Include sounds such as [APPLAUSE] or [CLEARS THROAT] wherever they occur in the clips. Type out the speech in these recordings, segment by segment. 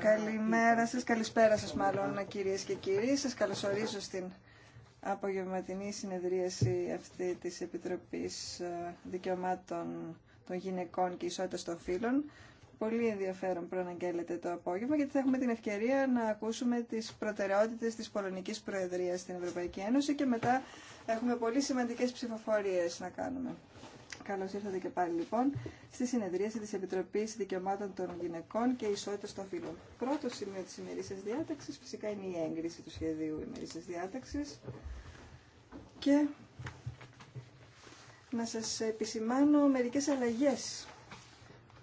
Καλημέρα σας, καλησπέρα σας μάλλον κυρίες και κύριοι. Σας καλωσορίζω στην απογευματινή συνεδρίαση αυτή της Επιτροπής ε, Δικαιωμάτων των Γυναικών και Ισότητας των Φύλων. Πολύ ενδιαφέρον προαναγγέλλεται το απόγευμα γιατί θα έχουμε την ευκαιρία να ακούσουμε τις προτεραιότητες της Πολωνικής Προεδρίας στην Ευρωπαϊκή Ένωση και μετά έχουμε πολύ σημαντικές ψηφοφορίες να κάνουμε. Καλώ ήρθατε και πάλι λοιπόν στη συνεδρίαση τη Επιτροπή Δικαιωμάτων των Γυναικών και Ισότητα των Φύλων. Πρώτο σημείο τη ημερήσια διάταξη φυσικά είναι η έγκριση του σχεδίου ημερήσια διάταξη. Και να σα επισημάνω μερικές αλλαγέ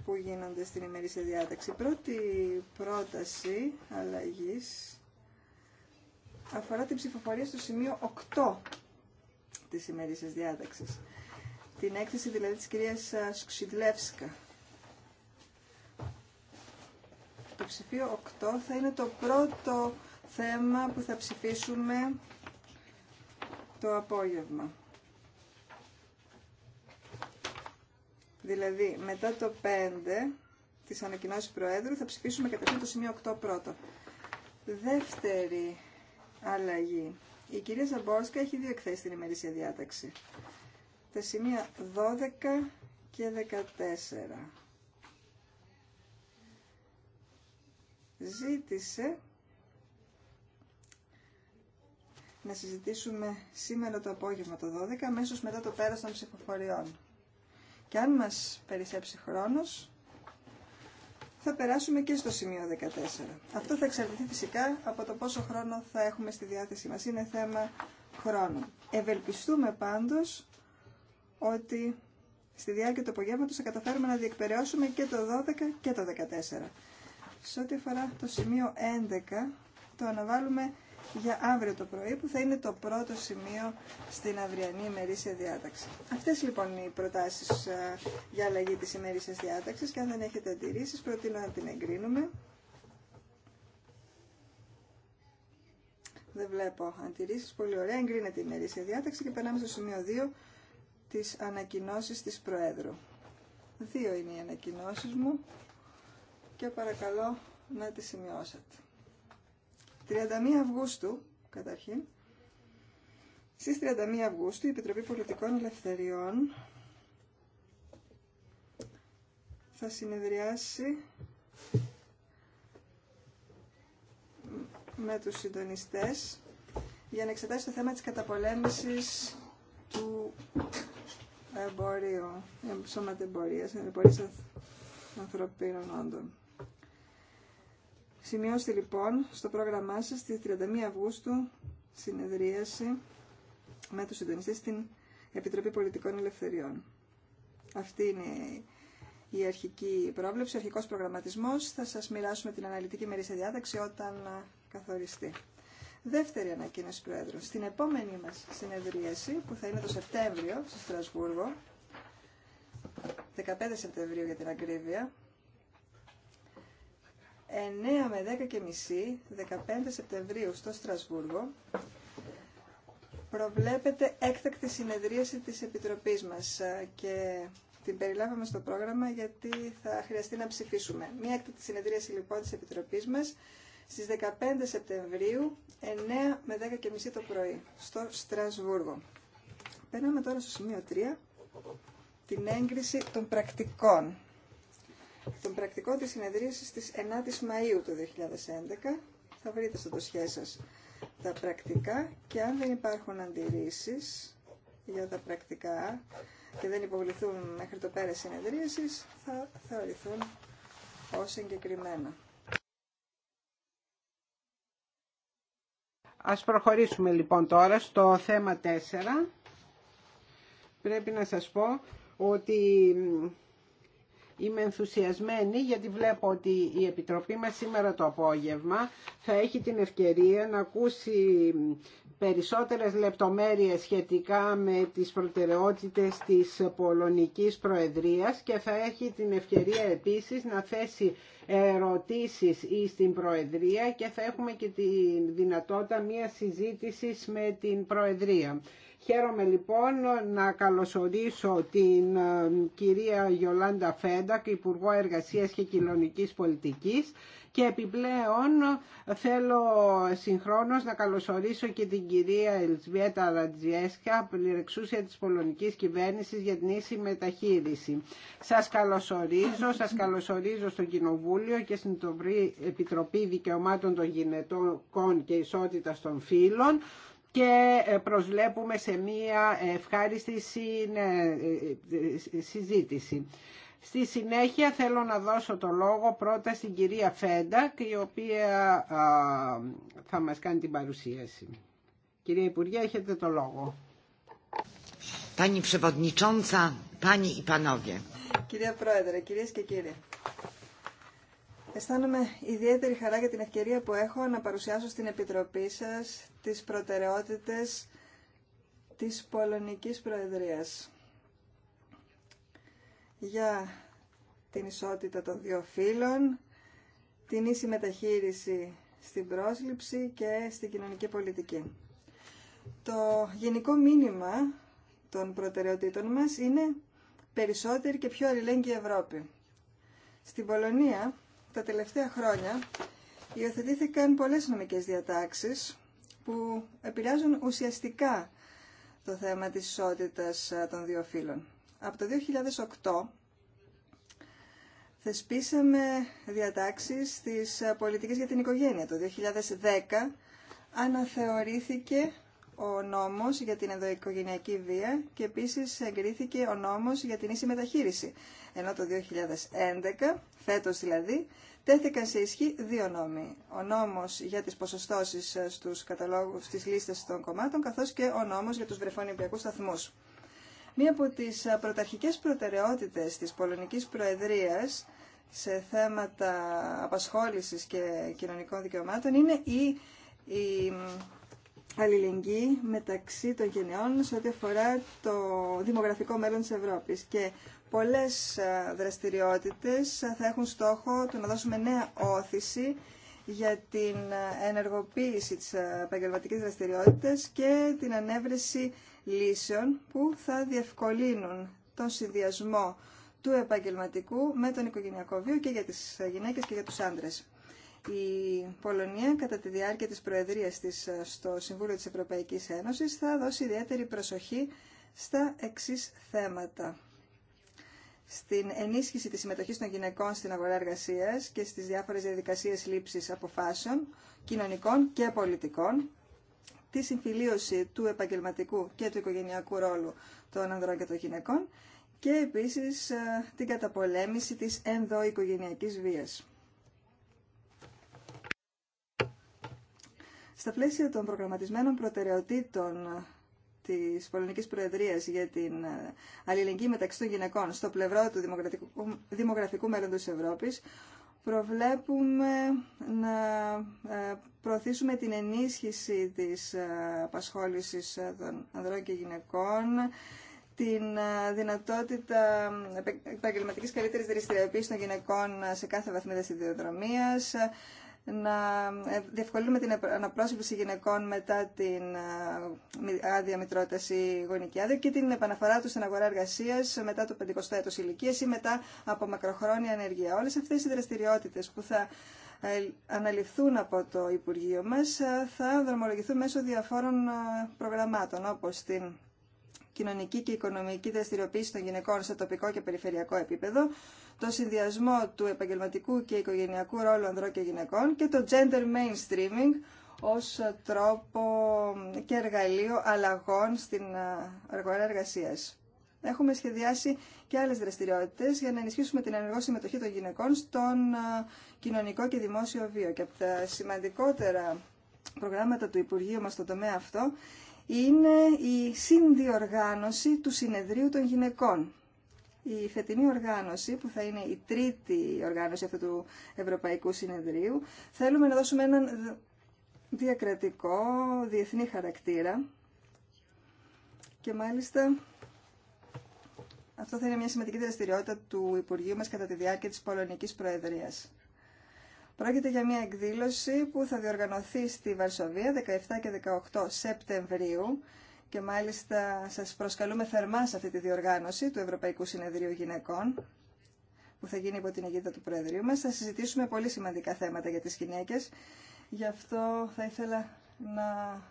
που γίνονται στην ημερήσια διάταξη. πρώτη πρόταση αλλαγή αφορά την ψηφοφορία στο σημείο 8 της ημερήσιας διάταξης την έκθεση δηλαδή της κυρίας ε, Σξιδλεύσκα. Το ψηφίο 8 θα είναι το πρώτο θέμα που θα ψηφίσουμε το απόγευμα. Δηλαδή, μετά το 5 της ανακοινώσης Προέδρου θα ψηφίσουμε καταρχήν το σημείο 8 πρώτο. Δεύτερη αλλαγή. Η κυρία Ζαμπόρσκα έχει δύο εκθέσει στην ημερήσια διάταξη τα σημεία 12 και 14. Ζήτησε να συζητήσουμε σήμερα το απόγευμα το 12, αμέσω μετά το πέρας των ψηφοφοριών. Και αν μας περισσέψει χρόνος, θα περάσουμε και στο σημείο 14. Αυτό θα εξαρτηθεί φυσικά από το πόσο χρόνο θα έχουμε στη διάθεσή μας. Είναι θέμα χρόνου. Ευελπιστούμε πάντως ότι στη διάρκεια του απογεύματος θα καταφέρουμε να διεκπαιρεώσουμε και το 12 και το 14. Σε ό,τι αφορά το σημείο 11, το αναβάλουμε για αύριο το πρωί που θα είναι το πρώτο σημείο στην αυριανή ημερήσια διάταξη. Αυτές λοιπόν οι προτάσεις ε, για αλλαγή της ημερήσιας διάταξης και αν δεν έχετε αντιρρήσεις προτείνω να την εγκρίνουμε. Δεν βλέπω αντιρρήσεις. Πολύ ωραία. Εγκρίνεται η ημερήσια διάταξη και περνάμε στο σημείο 2 τις ανακοινώσεις της Προέδρου. Δύο είναι οι ανακοινώσεις μου και παρακαλώ να τις σημειώσετε. 31 Αυγούστου, καταρχήν, στις 31 Αυγούστου η Επιτροπή Πολιτικών Ελευθεριών θα συνεδριάσει με τους συντονιστές για να εξετάσει το θέμα της καταπολέμησης του εμπορίου, σωματεμπορία, εμπορία ανθρωπίνων όντων. Σημειώστε λοιπόν στο πρόγραμμά σα τη 31 Αυγούστου συνεδρίαση με τους συντονιστέ στην Επιτροπή Πολιτικών Ελευθεριών. Αυτή είναι η αρχική πρόβλεψη, ο αρχικός προγραμματισμός. Θα σας μοιράσουμε την αναλυτική μερίσια διάταξη όταν καθοριστεί. Δεύτερη ανακοίνωση Πρόεδρου. Στην επόμενη μας συνεδρίαση, που θα είναι το Σεπτέμβριο στο Στρασβούργο, 15 Σεπτεμβρίου για την ακρίβεια, 9 με 10 και μισή, 15 Σεπτεμβρίου στο Στρασβούργο, προβλέπεται έκτακτη συνεδρίαση της Επιτροπής μας ε, και την περιλάβαμε στο πρόγραμμα γιατί θα χρειαστεί να ψηφίσουμε. Μία έκτακτη συνεδρίαση λοιπόν της Επιτροπής μας στις 15 Σεπτεμβρίου, 9 με 10.30 το πρωί, στο Στρασβούργο. Περνάμε τώρα στο σημείο 3, την έγκριση των πρακτικών. Των πρακτικών της συνεδρίασης της 9ης Μαΐου του 2011. Θα βρείτε στο δοσιέ σας τα πρακτικά και αν δεν υπάρχουν αντιρρήσεις για τα πρακτικά και δεν υποβληθούν μέχρι το πέρας συνεδρίασης, θα θεωρηθούν ως εγκεκριμένα. Ας προχωρήσουμε λοιπόν τώρα στο θέμα 4. Πρέπει να σας πω ότι είμαι ενθουσιασμένη γιατί βλέπω ότι η Επιτροπή μας σήμερα το απόγευμα θα έχει την ευκαιρία να ακούσει περισσότερες λεπτομέρειες σχετικά με τις προτεραιότητες της Πολωνικής Προεδρίας και θα έχει την ευκαιρία επίσης να θέσει ερωτήσεις ή στην Προεδρία και θα έχουμε και τη δυνατότητα μια συζήτησης με την Προεδρία. Χαίρομαι λοιπόν να καλωσορίσω την ε, κυρία Γιολάντα Φέντακ, Υπουργό Εργασίας και Κοινωνικής Πολιτικής και επιπλέον θέλω συγχρόνως να καλωσορίσω και την κυρία Ελσβέτα Ραντζιέσκα, πληρεξούσια της πολωνικής κυβέρνησης για την ίση μεταχείριση. Σας καλωσορίζω, σας καλωσορίζω στο Κοινοβούλιο και στην Επιτροπή Δικαιωμάτων των Γυναικών και Ισότητας των Φύλων και ε, προσλέπουμε σε μία ευχάριστη ε, συζήτηση. Στη συνέχεια θέλω να δώσω το λόγο πρώτα στην κυρία Φέντα, η οποία θα μας κάνει την παρουσίαση. Κυρία Υπουργέ, έχετε το λόγο. Κυρία Πρόεδρε, κυρίες και κύριοι. Αισθάνομαι ιδιαίτερη χαρά για την ευκαιρία που έχω να παρουσιάσω στην Επιτροπή σας τις προτεραιότητες της Πολωνικής Προεδρίας για την ισότητα των δύο φύλων, την ίση μεταχείριση στην πρόσληψη και στην κοινωνική πολιτική. Το γενικό μήνυμα των προτεραιοτήτων μας είναι περισσότερη και πιο αλληλέγγυη Ευρώπη. Στην Πολωνία τα τελευταία χρόνια υιοθετήθηκαν πολλές νομικές διατάξεις που επηρεάζουν ουσιαστικά το θέμα της ισότητας των δύο φύλων. Από το 2008 θεσπίσαμε διατάξεις της πολιτικής για την οικογένεια. Το 2010 αναθεωρήθηκε ο νόμος για την ενδοοικογενειακή βία και επίσης εγκρίθηκε ο νόμος για την ίση μεταχείριση. Ενώ το 2011, φέτος δηλαδή, τέθηκαν σε ισχύ δύο νόμοι. Ο νόμος για τις ποσοστώσεις ε, στους καταλόγους, στις λίστες των κομμάτων, καθώς και ο νόμος για τους βρεφονιμπιακούς σταθμούς. Μία από τις ε, πρωταρχικές προτεραιότητες της Πολωνικής Προεδρίας σε θέματα απασχόλησης και κοινωνικών δικαιωμάτων είναι η, η αλληλεγγύη μεταξύ των γενεών σε ό,τι αφορά το δημογραφικό μέλλον της Ευρώπης. Και Πολλές ε, δραστηριότητες θα έχουν στόχο το να δώσουμε νέα όθηση για την ε, ενεργοποίηση της ε, επαγγελματική δραστηριότητας και την ανέβρεση λύσεων που θα διευκολύνουν τον συνδυασμό του επαγγελματικού με τον οικογενειακό βίο και για τις γυναίκες και για τους άντρες. Η Πολωνία κατά τη διάρκεια της προεδρίας της στο Συμβούλιο της Ευρωπαϊκής Ένωσης θα δώσει ιδιαίτερη προσοχή στα εξής θέματα στην ενίσχυση της συμμετοχής των γυναικών στην αγορά εργασίας και στις διάφορες διαδικασίες λήψης αποφάσεων, κοινωνικών και πολιτικών, τη συμφιλίωση του επαγγελματικού και του οικογενειακού ρόλου των ανδρών και των γυναικών και επίσης ε, την καταπολέμηση της ενδοοικογενειακής βίας. Στα πλαίσια των προγραμματισμένων προτεραιοτήτων Τη Πολωνική Προεδρία για την ε, αλληλεγγύη μεταξύ των γυναικών στο πλευρό του δημογραφικού, δημογραφικού τη Ευρώπη, προβλέπουμε να ε, προωθήσουμε την ενίσχυση τη ε, απασχόληση των ανδρών και γυναικών, την δυνατότητα επαγγελματική καλύτερη δραστηριοποίηση των γυναικών σε κάθε βαθμίδα ιδιοδρομία, να ε, διευκολύνουμε την αναπρόσωπηση γυναικών μετά την ε, άδεια μητρότητα ή γονική άδεια και την επαναφορά του στην αγορά εργασία μετά το 50ο έτος ηλικία ή μετά από μακροχρόνια ανεργία. Όλε αυτέ οι δραστηριότητε που θα ε, αναλυφθούν από το Υπουργείο μας θα δρομολογηθούν μέσω διαφόρων προγραμμάτων όπως την κοινωνική και οικονομική δραστηριοποίηση των γυναικών σε τοπικό και περιφερειακό επίπεδο, το συνδυασμό του επαγγελματικού και οικογενειακού ρόλου ανδρών και γυναικών και το gender mainstreaming ως τρόπο και εργαλείο αλλαγών στην αγορά εργασία. Έχουμε σχεδιάσει και άλλες δραστηριότητες για να ενισχύσουμε την ενεργό συμμετοχή των γυναικών στον κοινωνικό και δημόσιο βίο. Και από τα σημαντικότερα προγράμματα του Υπουργείου μας στον τομέα αυτό είναι η συνδιοργάνωση του Συνεδρίου των Γυναικών. Η φετινή οργάνωση, που θα είναι η τρίτη οργάνωση αυτού του Ευρωπαϊκού Συνεδρίου, θέλουμε να δώσουμε έναν διακρατικό, διεθνή χαρακτήρα και μάλιστα αυτό θα είναι μια σημαντική δραστηριότητα του Υπουργείου μας κατά τη διάρκεια της Πολωνικής Προεδρίας. Πρόκειται για μια εκδήλωση που θα διοργανωθεί στη Βαρσοβία 17 και 18 Σεπτεμβρίου και μάλιστα σας προσκαλούμε θερμά σε αυτή τη διοργάνωση του Ευρωπαϊκού Συνεδρίου Γυναικών που θα γίνει υπό την αιγύδα του Πρόεδρου μας. Θα συζητήσουμε πολύ σημαντικά θέματα για τις γυναίκες. Γι' αυτό θα ήθελα να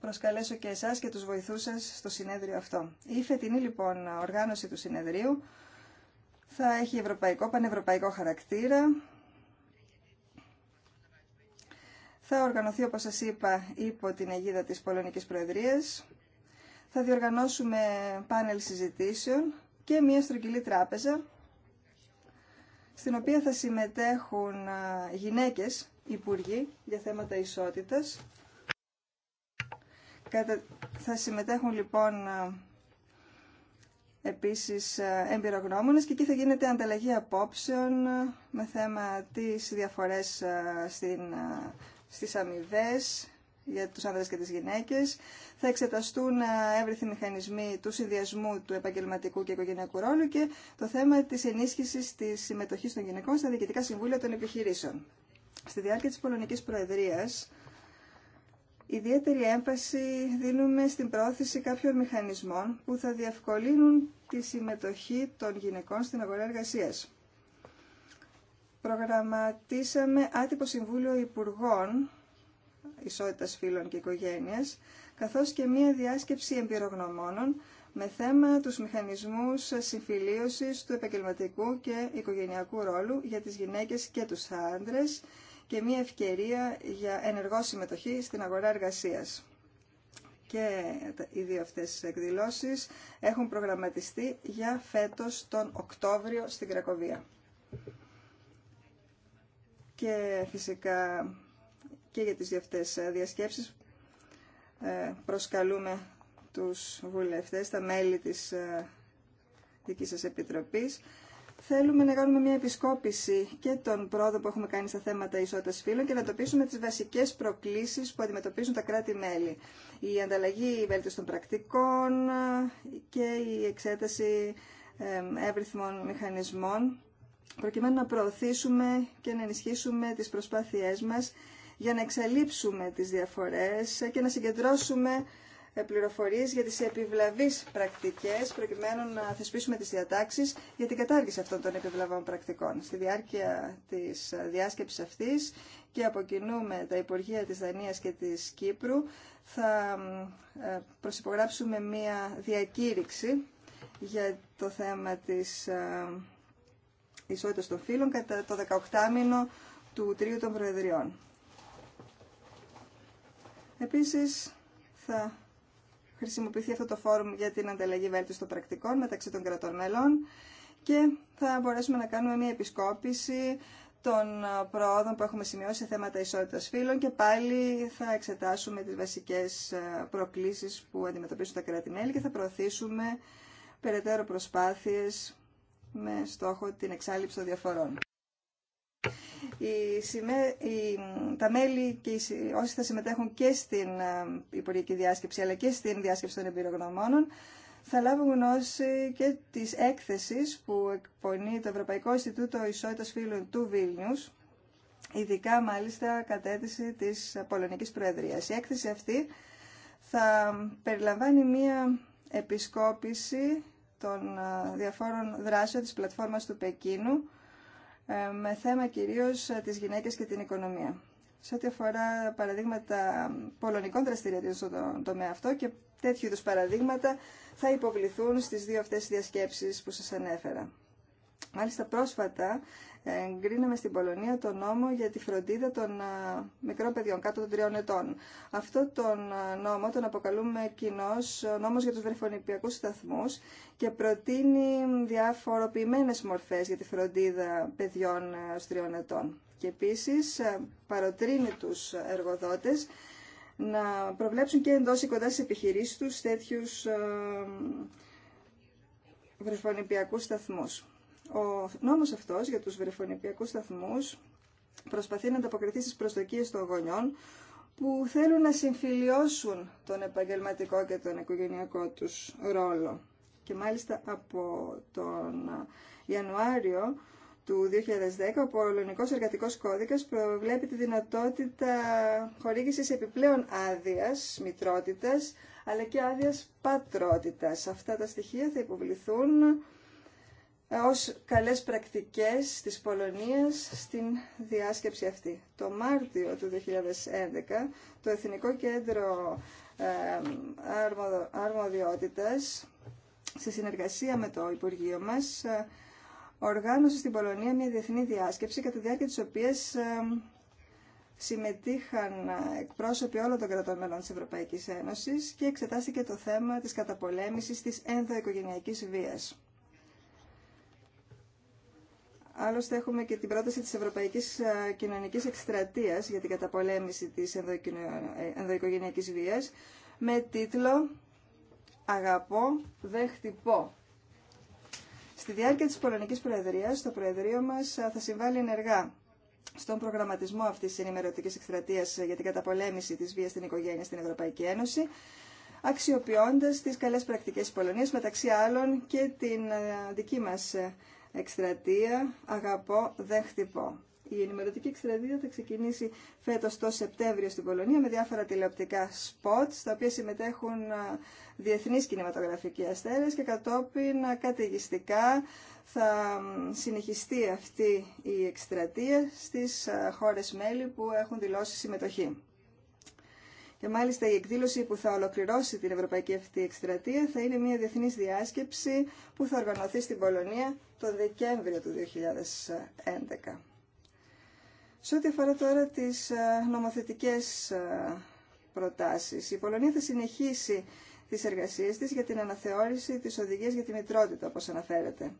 προσκαλέσω και εσάς και τους βοηθούς σας στο συνέδριο αυτό. Η φετινή λοιπόν οργάνωση του συνεδρίου θα έχει ευρωπαϊκό, πανευρωπαϊκό χαρακτήρα θα οργανωθεί, όπως σας είπα, υπό την αιγίδα της Πολωνικής Προεδρίας. Θα διοργανώσουμε πάνελ συζητήσεων και μια στρογγυλή τράπεζα, στην οποία θα συμμετέχουν γυναίκες υπουργοί για θέματα ισότητας. Θα συμμετέχουν λοιπόν επίσης εμπειρογνώμονες και εκεί θα γίνεται ανταλλαγή απόψεων με θέμα τις διαφορές στην στις αμοιβέ για τους άνδρες και τις γυναίκες. Θα εξεταστούν ε, εύρυθοι μηχανισμοί του συνδυασμού του επαγγελματικού και οικογενειακού ρόλου και το θέμα της ενίσχυσης της συμμετοχής των γυναικών στα διοικητικά συμβούλια των επιχειρήσεων. Στη διάρκεια της Πολωνικής Προεδρίας, ιδιαίτερη έμφαση δίνουμε στην πρόθεση κάποιων μηχανισμών που θα διευκολύνουν τη συμμετοχή των γυναικών στην αγορά εργασίας προγραμματίσαμε άτυπο Συμβούλιο Υπουργών Ισότητας Φίλων και Οικογένειας, καθώς και μία διάσκεψη εμπειρογνωμόνων με θέμα τους μηχανισμούς συμφιλίωσης του επαγγελματικού και οικογενειακού ρόλου για τις γυναίκες και τους άντρες και μία ευκαιρία για ενεργό συμμετοχή στην αγορά εργασίας. Και οι δύο αυτές εκδηλώσεις έχουν προγραμματιστεί για φέτος τον Οκτώβριο στην Κρακοβία και φυσικά και για τις δύο διασκέψεις ε, προσκαλούμε τους βουλευτές, τα μέλη της ε, δικής σας επιτροπής. Θέλουμε να κάνουμε μια επισκόπηση και τον πρόοδων που έχουμε κάνει στα θέματα ισότητας φύλων και να τοπίσουμε τις βασικές προκλήσεις που αντιμετωπίζουν τα κράτη-μέλη. Η ανταλλαγή βέλτιση των πρακτικών ε, και η εξέταση εύρυθμων μηχανισμών προκειμένου να προωθήσουμε και να ενισχύσουμε τις προσπάθειές μας για να εξαλείψουμε τις διαφορές και να συγκεντρώσουμε ε, πληροφορίες για τις επιβλαβείς πρακτικές προκειμένου να θεσπίσουμε τις διατάξεις για την κατάργηση αυτών των επιβλαβών πρακτικών. Στη διάρκεια της διάσκεψης αυτής και από τα Υπουργεία της Δανίας και της Κύπρου θα ε, προσυπογράψουμε μία διακήρυξη για το θέμα της ε, ισότητα των φύλων κατά το 18μηνο του Τρίου των Προεδριών. Επίσης, θα χρησιμοποιηθεί αυτό το φόρουμ για την ανταλλαγή βέλτιστων των πρακτικών μεταξύ των κρατών μελών και θα μπορέσουμε να κάνουμε μια επισκόπηση των προόδων που έχουμε σημειώσει σε θέματα ισότητας φύλων και πάλι θα εξετάσουμε τις βασικές ε, προκλήσεις που αντιμετωπίζουν τα κράτη-μέλη και θα προωθήσουμε περαιτέρω προσπάθειες με στόχο την εξάλληψη των διαφορών. Οι, οι, τα μέλη και οι, όσοι θα συμμετέχουν και στην ε, υπουργική διάσκεψη αλλά και στην διάσκεψη των εμπειρογνωμόνων θα λάβουν γνώση και της έκθεσης που εκπονεί το Ευρωπαϊκό Ινστιτούτο Ισότητας Φίλων του Βίλνιους ειδικά μάλιστα κατέθεση της Πολωνικής Προεδρίας. Η έκθεση αυτή θα περιλαμβάνει μία επισκόπηση των ε, διαφόρων δράσεων της πλατφόρμας του Πεκίνου ε, με θέμα κυρίως ε, τις γυναίκες και την οικονομία. Σε ό,τι αφορά παραδείγματα πολωνικών δραστηριοτήτων στον τομέα αυτό και τέτοιου είδους παραδείγματα θα υποβληθούν στις δύο αυτές διασκέψεις που σας ανέφερα. Μάλιστα πρόσφατα ε, εγκρίναμε στην Πολωνία το νόμο για τη φροντίδα των ε, μικρών παιδιών κάτω των τριών ετών. Αυτό τον ε, νόμο τον αποκαλούμε κοινό νόμος για τους βρεφονιπιακούς σταθμούς και προτείνει διαφοροποιημένες μορφές για τη φροντίδα παιδιών ω τριών ετών. Και επίσης παροτρύνει τους εργοδότες να προβλέψουν και εντός ή κοντά στις επιχειρήσεις τους τέτοιους βρεφονιπιακούς σταθμούς. Ο νόμος αυτός για τους βρεφονιπιακούς σταθμούς προσπαθεί να ανταποκριθεί στις προσδοκίες των γονιών που θέλουν να συμφιλιώσουν τον επαγγελματικό και τον οικογενειακό τους ρόλο. Και μάλιστα από τον Ιανουάριο του 2010 ο Πολωνικός Εργατικός Κώδικας προβλέπει τη δυνατότητα χορήγησης επιπλέον άδειας μητρότητας αλλά και άδειας πατρότητας. Αυτά τα στοιχεία θα υποβληθούν ε, ως καλές πρακτικές της Πολωνίας στην διάσκεψη αυτή. Το Μάρτιο του 2011 το Εθνικό Κέντρο ε, Αρμοδιότητας σε συνεργασία με το Υπουργείο μας ε, οργάνωσε στην Πολωνία μια διεθνή διάσκεψη κατά τη διάρκεια της οποίας συμμετείχαν εκπρόσωποι όλων των κρατών μελών της Ευρωπαϊκής Ένωσης και εξετάστηκε το θέμα της καταπολέμησης της ενδοοικογενειακής βίας. Άλλωστε έχουμε και την πρόταση της Ευρωπαϊκής ε, Κοινωνικής Εκστρατείας για την καταπολέμηση της ενδοοικογενειακής βίας με τίτλο «Αγαπώ, δεν χτυπώ». Στη διάρκεια της Πολωνικής Προεδρίας, το Προεδρείο μας ε, θα συμβάλλει ενεργά στον προγραμματισμό αυτής της ενημερωτικής εκστρατείας για την καταπολέμηση της βίας στην οικογένεια στην Ευρωπαϊκή Ένωση, αξιοποιώντας τις καλές πρακτικές της Πολωνίας, μεταξύ άλλων και την ε, δική μας εκστρατεία «Αγαπώ, δεν χτυπώ». Η ενημερωτική εκστρατεία θα ξεκινήσει φέτος το Σεπτέμβριο στην Πολωνία με διάφορα τηλεοπτικά σποτ, στα οποία συμμετέχουν διεθνείς κινηματογραφικοί αστέρες και κατόπιν καταιγιστικά θα συνεχιστεί αυτή η εκστρατεία στις χώρες μέλη που έχουν δηλώσει συμμετοχή. Και μάλιστα η εκδήλωση που θα ολοκληρώσει την ευρωπαϊκή αυτή εκστρατεία θα είναι μια διεθνής διάσκεψη που θα οργανωθεί στην Πολωνία τον Δεκέμβριο του 2011. Σε ό,τι αφορά τώρα τις ε, νομοθετικές ε, προτάσεις, η Πολωνία θα συνεχίσει τις εργασίες της για την αναθεώρηση της οδηγίας για τη μητρότητα, όπως αναφέρεται.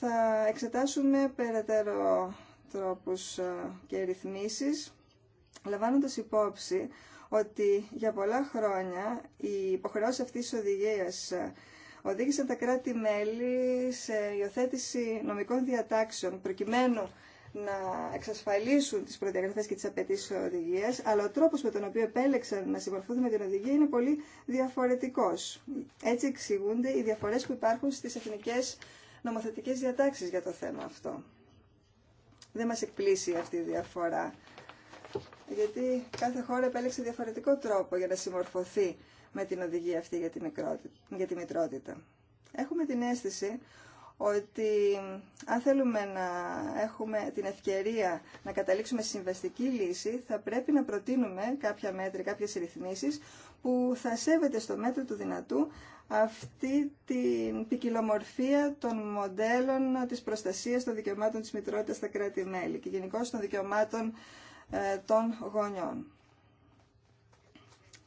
Θα εξετάσουμε περαιτέρω τρόπους ε, και ρυθμίσεις λαμβάνοντας υπόψη ότι για πολλά χρόνια οι υποχρεώσει αυτής της οδηγίας οδήγησαν τα κράτη-μέλη σε υιοθέτηση νομικών διατάξεων προκειμένου να εξασφαλίσουν τις προδιαγραφές και τις απαιτήσει οδηγίας, αλλά ο τρόπος με τον οποίο επέλεξαν να συμμορφωθούν με την οδηγία είναι πολύ διαφορετικός. Έτσι εξηγούνται οι διαφορές που υπάρχουν στις εθνικές νομοθετικές διατάξεις για το θέμα αυτό. Δεν μας εκπλήσει αυτή η διαφορά γιατί κάθε χώρα επέλεξε διαφορετικό τρόπο για να συμμορφωθεί με την οδηγία αυτή για τη, για τη μητρότητα. Έχουμε την αίσθηση ότι αν θέλουμε να έχουμε την ευκαιρία να καταλήξουμε στη συμβαστική λύση, θα πρέπει να προτείνουμε κάποια μέτρη, κάποιες ρυθμίσεις που θα σέβεται στο μέτρο του δυνατού αυτή την ποικιλομορφία των μοντέλων της προστασίας των δικαιωμάτων της μητρότητας στα κράτη-μέλη και γενικώ των δικαιωμάτων ε, των γονιών.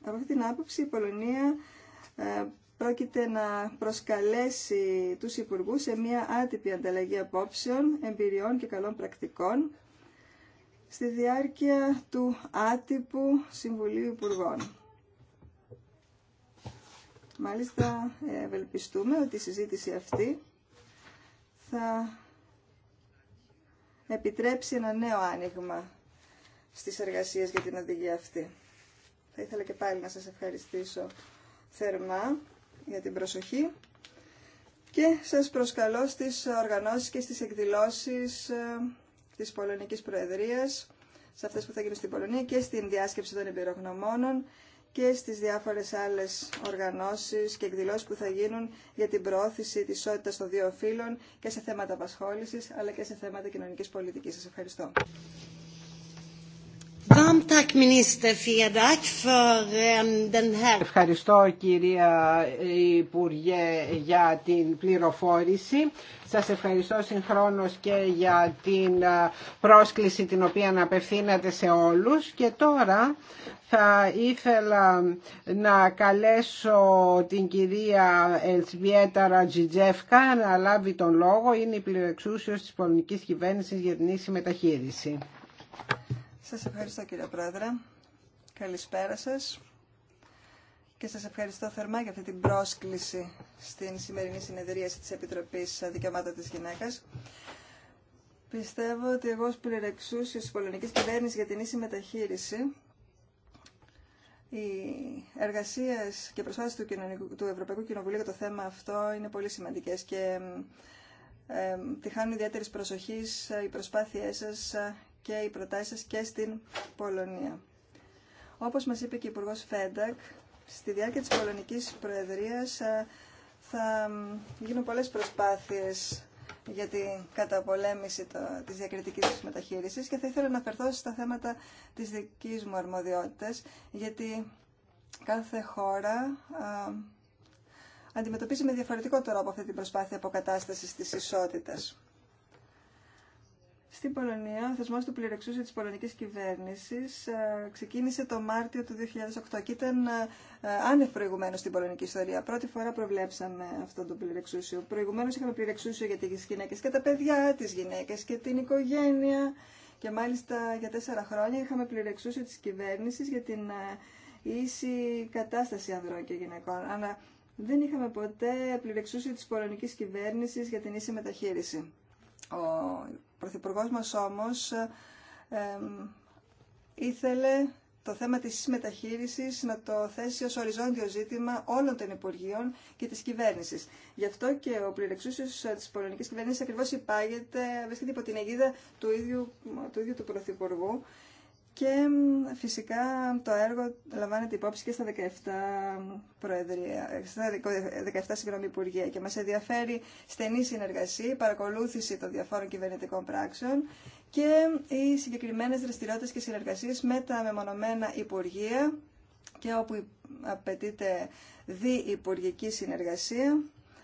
Από αυτή την άποψη η Πολωνία ε, πρόκειται να προσκαλέσει τους υπουργούς σε μια άτυπη ανταλλαγή απόψεων, εμπειριών και καλών πρακτικών στη διάρκεια του άτυπου Συμβουλίου Υπουργών. Μάλιστα ε, ευελπιστούμε ότι η συζήτηση αυτή θα επιτρέψει ένα νέο άνοιγμα στις εργασίες για την οδηγία αυτή. Θα ήθελα και πάλι να σας ευχαριστήσω θερμά για την προσοχή και σας προσκαλώ στις οργανώσεις και στις εκδηλώσεις ε, της Πολωνικής Προεδρίας, σε αυτές που θα γίνουν στην Πολωνία και στην διάσκεψη των εμπειρογνωμόνων και στις διάφορες άλλες οργανώσεις και εκδηλώσεις που θα γίνουν για την προώθηση της ισότητας των δύο φύλων και σε θέματα απασχόλησης αλλά και σε θέματα κοινωνικής πολιτικής. Σας ευχαριστώ. Eh, ευχαριστώ κυρία ε, Υπουργέ για την πληροφόρηση. Σας ευχαριστώ συγχρόνως και για την ε, πρόσκληση την οποία απευθύνατε σε όλους. Και τώρα θα ήθελα να καλέσω την κυρία Ελσβιέτα Ρατζιτζεύκα να λάβει τον λόγο. Είναι η πληρεξούσιος της πολιτικής κυβέρνησης για την ίση μεταχείριση. Σας ευχαριστώ κύριε Πρόεδρε. Καλησπέρα σας. Και σας ευχαριστώ θερμά για αυτή την πρόσκληση στην σημερινή συνεδρίαση της Επιτροπής Δικαιωμάτων της Γυναίκας. Πιστεύω ότι εγώ ως πληρεξούσιος της πολωνικής κυβέρνησης για την ίση μεταχείριση οι εργασίες και προσπάθειες του, του Ευρωπαϊκού Κοινοβουλίου για το θέμα αυτό είναι πολύ σημαντικέ και ε, τυχάνουν ιδιαίτερη προσοχή οι προσπάθειε σα και οι προτάσεις και στην Πολωνία. Όπως μας είπε και ο Υπουργός Φέντακ, στη διάρκεια της Πολωνικής Προεδρίας ε, θα γίνουν πολλές προσπάθειες για την καταπολέμηση της διακριτικής μεταχείρισης και θα ήθελα να αφαιρθώ στα θέματα της δικής μου αρμοδιότητας γιατί κάθε χώρα ε, αντιμετωπίζει με διαφορετικό τρόπο αυτή την προσπάθεια αποκατάστασης της ισότητας. Στην Πολωνία, ο θεσμό του πληρεξούσε τη πολωνική κυβέρνηση ε, ξεκίνησε το Μάρτιο του 2008 και ήταν ε, ε, άνευ προηγουμένω στην πολωνική ιστορία. Πρώτη φορά προβλέψαμε αυτό το πληρεξούσιο. Προηγουμένω είχαμε πληρεξούσιο για τι γυναίκε και τα παιδιά, τι γυναίκε και την οικογένεια. Και μάλιστα για τέσσερα χρόνια είχαμε πληρεξούσιο τη κυβέρνηση για την ίση κατάσταση ανδρών και γυναικών. Αλλά δεν είχαμε ποτέ πληρεξούσιο τη πολωνική κυβέρνηση για την ίση μεταχείριση. Ο Πρωθυπουργός μας όμως ήθελε το θέμα της μεταχείρισης να το θέσει ως οριζόντιο ζήτημα όλων των Υπουργείων και της κυβέρνησης. Γι' αυτό και ο πληρεξούσιος ε, της πολωνικής κυβέρνησης ακριβώς υπάγεται, βρίσκεται υπό την αιγίδα του ίδιου του, ίδιου του Πρωθυπουργού και φυσικά το έργο λαμβάνεται υπόψη και στα 17, προεδρία, στα 17 συγγνώμη, Υπουργεία και μας ενδιαφέρει στενή συνεργασία, παρακολούθηση των διαφόρων κυβερνητικών πράξεων και οι συγκεκριμένες δραστηριότητες και συνεργασίες με τα μεμονωμένα Υπουργεία και όπου απαιτείται διυπουργική συνεργασία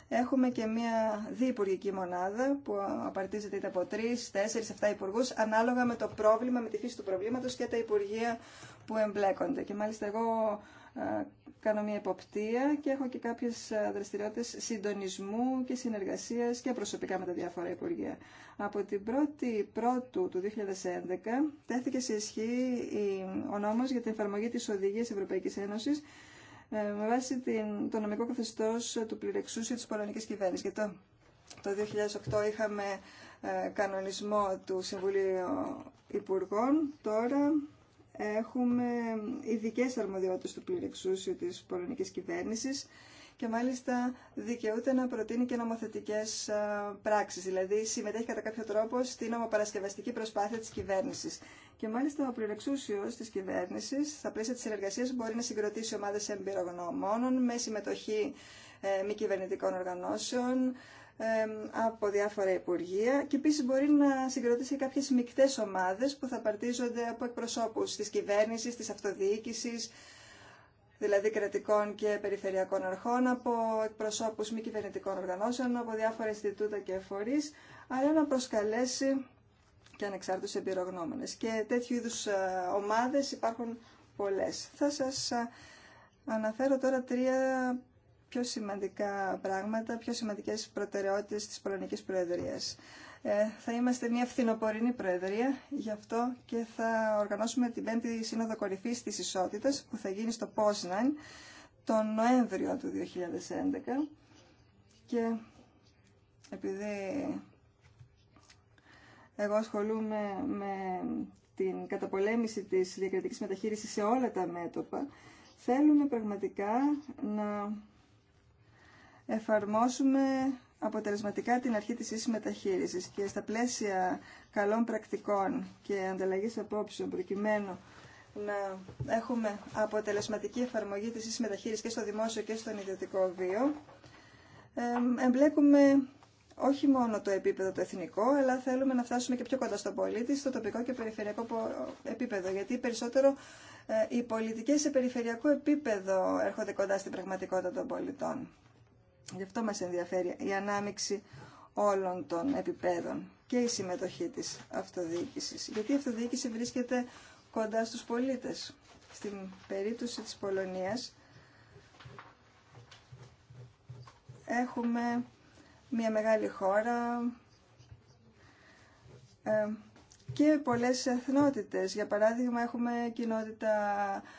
έχουμε και μια διυπουργική μονάδα που απαρτίζεται είτε από τρει, τέσσερι, εφτά υπουργού, ανάλογα με το πρόβλημα, με τη φύση του προβλήματο και τα υπουργεία που εμπλέκονται. Και μάλιστα εγώ κάνω μια υποπτία και έχω και κάποιε δραστηριότητε συντονισμού και συνεργασία και προσωπικά με τα διάφορα υπουργεία. Από την 1η Πρώτου του 2011 τέθηκε σε ισχύ ο νόμο για την εφαρμογή τη Οδηγία Ευρωπαϊκή Ένωση ε, με βάση την, το νομικό καθεστώς του πληρεξούσιου τη πολωνική κυβέρνηση. Γιατί το, το 2008 είχαμε ε, κανονισμό του Συμβουλίου Υπουργών, τώρα έχουμε ειδικέ αρμοδιότητες του πληρεξούσιου τη πολωνική κυβέρνηση και μάλιστα δικαιούται να προτείνει και νομοθετικέ ε, πράξει. Δηλαδή συμμετέχει κατά κάποιο τρόπο στην νομοπαρασκευαστική προσπάθεια τη κυβέρνηση. Και μάλιστα ο πληρεξούσιο τη κυβέρνηση, στα πλαίσια τη συνεργασία, μπορεί να συγκροτήσει ομάδε εμπειρογνωμόνων με συμμετοχή ε, μη κυβερνητικών οργανώσεων ε, από διάφορα υπουργεία και επίση μπορεί να συγκροτήσει κάποιε μεικτέ ομάδε που θα παρτίζονται από εκπροσώπου τη κυβέρνηση, τη αυτοδιοίκηση, δηλαδή κρατικών και περιφερειακών αρχών, από εκπροσώπους μη κυβερνητικών οργανώσεων, από διάφορα Ινστιτούτα και φορείς, αλλά να προσκαλέσει και ανεξάρτητους εμπειρογνώμονες. Και τέτοιου είδους ε, ομάδες υπάρχουν πολλές. Θα σας ε, αναφέρω τώρα τρία πιο σημαντικά πράγματα, πιο σημαντικές προτεραιότητες της Πολωνικής Προεδρίας. Ε, θα είμαστε μια φθινοπορεινή Προεδρία, γι' αυτό και θα οργανώσουμε την πέμπτη Σύνοδο Κορυφής της Ισότητας που θα γίνει στο Πόσναν τον Νοέμβριο του 2011 και επειδή εγώ ασχολούμαι με την καταπολέμηση της διακριτικής μεταχείρισης σε όλα τα μέτωπα. Θέλουμε πραγματικά να εφαρμόσουμε αποτελεσματικά την αρχή της ίσης μεταχείρισης και στα πλαίσια καλών πρακτικών και ανταλλαγής απόψεων προκειμένου να έχουμε αποτελεσματική εφαρμογή της ίσης μεταχείρισης και στο δημόσιο και στον ιδιωτικό βίο, εμπλέκουμε όχι μόνο το επίπεδο το εθνικό, αλλά θέλουμε να φτάσουμε και πιο κοντά στον πολίτη, στο τοπικό και περιφερειακό επίπεδο. Γιατί περισσότερο ε, οι πολιτικέ σε περιφερειακό επίπεδο έρχονται κοντά στην πραγματικότητα των πολιτών. Γι' αυτό μας ενδιαφέρει η ανάμειξη όλων των επιπέδων και η συμμετοχή της αυτοδιοίκηση. Γιατί η αυτοδιοίκηση βρίσκεται κοντά στου πολίτε. Στην περίπτωση τη Πολωνία έχουμε μια μεγάλη χώρα ε, και πολλές εθνότητες. Για παράδειγμα, έχουμε κοινότητα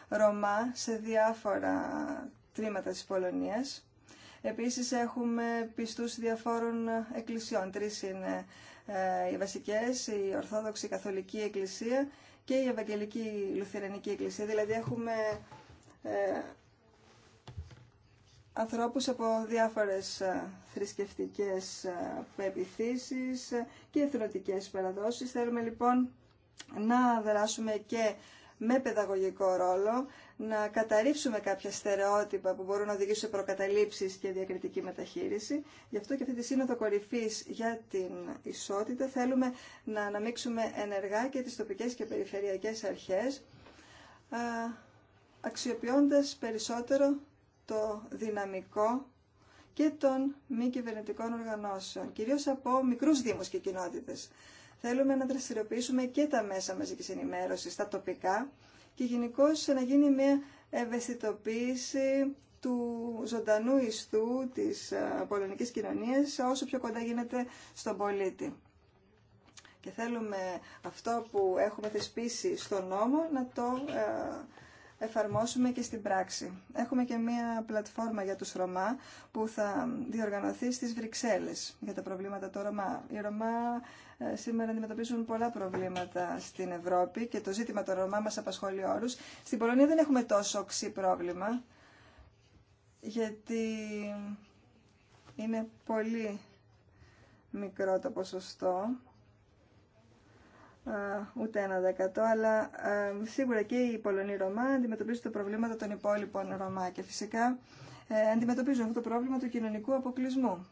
Ρωμά σε διάφορα τμήματα της Πολωνίας. Επίσης, έχουμε πιστούς διαφόρων εκκλησιών. Τρεις είναι ε, οι βασικές, η Ορθόδοξη Καθολική Εκκλησία και η Ευαγγελική Λουθερανική Εκκλησία. Δηλαδή, έχουμε ε, ανθρώπους από διάφορες ε, θρησκευτικές ε, πεπιθήσεις ε, και εθνοτικές παραδόσεις. Θέλουμε λοιπόν να δράσουμε και με παιδαγωγικό ρόλο, να καταρρύψουμε κάποια στερεότυπα που μπορούν να οδηγήσουν σε προκαταλήψεις και διακριτική μεταχείριση. Γι' αυτό και αυτή τη σύνοδο κορυφής για την ισότητα θέλουμε να αναμίξουμε ενεργά και τις τοπικές και περιφερειακές αρχές, αξιοποιώντας περισσότερο το δυναμικό και των μη κυβερνητικών οργανώσεων, κυρίως από μικρούς δήμους και κοινότητες. Θέλουμε να δραστηριοποιήσουμε και τα μέσα μαζικής ενημέρωσης, τα τοπικά και γενικώ να γίνει μια ευαισθητοποίηση του ζωντανού ιστού της ε, πολωνικής κοινωνίας όσο πιο κοντά γίνεται στον πολίτη. Και θέλουμε αυτό που έχουμε θεσπίσει στον νόμο να το ε, εφαρμόσουμε και στην πράξη. Έχουμε και μία πλατφόρμα για τους Ρωμά που θα διοργανωθεί στις Βρυξέλλες για τα προβλήματα των Ρωμά. Οι Ρωμά ε, σήμερα αντιμετωπίζουν πολλά προβλήματα στην Ευρώπη και το ζήτημα των Ρωμά μας απασχολεί όλους. Στην Πολωνία δεν έχουμε τόσο οξύ πρόβλημα γιατί είναι πολύ μικρό το ποσοστό ούτε ένα δεκατό, αλλά σίγουρα και οι Πολωνοί Ρωμά αντιμετωπίζουν τα προβλήματα των υπόλοιπων Ρωμά και φυσικά ε, αντιμετωπίζουν αυτό το πρόβλημα του κοινωνικού αποκλεισμού.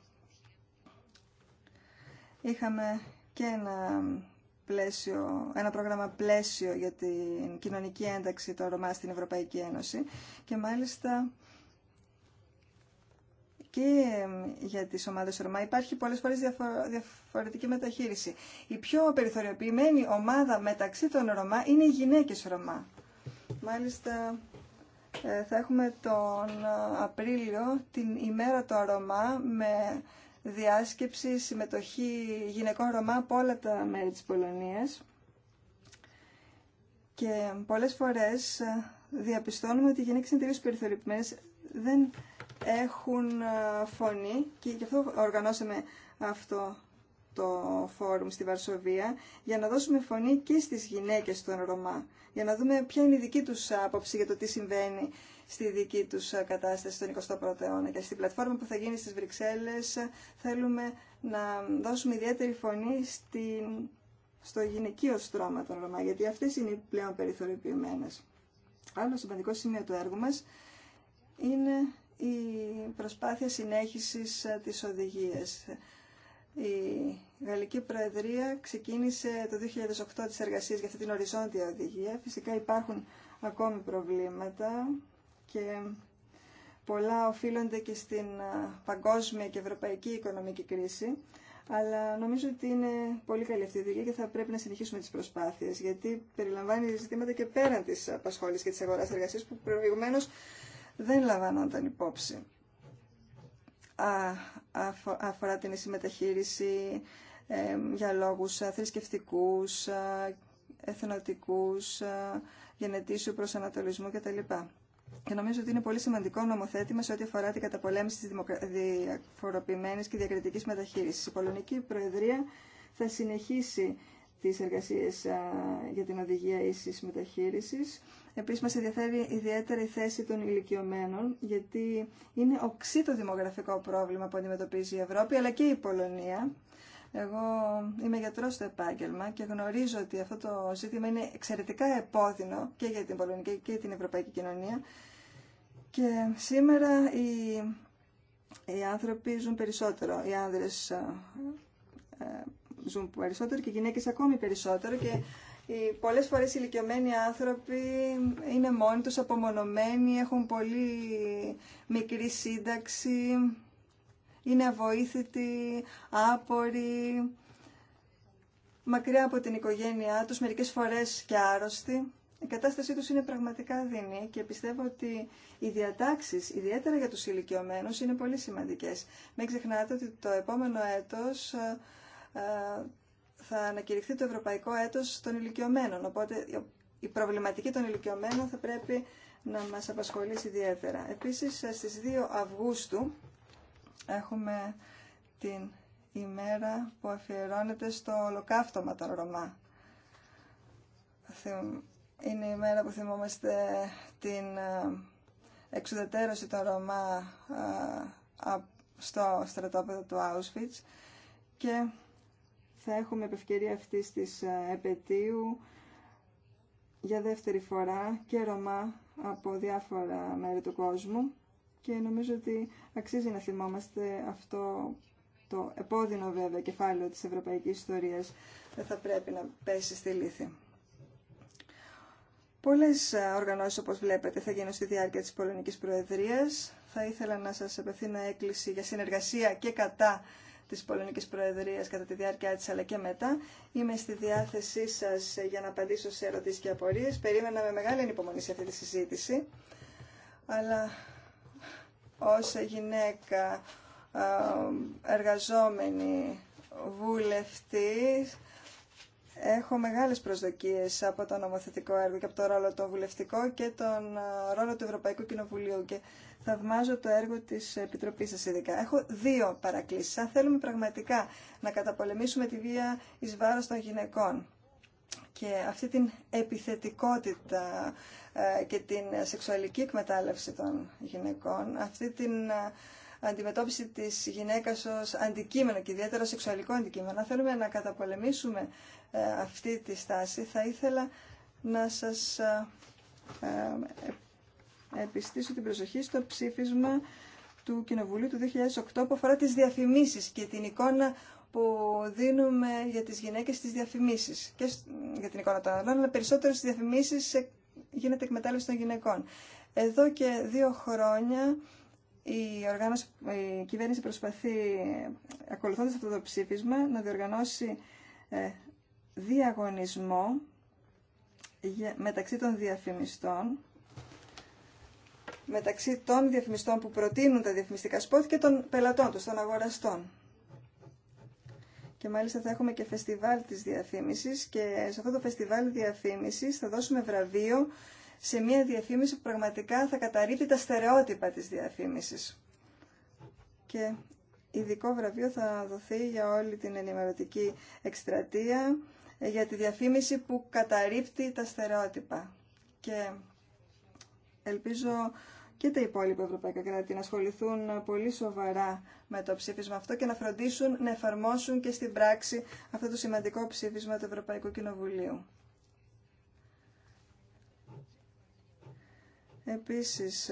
Είχαμε και ένα, πλαίσιο, ένα πρόγραμμα πλαίσιο για την κοινωνική ένταξη των Ρωμά στην Ευρωπαϊκή Ένωση και μάλιστα και για τις ομάδες Ρωμά υπάρχει πολλές φορές διαφορετική μεταχείριση. Η πιο περιθωριοποιημένη ομάδα μεταξύ των Ρωμά είναι οι γυναίκες Ρωμά. Μάλιστα ε, θα έχουμε τον ε, Απρίλιο την ημέρα του Ρωμά με διάσκεψη, συμμετοχή γυναικών Ρωμά από όλα τα μέρη της Πολωνίας. Και πολλές φορές ε, διαπιστώνουμε ότι οι γυναίκες είναι τελείως περιθωριοποιημένες, δεν έχουν ε, φωνή και γι' αυτό οργανώσαμε αυτό το φόρουμ στη Βαρσοβία για να δώσουμε φωνή και στις γυναίκες των Ρωμά για να δούμε ποια είναι η δική τους άποψη για το τι συμβαίνει στη δική τους ε, κατάσταση στον 21ο αιώνα και στην πλατφόρμα που θα γίνει στις Βρυξέλλες ε, θέλουμε να δώσουμε ιδιαίτερη φωνή στην, στο γυναικείο στρώμα των Ρωμά γιατί αυτές είναι οι πλέον περιθωριοποιημένες. Άλλο σημαντικό σημείο του έργου μας είναι η προσπάθεια συνέχισης ε, της οδηγίας. Η Γαλλική Προεδρία ξεκίνησε το 2008 τις εργασίες για αυτή την οριζόντια οδηγία. Φυσικά υπάρχουν ακόμη προβλήματα και πολλά οφείλονται και στην ε, παγκόσμια και ευρωπαϊκή οικονομική κρίση. Αλλά νομίζω ότι είναι πολύ καλή αυτή η οδηγία και θα πρέπει να συνεχίσουμε τι προσπάθειε, γιατί περιλαμβάνει ζητήματα και πέραν τη απασχόληση και τη αγορά εργασία που προηγουμένω δεν λαμβάνονταν υπόψη. αφορά την συμμεταχείριση ε, για λόγους ε, θρησκευτικούς, ε, εθνοτικούς, ε, γενετήσιου προσανατολισμού κτλ. Και νομίζω ότι είναι πολύ σημαντικό νομοθέτημα σε ό,τι αφορά την καταπολέμηση της διαφοροποιημένης και διακριτικής μεταχείρισης. Η Πολωνική Προεδρία θα συνεχίσει τις εργασίες για την οδηγία ίσης μεταχείρισης Επίσης μας ενδιαφέρει ιδιαίτερη θέση των ηλικιωμένων, γιατί είναι οξύ το δημογραφικό πρόβλημα που αντιμετωπίζει η Ευρώπη, αλλά και η Πολωνία. Εγώ είμαι γιατρός στο επάγγελμα και γνωρίζω ότι αυτό το ζήτημα είναι εξαιρετικά επώδυνο και για την πολωνική και την ευρωπαϊκή κοινωνία. Και σήμερα οι, οι άνθρωποι ζουν περισσότερο, οι άνδρες ε, ε, ζουν περισσότερο και οι γυναίκες ακόμη περισσότερο και οι, πολλές φορές οι ηλικιωμένοι άνθρωποι είναι μόνοι τους, απομονωμένοι, έχουν πολύ μικρή σύνταξη, είναι αβοήθητοι, άποροι, μακριά από την οικογένειά τους, μερικές φορές και άρρωστοι. Η κατάστασή τους είναι πραγματικά δίνη και πιστεύω ότι οι διατάξεις, ιδιαίτερα για τους ηλικιωμένου είναι πολύ σημαντικές. Μην ξεχνάτε ότι το επόμενο έτος ε, ε, θα ανακηρυχθεί το Ευρωπαϊκό Έτος των Ηλικιωμένων. Οπότε η προβληματική των ηλικιωμένων θα πρέπει να μας απασχολήσει ιδιαίτερα. Επίσης, ε, στις 2 Αυγούστου έχουμε την ημέρα που αφιερώνεται στο ολοκαύτωμα των Ρωμά. Είναι η ημέρα που θυμόμαστε την ε, εξουδετέρωση των Ρωμά ε, στο στρατόπεδο του Auschwitz και θα έχουμε επευκαιρία αυτής της ε, επαιτίου για δεύτερη φορά και Ρωμά από διάφορα μέρη του κόσμου και νομίζω ότι αξίζει να θυμόμαστε αυτό το επώδυνο βέβαια κεφάλαιο της ευρωπαϊκής ιστορίας δεν θα πρέπει να πέσει στη λύθη. Πολλές ε, οργανώσεις όπως βλέπετε θα γίνουν στη διάρκεια της Πολωνικής Προεδρίας. Θα ήθελα να σας απευθύνω έκκληση για συνεργασία και κατά της Πολωνικής Προεδρίας κατά τη διάρκεια της αλλά και μετά. Είμαι στη διάθεσή σας για να απαντήσω σε ερωτήσεις και απορίες. Περίμενα με μεγάλη ανυπομονή σε αυτή τη συζήτηση, αλλά ως γυναίκα εργαζόμενη βουλευτής Έχω μεγάλες προσδοκίες από το νομοθετικό έργο και από το ρόλο το βουλευτικό και τον ε, ρόλο του Ευρωπαϊκού Κοινοβουλίου και θαυμάζω το έργο της Επιτροπής σας ειδικά. Έχω δύο παρακλήσεις. Αν θέλουμε πραγματικά να καταπολεμήσουμε τη βία εις βάρος των γυναικών και αυτή την επιθετικότητα ε, και την σεξουαλική εκμετάλλευση των γυναικών, αυτή την ε, αντιμετώπιση της γυναίκας ως αντικείμενο και ιδιαίτερα σεξουαλικό αντικείμενο. Αν θέλουμε να καταπολεμήσουμε ε, αυτή τη στάση, θα ήθελα να σας ε, ε, επιστήσω την προσοχή στο ψήφισμα του Κοινοβουλίου του 2008 που αφορά τις διαφημίσεις και την εικόνα που δίνουμε για τις γυναίκες στις διαφημίσεις και για την εικόνα των αλλών, αλλά περισσότερο διαφημίσεις γίνεται εκμετάλλευση των γυναικών. Εδώ και δύο χρόνια η, οργάνωση, η κυβέρνηση προσπαθεί, ακολουθώντας αυτό το ψήφισμα, να διοργανώσει ε, διαγωνισμό μεταξύ των διαφημιστών, μεταξύ των διαφημιστών που προτείνουν τα διαφημιστικά σπότ και των πελατών τους, των αγοραστών. Και μάλιστα θα έχουμε και φεστιβάλ της διαφήμισης και σε αυτό το φεστιβάλ διαφήμισης θα δώσουμε βραβείο σε μια διαφήμιση που πραγματικά θα καταρρύπτει τα στερεότυπα της διαφήμισης. Και ειδικό βραβείο θα δοθεί για όλη την ενημερωτική εκστρατεία, ε, για τη διαφήμιση που καταρρύπτει τα στερεότυπα. Και ελπίζω και τα υπόλοιπα ευρωπαϊκά κράτη να ασχοληθούν πολύ σοβαρά με το ψήφισμα αυτό και να φροντίσουν να εφαρμόσουν και στην πράξη αυτό το σημαντικό ψήφισμα του Ευρωπαϊκού Κοινοβουλίου. Επίσης,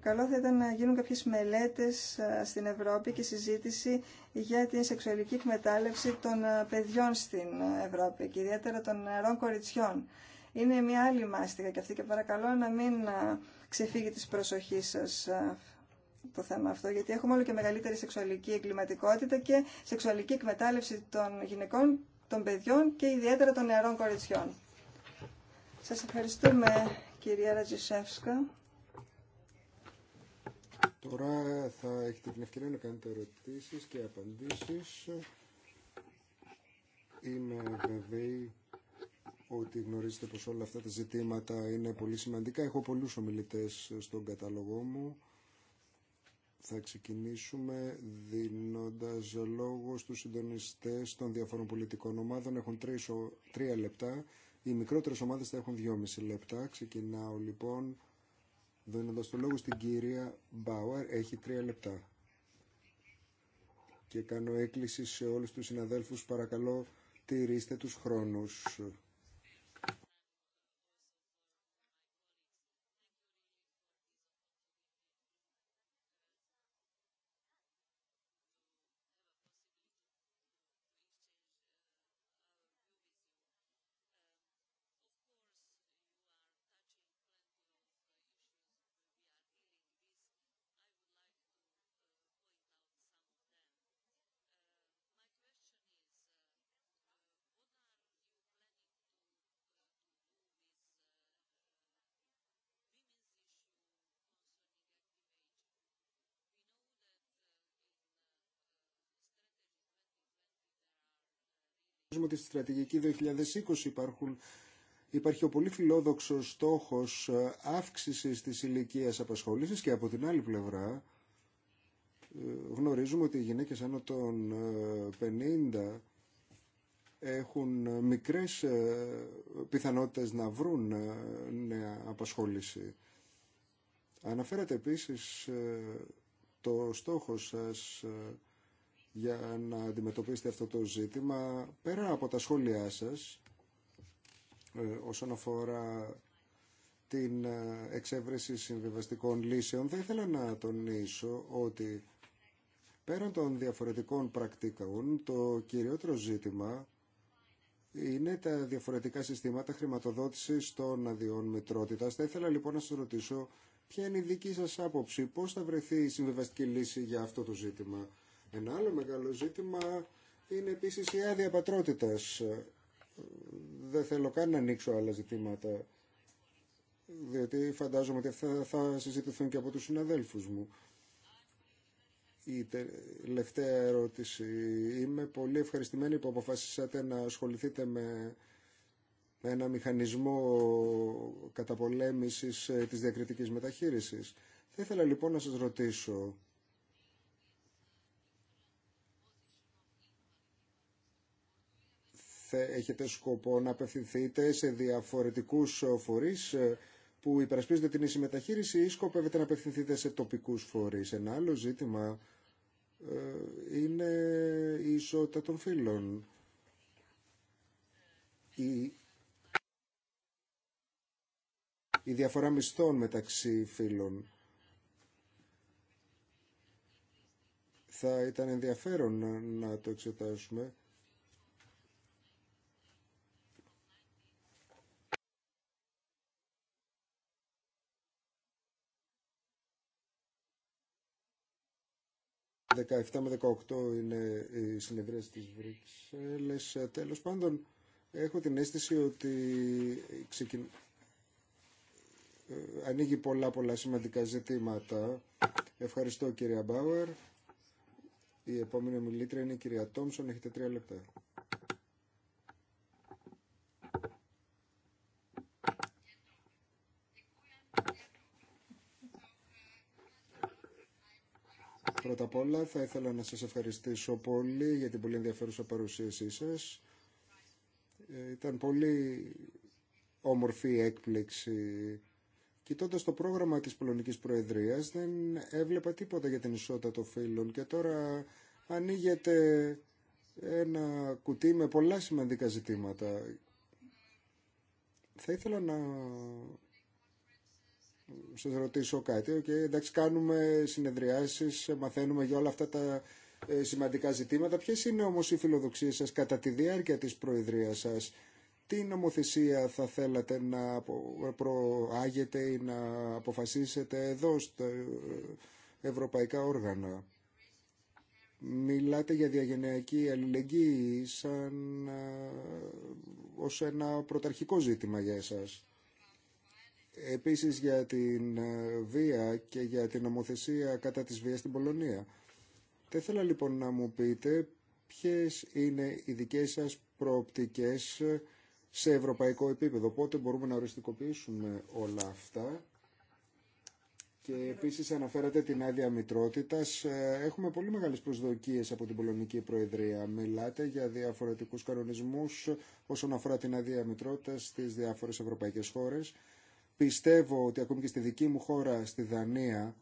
καλό θα ήταν να γίνουν κάποιες μελέτες στην Ευρώπη και συζήτηση για την σεξουαλική εκμετάλλευση των παιδιών στην Ευρώπη και ιδιαίτερα των νεαρών κοριτσιών. Είναι μια άλλη μάστιγα και αυτή και παρακαλώ να μην ξεφύγει της προσοχής σας το θέμα αυτό, γιατί έχουμε όλο και μεγαλύτερη σεξουαλική εγκληματικότητα και σεξουαλική εκμετάλλευση των γυναικών, των παιδιών και ιδιαίτερα των νεαρών κοριτσιών. Σας ευχαριστούμε κυρία Ρατζησεύσκα. Τώρα θα έχετε την ευκαιρία να κάνετε ερωτήσεις και απαντήσεις. Είμαι βέβαιη ότι γνωρίζετε πως όλα αυτά τα ζητήματα είναι πολύ σημαντικά. Έχω πολλούς ομιλητές στον καταλογό μου. Θα ξεκινήσουμε δίνοντας λόγο στους συντονιστές των διαφορών πολιτικών ομάδων. Έχουν τρία λεπτά οι μικρότερες ομάδες θα έχουν 2,5 λεπτά. Ξεκινάω λοιπόν δίνοντας το λόγο στην κυρία Μπάουερ. Έχει 3 λεπτά. Και κάνω έκκληση σε όλους τους συναδέλφους. Παρακαλώ τηρήστε τους χρόνους. ότι στη στρατηγική 2020 υπάρχουν, υπάρχει ο πολύ φιλόδοξος στόχος ε, αύξησης τη ηλικία απασχόλησης και από την άλλη πλευρά ε, γνωρίζουμε ότι οι γυναίκες άνω των 50 ε, έχουν μικρές πιθανότητες να βρουν νέα απασχόληση. Αναφέρατε επίσης το στόχο σας για να αντιμετωπίσετε αυτό το ζήτημα πέρα από τα σχόλιά σας ε, όσον αφορά την ε, εξέβρεση συμβιβαστικών λύσεων θα ήθελα να τονίσω ότι πέραν των διαφορετικών πρακτικών το κυριότερο ζήτημα είναι τα διαφορετικά συστήματα χρηματοδότησης των αδειών μητρότητας. Θα ήθελα λοιπόν να σας ρωτήσω ποια είναι η δική σας άποψη, πώς θα βρεθεί η συμβιβαστική λύση για αυτό το ζήτημα ένα άλλο μεγάλο ζήτημα είναι επίσης η άδεια πατρότητας. Δεν θέλω καν να ανοίξω άλλα ζητήματα, διότι φαντάζομαι ότι αυτά θα συζητηθούν και από τους συναδέλφους μου. Η τελευταία ερώτηση. Είμαι πολύ ευχαριστημένη που αποφασίσατε να ασχοληθείτε με ένα μηχανισμό καταπολέμησης ε, της διακριτικής μεταχείρισης. Θα ήθελα λοιπόν να σας ρωτήσω έχετε σκοπό να απευθυνθείτε σε διαφορετικούς ε, φορείς ε, που υπερασπίζονται την ίση μεταχείριση ή σκοπεύετε να απευθυνθείτε σε τοπικούς φορείς. Ένα άλλο ζήτημα ε, είναι η ισότητα των φύλων. Η... η διαφορά μισθών μεταξύ φύλων. Θα ήταν ενδιαφέρον να το εξετάσουμε 17 με 18 είναι οι συνεδρίες της Βρυξέλλες. Τέλος πάντων, έχω την αίσθηση ότι ε, ανοίγει πολλά πολλά σημαντικά ζητήματα. Ευχαριστώ κυρία Μπάουερ. Η επόμενη μιλήτρια είναι η κυρία Τόμσον. Έχετε τρία λεπτά. απ' όλα θα ήθελα να σας ευχαριστήσω πολύ για την πολύ ενδιαφέρουσα παρουσίασή σας. Ήταν πολύ όμορφη έκπληξη. Κοιτώντα το πρόγραμμα της Πολωνικής Προεδρίας δεν έβλεπα τίποτα για την ισότητα των φύλων και τώρα ανοίγεται ένα κουτί με πολλά σημαντικά ζητήματα. Θα ήθελα να σα ρωτήσω κάτι. Okay, εντάξει, κάνουμε συνεδριάσεις, μαθαίνουμε για όλα αυτά τα ε, σημαντικά ζητήματα. Ποιε είναι όμως οι φιλοδοξίε σας κατά τη διάρκεια της Προεδρίας σας. Τι νομοθεσία θα θέλατε να προάγετε ή να αποφασίσετε εδώ στα ε, ευρωπαϊκά όργανα. Μιλάτε για διαγενειακή αλληλεγγύη σαν ε, ως ένα πρωταρχικό ζήτημα για εσάς. Επίσης για την ε, βία και για την νομοθεσία κατά της βίας στην Πολωνία. Θα ήθελα λοιπόν να μου πείτε ποιες είναι οι δικές σας προοπτικές σε ευρωπαϊκό επίπεδο. Πότε μπορούμε να οριστικοποιήσουμε όλα αυτά. Και επίσης αναφέρατε την άδεια μητρότητας. Ε, έχουμε πολύ μεγάλες προσδοκίες από την Πολωνική Προεδρία. Μιλάτε για διαφορετικούς κανονισμούς όσον αφορά την άδεια μητρότητα στις διάφορες ευρωπαϊκές χώρες. Πιστεύω ότι ακόμη και στη δική μου χώρα, στη Δανία,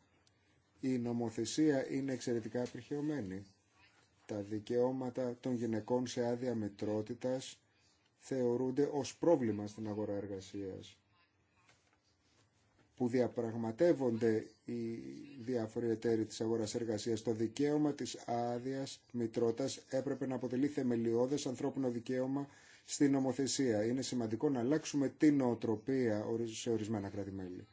η νομοθεσία είναι εξαιρετικά απερχαιωμένη. Τα δικαιώματα των γυναικών σε άδεια μετρότητας θεωρούνται ως πρόβλημα στην αγορά εργασίας που διαπραγματεύονται οι διάφοροι εταίροι της αγοράς εργασίας. Το δικαίωμα της άδειας μητρότητας έπρεπε να αποτελεί θεμελιώδες ανθρώπινο δικαίωμα στην νομοθεσία. Είναι σημαντικό να αλλάξουμε την νοοτροπία σε ορισμένα κράτη-μέλη.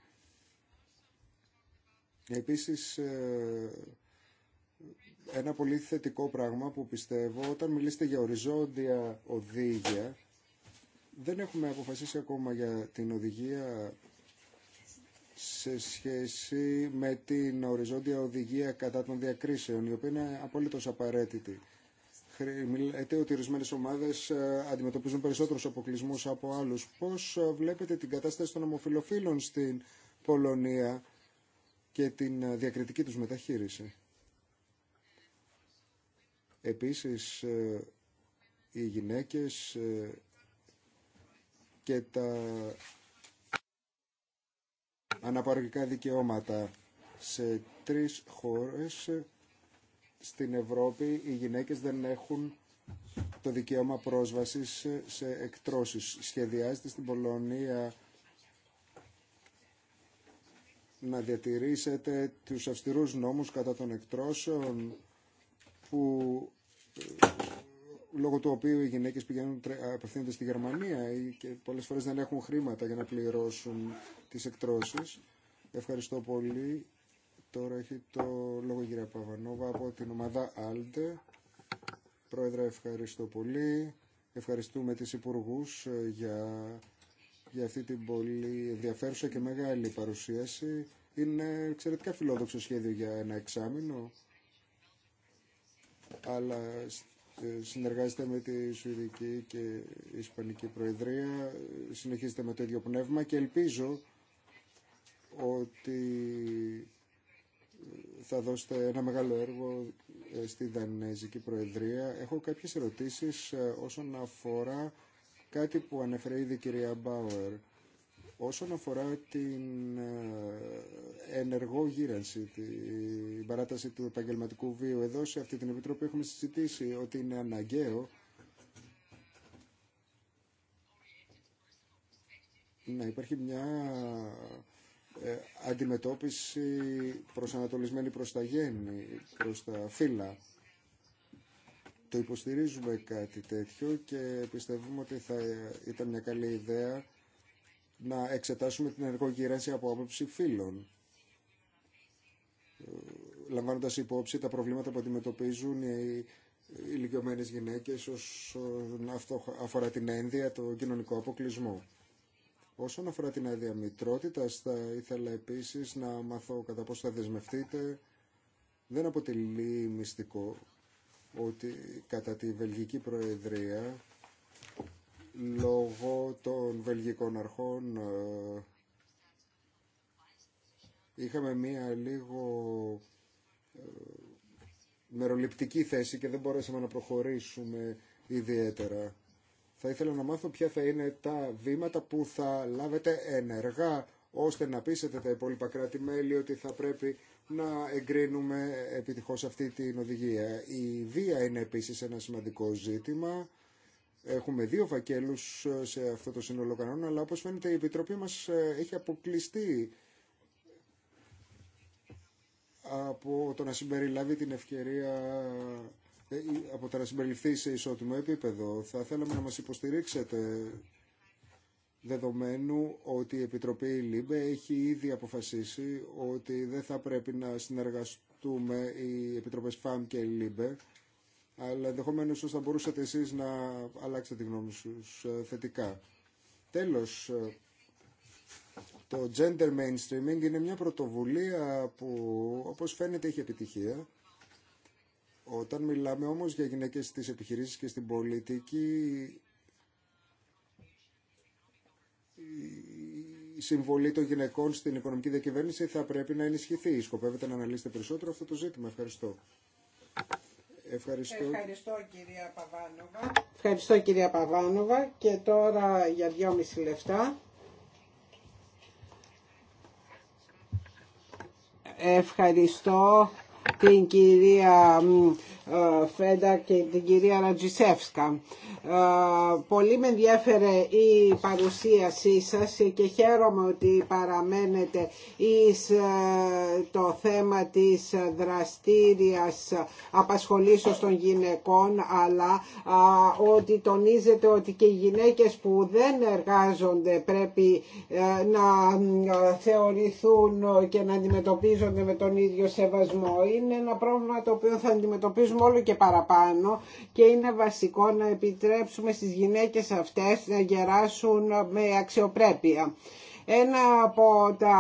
Επίσης, ε, ένα πολύ θετικό πράγμα που πιστεύω, όταν μιλήσετε για οριζόντια οδήγια, δεν έχουμε αποφασίσει ακόμα για την οδηγία σε σχέση με την οριζόντια οδηγία κατά των διακρίσεων, η οποία είναι απολύτως απαραίτητη. Μιλάτε ότι ορισμένε ομάδε ε, αντιμετωπίζουν περισσότερου αποκλεισμού από άλλου. Πώ ε, βλέπετε την κατάσταση των ομοφυλοφίλων στην Πολωνία και την ε, διακριτική του μεταχείριση. Επίσης, οι γυναίκες και τα αναπαραγωγικά δικαιώματα σε τρεις χώρες στην Ευρώπη οι γυναίκες δεν έχουν το δικαίωμα πρόσβασης σε εκτρώσεις. Σχεδιάζεται στην Πολωνία να διατηρήσετε τους αυστηρούς νόμους κατά των εκτρώσεων που ε, λόγω του οποίου οι γυναίκες πηγαίνουν, απευθύνονται στη Γερμανία και πολλές φορές δεν έχουν χρήματα για να πληρώσουν τις εκτρώσεις. Ευχαριστώ πολύ. Τώρα έχει το λόγο η κυρία Παβανόβα από την ομάδα ALDE. Πρόεδρε, ευχαριστώ πολύ. Ευχαριστούμε τις Υπουργούς ε, για, για αυτή την πολύ ενδιαφέρουσα και μεγάλη παρουσίαση. Είναι εξαιρετικά φιλόδοξο σχέδιο για ένα εξάμεινο, αλλά ε, συνεργάζεται με τη Σουηδική και Ισπανική Προεδρία, συνεχίζεται με το ίδιο πνεύμα και ελπίζω ότι θα δώσετε ένα μεγάλο έργο ε, στη Δανέζικη Προεδρία. Έχω κάποιες ερωτήσεις ε, όσον αφορά κάτι που ανέφερε ήδη η κυρία Μπάουερ. Όσον αφορά την ε, ενεργό γύρανση, την παράταση του επαγγελματικού βίου, εδώ σε αυτή την Επιτροπή έχουμε συζητήσει ότι είναι αναγκαίο να υπάρχει μια ε, αντιμετώπιση προσανατολισμένη προς τα γέννη, προς τα φύλλα. Το υποστηρίζουμε κάτι τέτοιο και πιστεύουμε ότι θα ήταν μια καλή ιδέα να εξετάσουμε την ενεργογυρένση από άποψη φύλων ε, λαμβάνοντας υπόψη τα προβλήματα που αντιμετωπίζουν οι ηλικιωμένες γυναίκες όσον αυτό αφορά την ένδυα, το κοινωνικό αποκλεισμό. Όσον αφορά την άδεια θα ήθελα επίσης να μάθω κατά πόσο θα δεσμευτείτε. Δεν αποτελεί μυστικό ότι κατά τη Βελγική Προεδρία λόγω των βελγικών αρχών ε, είχαμε μία λίγο ε, μεροληπτική θέση και δεν μπορέσαμε να προχωρήσουμε ιδιαίτερα. Θα ήθελα να μάθω ποια θα είναι τα βήματα που θα λάβετε ενεργά ώστε να πείσετε τα υπόλοιπα κράτη-μέλη ότι θα πρέπει να εγκρίνουμε επιτυχώς αυτή την οδηγία. Η βία είναι επίσης ένα σημαντικό ζήτημα. Έχουμε δύο φακέλους σε αυτό το σύνολο κανόνα, αλλά όπως φαίνεται η Επιτροπή μας ε, έχει αποκλειστεί από το να συμπεριλάβει την ευκαιρία ε, από τα να συμπεριληφθεί σε ισότιμο επίπεδο. Θα θέλαμε να μας υποστηρίξετε δεδομένου ότι η Επιτροπή ΛΥΜΠΕ έχει ήδη αποφασίσει ότι δεν θα πρέπει να συνεργαστούμε οι Επιτροπές ΦΑΜ και ΛΥΜΠΕ αλλά ενδεχομένω θα μπορούσατε εσείς να αλλάξετε τη γνώμη σας ε, θετικά. Τέλος, ε, το gender mainstreaming είναι μια πρωτοβουλία που όπως φαίνεται έχει επιτυχία όταν μιλάμε όμως για γυναίκες στις επιχειρήσεις και στην πολιτική, η συμβολή των γυναικών στην οικονομική διακυβέρνηση θα πρέπει να ενισχυθεί. Σκοπεύετε να αναλύσετε περισσότερο αυτό το ζήτημα. Ευχαριστώ. Ευχαριστώ. Ευχαριστώ κυρία Παβάνοβα. Ευχαριστώ κυρία Παβάνοβα και τώρα για δυόμιση λεφτά. Ευχαριστώ την κυρία ε, Φέντα και την κυρία Ρατζισεύσκα. Ε, πολύ με ενδιέφερε η παρουσίασή σας και χαίρομαι ότι παραμένετε εις ε, το θέμα της δραστήριας απασχολήσεως των γυναικών αλλά ότι τονίζετε ότι και οι γυναίκες που δεν εργάζονται πρέπει να θεωρηθούν και να αντιμετωπίζονται με τον ίδιο σεβασμό είναι ένα πρόβλημα το οποίο θα αντιμετωπίζουμε όλο και παραπάνω και είναι βασικό να επιτρέψουμε στις γυναίκες αυτές να γεράσουν με αξιοπρέπεια. Ένα από τα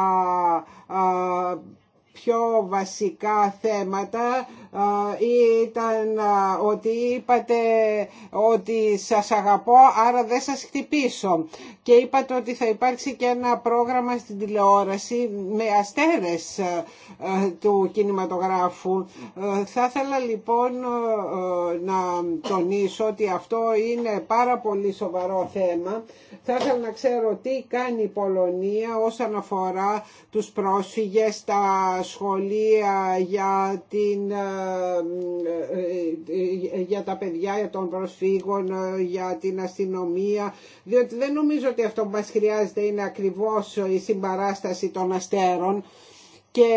πιο βασικά θέματα ε, ήταν ε, ότι είπατε ότι σας αγαπώ άρα δεν σας χτυπήσω και είπατε ότι θα υπάρξει και ένα πρόγραμμα στην τηλεόραση με αστέρες ε, του κινηματογράφου. Θα ήθελα λοιπόν να τονίσω ότι αυτό είναι πάρα πολύ σοβαρό θέμα. Θα ήθελα να ξέρω τι κάνει η Πολωνία όσον αφορά τους πρόσφυγες, τα σχολεία για την ε, ε, ε, για τα παιδιά τον προσφύγων, για την αστυνομία, διότι δεν νομίζω ότι αυτό που μας χρειάζεται είναι ακριβώς η συμπαράσταση των αστέρων, και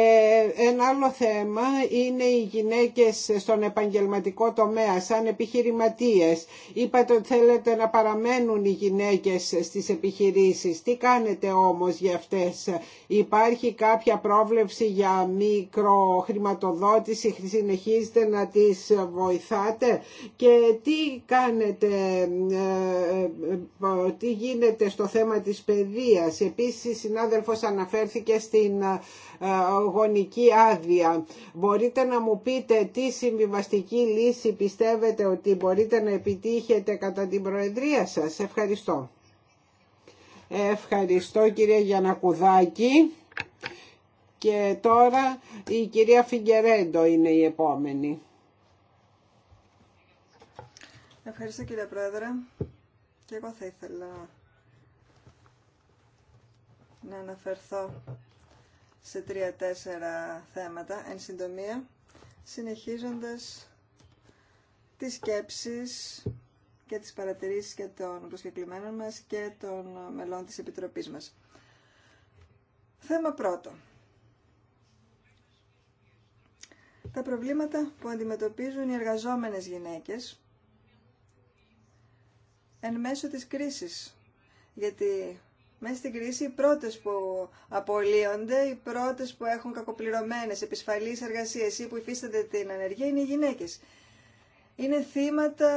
ένα άλλο θέμα είναι οι γυναίκες στον επαγγελματικό τομέα, σαν επιχειρηματίες. Είπατε ότι θέλετε να παραμένουν οι γυναίκες στις επιχειρήσεις. Τι κάνετε όμως για αυτές. Υπάρχει κάποια πρόβλεψη για μικροχρηματοδότηση, συνεχίζετε να τις βοηθάτε και τι κάνετε, ε, ε, ε, τι γίνεται στο θέμα της παιδείας. Επίσης, η συνάδελφος αναφέρθηκε στην γονική άδεια. Μπορείτε να μου πείτε τι συμβιβαστική λύση πιστεύετε ότι μπορείτε να επιτύχετε κατά την Προεδρία σας. Ευχαριστώ. Ευχαριστώ κυρία Γιανακουδάκη. Και τώρα η κυρία Φιγκερέντο είναι η επόμενη. Ευχαριστώ κύριε Πρόεδρε. Και εγώ θα ήθελα να αναφερθώ σε τρία-τέσσερα θέματα, εν συντομία, συνεχίζοντας τις σκέψεις και τις παρατηρήσεις και των προσκεκλημένων μας και των μελών της Επιτροπής μας. Θέμα πρώτο. Τα προβλήματα που αντιμετωπίζουν οι εργαζόμενες γυναίκες εν μέσω της κρίσης. Γιατί μέσα στην κρίση οι πρώτες που απολύονται, οι πρώτες που έχουν κακοπληρωμένες, επισφαλείς εργασίες ή που υφίστανται την ανεργία είναι οι γυναίκες. Είναι θύματα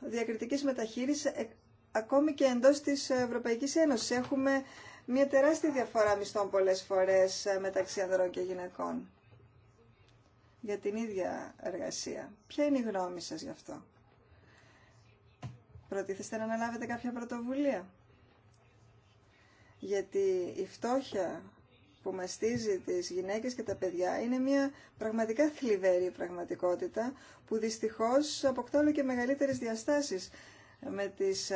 διακριτικής μεταχείρισης ε, ακόμη και εντός της Ευρωπαϊκής Ένωσης. Έχουμε μια τεράστια διαφορά μισθών πολλές φορές ε, μεταξύ ανδρών και γυναικών για την ίδια εργασία. Ποια είναι η γνώμη σας γι' αυτό. Προτίθεστε να αναλάβετε κάποια πρωτοβουλία γιατί η φτώχεια που μαστίζει τις γυναίκες και τα παιδιά είναι μια πραγματικά θλιβερή πραγματικότητα που δυστυχώς αποκτά όλο και μεγαλύτερες διαστάσεις με τις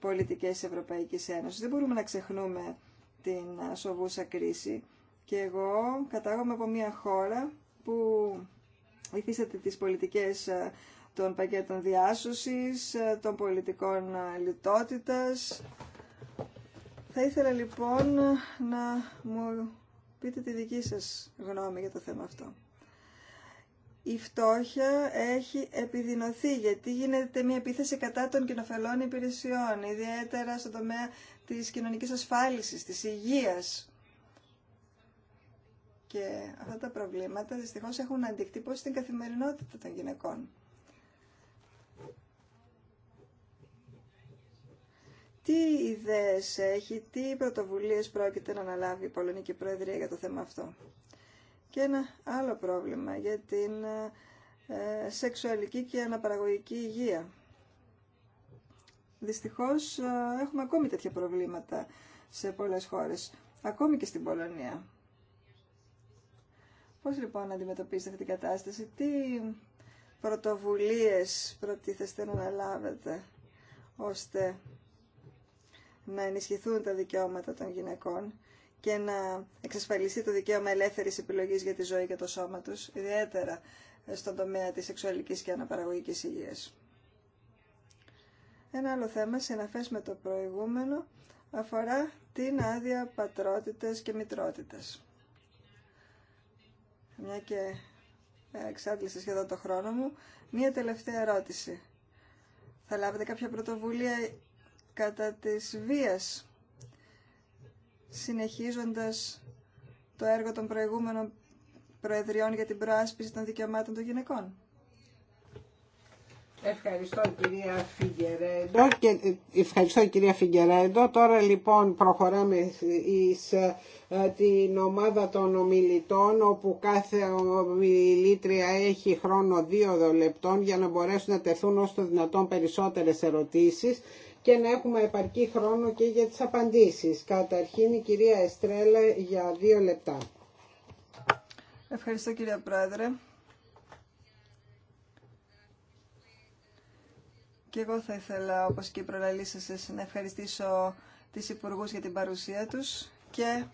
πολιτικές της Ευρωπαϊκής Ένωσης. Δεν μπορούμε να ξεχνούμε την σοβούσα κρίση και εγώ κατάγομαι από μια χώρα που υφίσταται τις πολιτικές των πακέτων διάσωσης, των πολιτικών λιτότητας, θα ήθελα λοιπόν να μου πείτε τη δική σας γνώμη για το θέμα αυτό. Η φτώχεια έχει επιδεινωθεί γιατί γίνεται μια επίθεση κατά των κοινοφελών υπηρεσιών, ιδιαίτερα στον τομέα της κοινωνικής ασφάλισης, της υγείας. Και αυτά τα προβλήματα δυστυχώς έχουν αντικτύπωση στην καθημερινότητα των γυναικών. Τι ιδέες έχει, τι πρωτοβουλίες πρόκειται να αναλάβει η Πολωνική Προεδρία για το θέμα αυτό. Και ένα άλλο πρόβλημα για την ε, σεξουαλική και αναπαραγωγική υγεία. Δυστυχώς ε, έχουμε ακόμη τέτοια προβλήματα σε πολλές χώρες, ακόμη και στην Πολωνία. Πώς λοιπόν αντιμετωπίζετε αυτή την κατάσταση, τι πρωτοβουλίες προτίθεστε να αναλάβετε, ώστε να ενισχυθούν τα δικαιώματα των γυναικών και να εξασφαλιστεί το δικαίωμα ελεύθερης επιλογής για τη ζωή και το σώμα τους, ιδιαίτερα στον τομέα της σεξουαλικής και αναπαραγωγικής υγείας. Ένα άλλο θέμα, συναφές με το προηγούμενο, αφορά την άδεια πατρότητες και μητρότητας. Μια και εξάντλησε σχεδόν το χρόνο μου, μία τελευταία ερώτηση. Θα λάβετε κάποια πρωτοβουλία κατά της βίας, συνεχίζοντας το έργο των προηγούμενων προεδριών για την προάσπιση των δικαιωμάτων των γυναικών. Ευχαριστώ κυρία Φιγκερέντο. Και ε, ευχαριστώ κυρία Φιγκερέντο. Τώρα λοιπόν προχωράμε εις ε, την ομάδα των ομιλητών όπου κάθε ομιλήτρια έχει χρόνο δύο λεπτών για να μπορέσουν να τεθούν όσο το δυνατόν περισσότερες ερωτήσεις και να έχουμε επαρκή χρόνο και για τις απαντήσεις. Καταρχήν η κυρία Εστρέλα για δύο λεπτά. Ευχαριστώ κυρία Πρόεδρε. Και εγώ θα ήθελα, όπως και οι σα να ευχαριστήσω τις Υπουργούς για την παρουσία τους και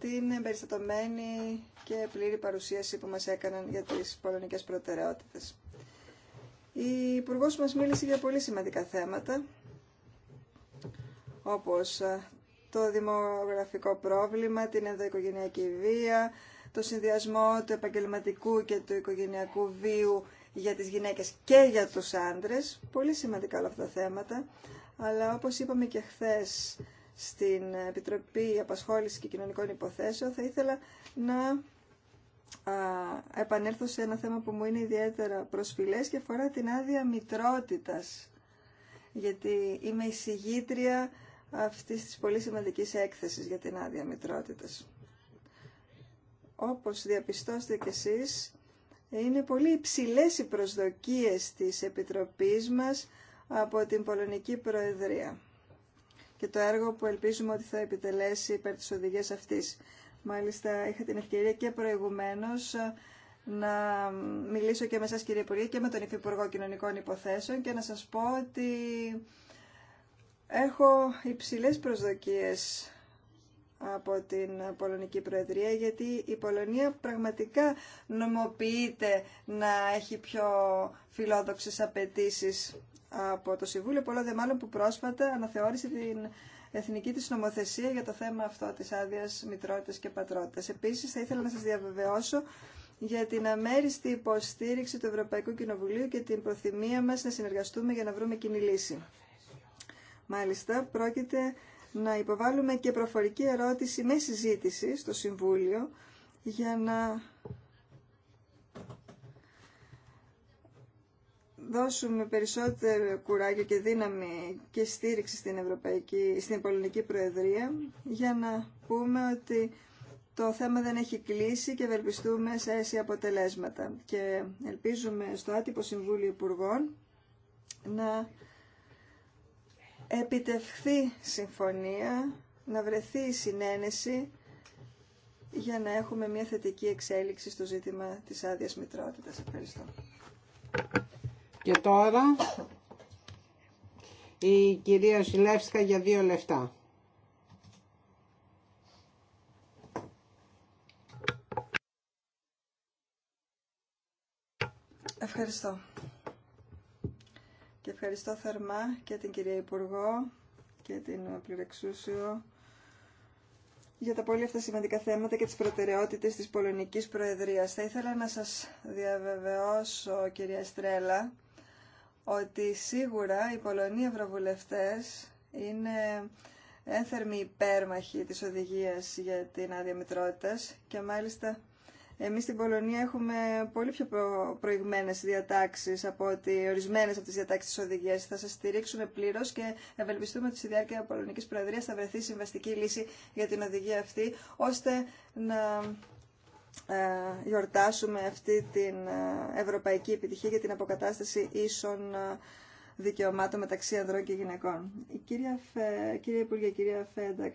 την περιστατωμένη και πλήρη παρουσίαση που μας έκαναν για τις πολωνικές προτεραιότητες. Η Υπουργός μας μίλησε για πολύ σημαντικά θέματα όπως ε, το δημογραφικό πρόβλημα, την ενδοοικογενειακή βία, το συνδυασμό του επαγγελματικού και του οικογενειακού βίου για τις γυναίκες και για τους άντρες. Πολύ σημαντικά όλα αυτά τα θέματα. Αλλά όπως είπαμε και χθε στην Επιτροπή Απασχόλησης και Κοινωνικών Υποθέσεων, θα ήθελα να επανέλθω σε ένα θέμα που μου είναι ιδιαίτερα προσφυλές και αφορά την άδεια μητρότητας. Γιατί είμαι εισηγήτρια αυτής της πολύ σημαντική έκθεσης για την άδεια μητρότητα. Όπως διαπιστώστε κι εσείς, είναι πολύ υψηλέ οι προσδοκίε τη επιτροπή μας από την Πολωνική Προεδρία και το έργο που ελπίζουμε ότι θα επιτελέσει υπέρ της οδηγίας αυτής. Μάλιστα είχα την ευκαιρία και προηγουμένως ε, να μιλήσω και με σας κύριε Υπουργέ και με τον Υφυπουργό Κοινωνικών Υποθέσεων και να σας πω ότι Έχω υψηλές προσδοκίες από την Πολωνική Προεδρία γιατί η Πολωνία πραγματικά νομοποιείται να έχει πιο φιλόδοξες απαιτήσει από το Συμβούλιο, πολλά δε μάλλον που πρόσφατα αναθεώρησε την εθνική της νομοθεσία για το θέμα αυτό της άδεια μητρότητας και πατρότητας. Επίσης θα ήθελα να σας διαβεβαιώσω για την αμέριστη υποστήριξη του Ευρωπαϊκού Κοινοβουλίου και την προθυμία μας να συνεργαστούμε για να βρούμε κοινή λύση. Μάλιστα, πρόκειται να υποβάλουμε και προφορική ερώτηση με συζήτηση στο Συμβούλιο για να δώσουμε περισσότερο κουράγιο και δύναμη και στήριξη στην, Ευρωπαϊκή, στην Πολωνική Προεδρία για να πούμε ότι το θέμα δεν έχει κλείσει και ευελπιστούμε σε αίσια αποτελέσματα. Και ελπίζουμε στο άτυπο Συμβούλιο Υπουργών να επιτευχθεί συμφωνία, να βρεθεί η συνένεση για να έχουμε μια θετική εξέλιξη στο ζήτημα της άδειας μητρότητας. Ευχαριστώ. Και τώρα η κυρία Ζηλεύσκα για δύο λεφτά. Ευχαριστώ και ευχαριστώ θερμά και την κυρία Υπουργό και την Πληρεξούσιο για τα πολύ αυτά σημαντικά θέματα και τις προτεραιότητες της Πολωνικής Προεδρίας. Θα ήθελα να σας διαβεβαιώσω, κυρία Στρέλα, ότι σίγουρα οι Πολωνοί Ευρωβουλευτές είναι ένθερμοι υπέρμαχοι της οδηγίας για την άδεια και μάλιστα εμείς στην Πολωνία έχουμε πολύ πιο προηγμένες διατάξεις από ότι ορισμένες από τις διατάξεις της οδηγίας. Θα σας στηρίξουμε πλήρως και ευελπιστούμε ότι στη διάρκεια Πολωνικής Προεδρίας θα βρεθεί συμβαστική λύση για την οδηγία αυτή, ώστε να ε, γιορτάσουμε αυτή την ε, ευρωπαϊκή επιτυχία για την αποκατάσταση ίσων ε, δικαιωμάτων μεταξύ ανδρών και γυναικών. Η Φε, κύριε Υπουργέ, κυρία Φέντακ,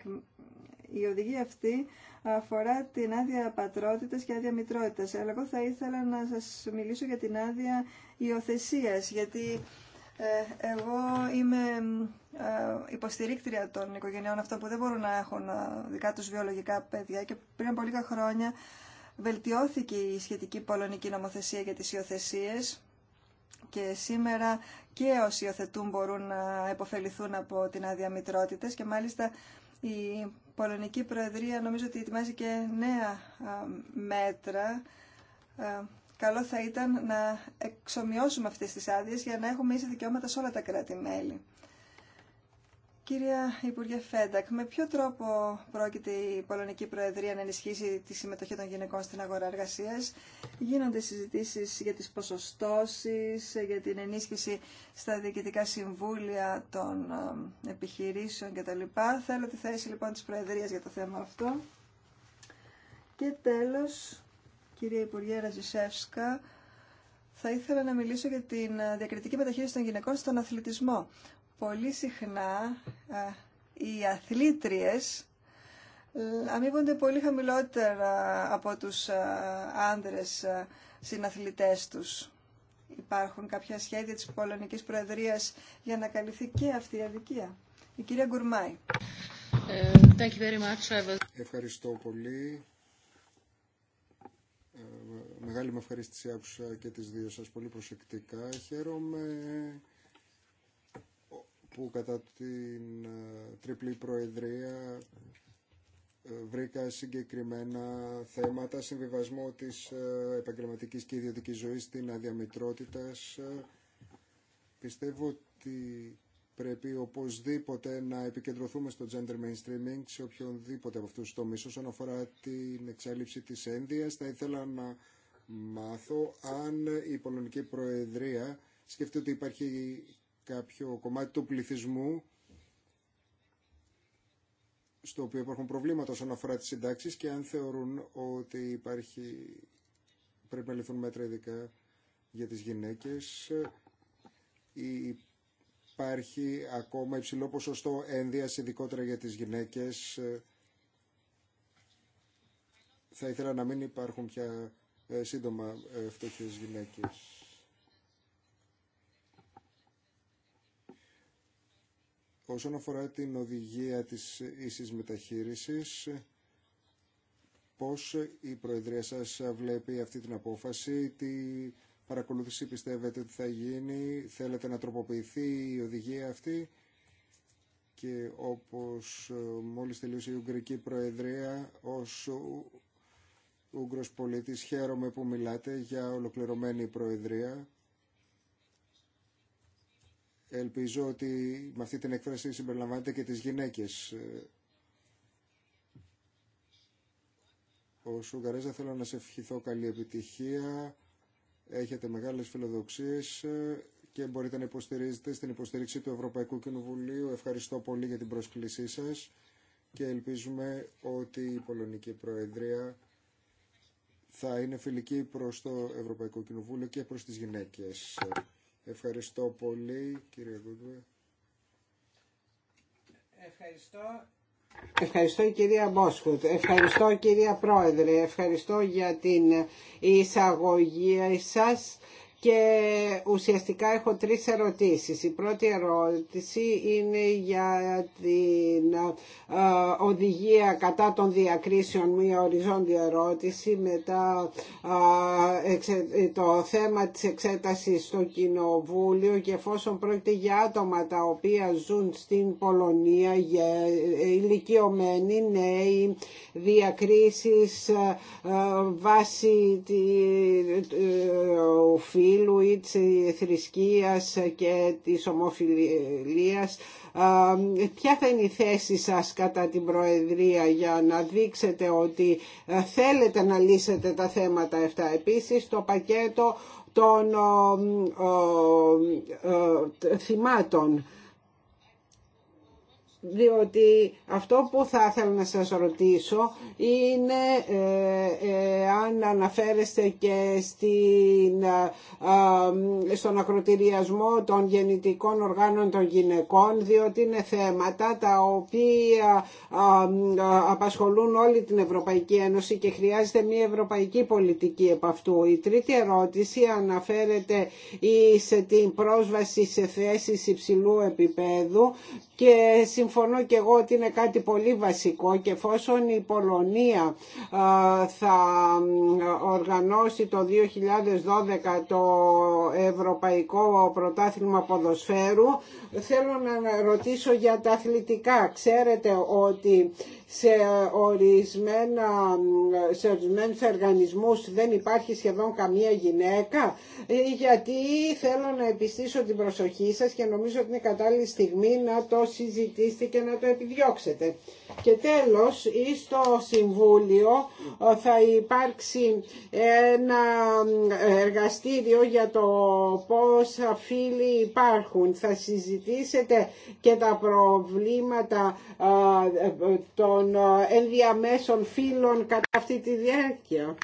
η οδηγία αυτή αφορά την άδεια πατρότητα και άδεια μητρότητα. Αλλά εγώ θα ήθελα να σα μιλήσω για την άδεια υιοθεσία, γιατί ε, εγώ είμαι ε, υποστηρίκτρια των οικογενειών αυτών που δεν μπορούν να έχουν ε, δικά τους βιολογικά παιδιά και πριν από λίγα χρόνια βελτιώθηκε η σχετική πολωνική νομοθεσία για τις υιοθεσίε και σήμερα και όσοι υιοθετούν μπορούν να επωφεληθούν από την άδεια και μάλιστα η Πολωνική Προεδρία νομίζω ότι ετοιμάζει και νέα μέτρα. Καλό θα ήταν να εξομοιώσουμε αυτές τις άδειες για να έχουμε ίσα δικαιώματα σε όλα τα κράτη-μέλη. Κυρία Υπουργέ Φέντακ, με ποιο τρόπο πρόκειται η Πολωνική Προεδρία να ενισχύσει τη συμμετοχή των γυναικών στην αγορά εργασία. Γίνονται συζητήσει για τι ποσοστώσει, για την ενίσχυση στα διοικητικά συμβούλια των επιχειρήσεων κτλ. Θέλω τη θέση λοιπόν τη Προεδρία για το θέμα αυτό. Και τέλο, κυρία Υπουργέ Ραζισεύσκα, θα ήθελα να μιλήσω για την ε, διακριτική μεταχείριση των γυναικών στον αθλητισμό πολύ συχνά ε, οι αθλήτριες ε, αμείβονται πολύ χαμηλότερα από τους ε, άνδρες συναθλητές τους. Υπάρχουν κάποια σχέδια της Πολωνικής Προεδρίας για να καλυφθεί και αυτή η αδικία. Η κυρία Γκουρμάη. Ευχαριστώ πολύ. Μεγάλη μου ευχαρίστηση άκουσα και τις δύο σας πολύ προσεκτικά. Χαίρομαι που κατά την ε, τριπλή προεδρία ε, βρήκα συγκεκριμένα θέματα συμβιβασμό της ε, επαγγελματικής και ιδιωτικής ζωής στην Ε, Πιστεύω ότι πρέπει οπωσδήποτε να επικεντρωθούμε στο gender mainstreaming σε οποιονδήποτε από αυτούς τομείς. Όσον αφορά την εξάλληψη της ένδυας, θα ήθελα να μάθω αν η Πολωνική Προεδρία σκέφτεται ότι υπάρχει κάποιο κομμάτι του πληθυσμού στο οποίο υπάρχουν προβλήματα όσον αφορά τις συντάξεις και αν θεωρούν ότι υπάρχει, πρέπει να λυθούν μέτρα ειδικά για τις γυναίκες ή υπάρχει ακόμα υψηλό ποσοστό ένδυας ειδικότερα για τις γυναίκες θα ήθελα να μην υπάρχουν πια ε, σύντομα ε, φτωχές γυναίκες Όσον αφορά την οδηγία της ίσης μεταχείρισης, πώς η Προεδρία σας βλέπει αυτή την απόφαση, τι παρακολούθηση πιστεύετε ότι θα γίνει, θέλετε να τροποποιηθεί η οδηγία αυτή και όπως μόλις τελείωσε η Ουγγρική Προεδρία ως Ούγγρος πολίτης χαίρομαι που μιλάτε για ολοκληρωμένη Προεδρία Ελπίζω ότι με αυτή την έκφραση συμπεριλαμβάνεται και τις γυναίκες. Ο Σουγκαρέζα θέλω να σε ευχηθώ καλή επιτυχία. Έχετε μεγάλες φιλοδοξίες και μπορείτε να υποστηρίζετε στην υποστήριξη του Ευρωπαϊκού Κοινοβουλίου. Ευχαριστώ πολύ για την πρόσκλησή σας και ελπίζουμε ότι η Πολωνική Προεδρία θα είναι φιλική προς το Ευρωπαϊκό Κοινοβούλιο και προς τις γυναίκες. Ευχαριστώ πολύ κύριε Γκούντουε. Ευχαριστώ. Ευχαριστώ κυρία Μπόσχουτ, ευχαριστώ κυρία Πρόεδρε, ευχαριστώ για την εισαγωγή σας και ουσιαστικά έχω τρεις ερωτήσεις. Η πρώτη ερώτηση είναι για την ε, οδηγία κατά των διακρίσεων, μια οριζόντια ερώτηση, μετά ε, το θέμα της εξέτασης στο Κοινοβούλιο και εφόσον πρόκειται για άτομα τα οποία ζουν στην Πολωνία, για ε, ηλικιωμένοι νέοι, διακρίσεις βάσει του φύλου ή της και της ομοφιλίας. Ποια θα είναι η θέση σας κατά την Προεδρία για να δείξετε ότι ε, θέλετε να λύσετε τα θέματα αυτά. Επίσης το πακέτο των θυμάτων διότι αυτό που θα ήθελα να σας ρωτήσω είναι ε, ε, αν αναφέρεστε και στην, ε, στον ακροτηριασμό των γεννητικών οργάνων των γυναικών διότι είναι θέματα τα οποία απασχολούν όλη την Ευρωπαϊκή Ένωση και χρειάζεται μια ευρωπαϊκή πολιτική επ' αυτού. Η τρίτη ερώτηση αναφέρεται σε την πρόσβαση σε θέσεις υψηλού επίπεδου και συμφωνώ και εγώ ότι είναι κάτι πολύ βασικό και εφόσον η Πολωνία θα οργανώσει το 2012 το Ευρωπαϊκό Πρωτάθλημα Ποδοσφαίρου θέλω να ρωτήσω για τα αθλητικά. Ξέρετε ότι σε, ορισμένα, σε ορισμένους οργανισμούς δεν υπάρχει σχεδόν καμία γυναίκα ε, γιατί θέλω να επιστήσω την προσοχή σας και νομίζω ότι είναι κατάλληλη στιγμή να το συζητήσετε και να το επιδιώξετε. Και τέλος, στο Συμβούλιο ε, θα υπάρξει ένα εργαστήριο για το πώς φίλοι υπάρχουν. Θα συζητήσετε και τα προβλήματα ε, των των ε, ενδιαμέσων φίλων κατά αυτή τη διάρκεια.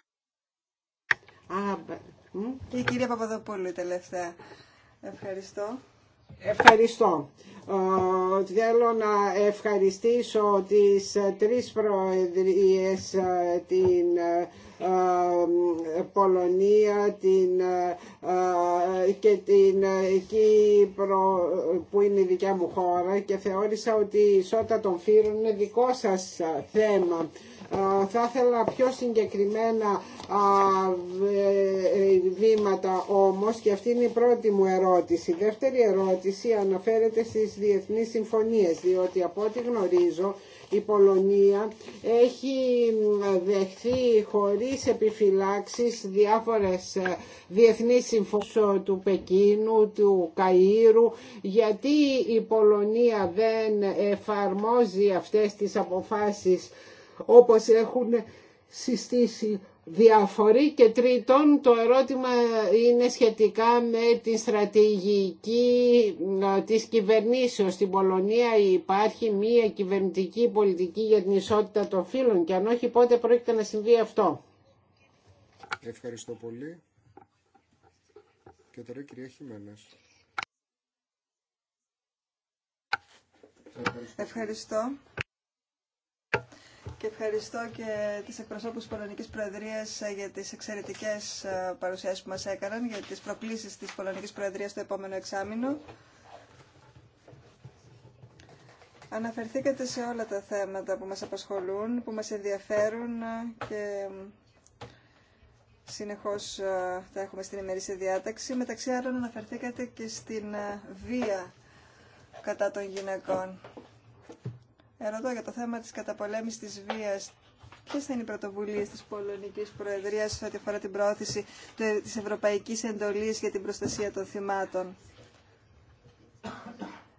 Η κυρία Παπαδοπούλου τελευταία. Ευχαριστώ. Ευχαριστώ. Ε, θέλω να ευχαριστήσω τις τρεις προεδρίες, ε, την ε, Πολωνία την, και την Κύπρο που είναι η δικιά μου χώρα και θεώρησα ότι η ισότητα των φύρων είναι δικό σας θέμα. Θα ήθελα πιο συγκεκριμένα ε, βήματα όμως και αυτή είναι η πρώτη μου ερώτηση. Η δεύτερη ερώτηση αναφέρεται στις διεθνείς συμφωνίες διότι από ό,τι γνωρίζω η Πολωνία έχει δεχθεί χωρίς επιφυλάξεις διάφορες ε, διεθνείς συμφωνίες ε, του Πεκίνου, του Καΐρου γιατί η Πολωνία δεν εφαρμόζει αυτές τις αποφάσεις όπως έχουν συστήσει διαφορεί και τρίτον το ερώτημα είναι σχετικά με τη στρατηγική της κυβερνήσεως. Στην Πολωνία υπάρχει μία κυβερνητική πολιτική για την ισότητα των φύλων και αν όχι πότε πρόκειται να συμβεί αυτό. Ευχαριστώ πολύ. Και τώρα κυρία Χιμένας. Ευχαριστώ. Και ευχαριστώ και τις εκπροσώπους τη Πολωνική Προεδρίας ε, για τις εξαιρετικέ ε, παρουσιάσεις που μας έκαναν, για τις προκλήσεις τη πολωνική Προεδρίας στο επόμενο εξάμεινο. Αναφερθήκατε σε όλα τα θέματα που μας απασχολούν, που μας ενδιαφέρουν ε, και συνεχώς τα έχουμε στην ημερήσια διάταξη. Μεταξύ άλλων αναφερθήκατε και στην βία κατά των γυναικών. Ερωτώ για το θέμα της καταπολέμησης της βίας. Ποιες θα είναι οι πρωτοβουλίες της Πολωνικής Προεδρίας ό,τι αφορά την προώθηση ε, της Ευρωπαϊκής Εντολής για την προστασία των θυμάτων.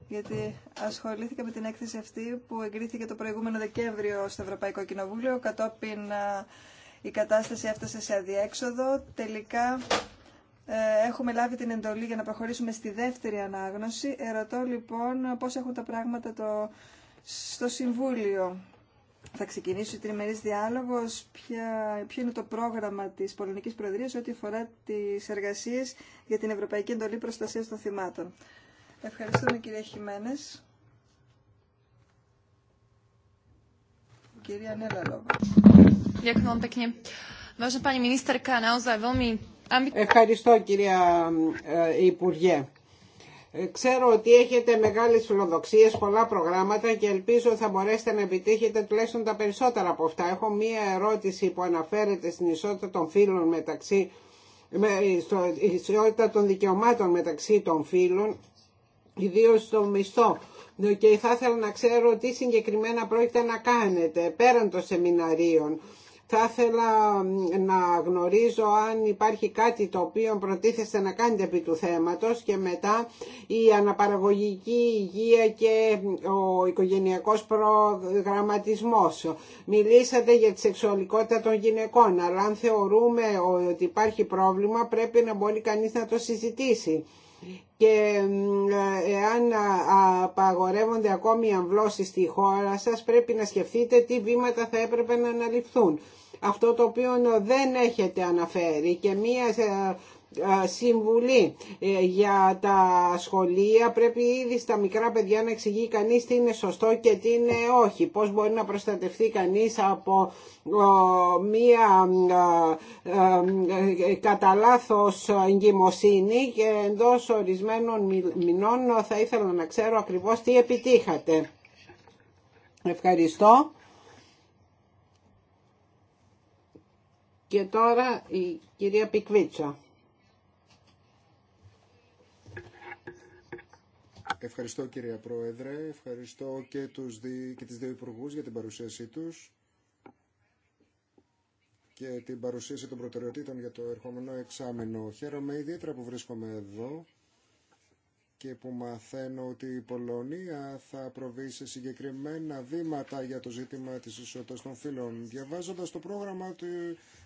Γιατί ασχολήθηκα με την έκθεση αυτή που εγκρίθηκε το προηγούμενο Δεκέμβριο στο Ευρωπαϊκό Κοινοβούλιο. Κατόπιν η κατάσταση έφτασε σε αδιέξοδο. Τελικά ε, έχουμε λάβει την εντολή για να προχωρήσουμε στη δεύτερη ανάγνωση. Ερωτώ λοιπόν πώς έχουν τα πράγματα το στο Συμβούλιο. Θα ξεκινήσει ο τριμερής διάλογος, ποιο είναι το πρόγραμμα της Πολωνικής Προεδρίας ό,τι αφορά τι εργασίε για την Ευρωπαϊκή Εντολή Προστασία των Θυμάτων. Ευχαριστούμε κυρία Χιμένες. Κυρία Νέλα Ευχαριστώ κυρία ε, Υπουργέ. Ε, ξέρω ότι έχετε μεγάλες φιλοδοξίες, πολλά προγράμματα και ελπίζω θα μπορέσετε να επιτύχετε τουλάχιστον τα περισσότερα από αυτά. Έχω μία ερώτηση που αναφέρεται στην ισότητα των φίλων μεταξύ, με, στο, ισότητα των δικαιωμάτων μεταξύ των φίλων, ιδίω στο μισθό. Ε, και θα ήθελα να ξέρω τι συγκεκριμένα πρόκειται να κάνετε πέραν των σεμιναρίων θα ήθελα να γνωρίζω αν υπάρχει κάτι το οποίο προτίθεστε να κάνετε επί του θέματος και μετά η αναπαραγωγική υγεία και ο οικογενειακός προγραμματισμός. Μιλήσατε για τη σεξουαλικότητα των γυναικών, αλλά αν θεωρούμε ότι υπάρχει πρόβλημα πρέπει να μπορεί κανείς να το συζητήσει και εάν απαγορεύονται ακόμη οι αμβλώσεις στη χώρα σας πρέπει να σκεφτείτε τι βήματα θα έπρεπε να αναλυφθούν αυτό το οποίο δεν έχετε αναφέρει και μία ε, ε, συμβουλή ε, για τα σχολεία πρέπει ήδη στα μικρά παιδιά να εξηγεί κανείς τι είναι σωστό και τι είναι όχι πως μπορεί να προστατευτεί κανείς από μία κατά λάθο εγκυμοσύνη και εντός ορισμένων μηνών θα ήθελα να ξέρω ακριβώς τι επιτύχατε Ευχαριστώ Και τώρα η κυρία Πικβίτσα. Ευχαριστώ κυρία Πρόεδρε, ευχαριστώ και, τους δι... και τις δύο υπουργούς για την παρουσίασή τους και την παρουσίαση των προτεραιοτήτων για το ερχόμενο εξάμενο. Χαίρομαι ιδιαίτερα που βρίσκομαι εδώ και που μαθαίνω ότι η Πολωνία θα προβεί σε συγκεκριμένα βήματα για το ζήτημα της ισότητας των φύλων. Διαβάζοντας το πρόγραμμα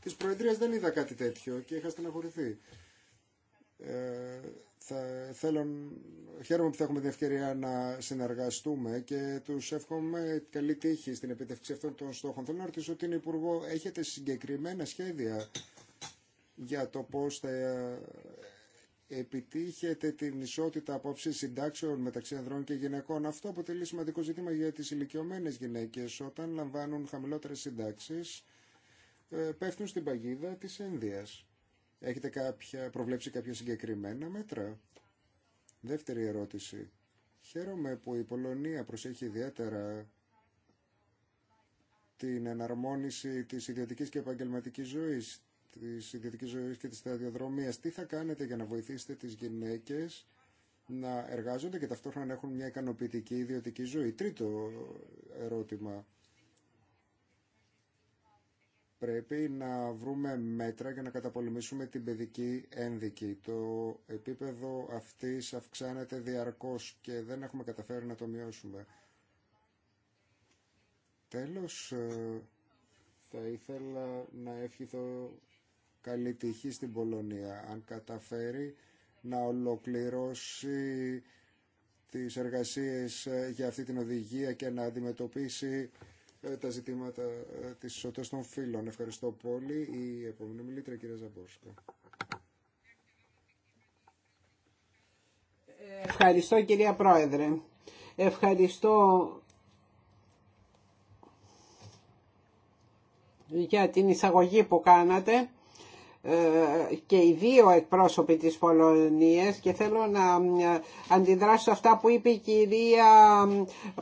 της Προεδρίας δεν είδα κάτι τέτοιο και είχα στεναχωρηθεί. Ε, θα, θέλω, χαίρομαι που θα έχουμε την ευκαιρία να συνεργαστούμε και τους εύχομαι καλή τύχη στην επιτευξή αυτών των στόχων. Θέλω να ρωτήσω την Υπουργό, έχετε συγκεκριμένα σχέδια για το πώς θα επιτύχετε την ισότητα απόψη συντάξεων μεταξύ ανδρών και γυναικών. Αυτό αποτελεί σημαντικό ζήτημα για τις ηλικιωμένε γυναίκες όταν λαμβάνουν χαμηλότερες συντάξεις ε, πέφτουν στην παγίδα της ένδυας. Έχετε κάποια, προβλέψει κάποια συγκεκριμένα μέτρα. Δεύτερη ερώτηση. Χαίρομαι που η Πολωνία προσέχει ιδιαίτερα την εναρμόνιση της ιδιωτικής και επαγγελματικής ζωής της ιδιωτικής ζωής και της σταδιοδρομίας. Τι θα κάνετε για να βοηθήσετε τις γυναίκες να εργάζονται και ταυτόχρονα να έχουν μια ικανοποιητική ιδιωτική ζωή. Τρίτο ερώτημα. Πρέπει να βρούμε μέτρα για να καταπολεμήσουμε την παιδική ένδικη. Το επίπεδο αυτής αυξάνεται διαρκώς και δεν έχουμε καταφέρει να το μειώσουμε. Τέλος, ε, θα ήθελα να ευχηθώ καλή τύχη στην Πολωνία. Αν καταφέρει να ολοκληρώσει τις εργασίες ε, για αυτή την οδηγία και να αντιμετωπίσει ε, τα ζητήματα ε, της ισότητας των φύλων. Ευχαριστώ πολύ. Η επόμενη μιλήτρια, κυρία Ζαμπόρσκα. Ευχαριστώ κυρία Πρόεδρε. Ευχαριστώ για την εισαγωγή που κάνατε ε, και οι δύο εκπρόσωποι της Πολωνίας και θέλω να ε, αντιδράσω αυτά που είπε η κυρία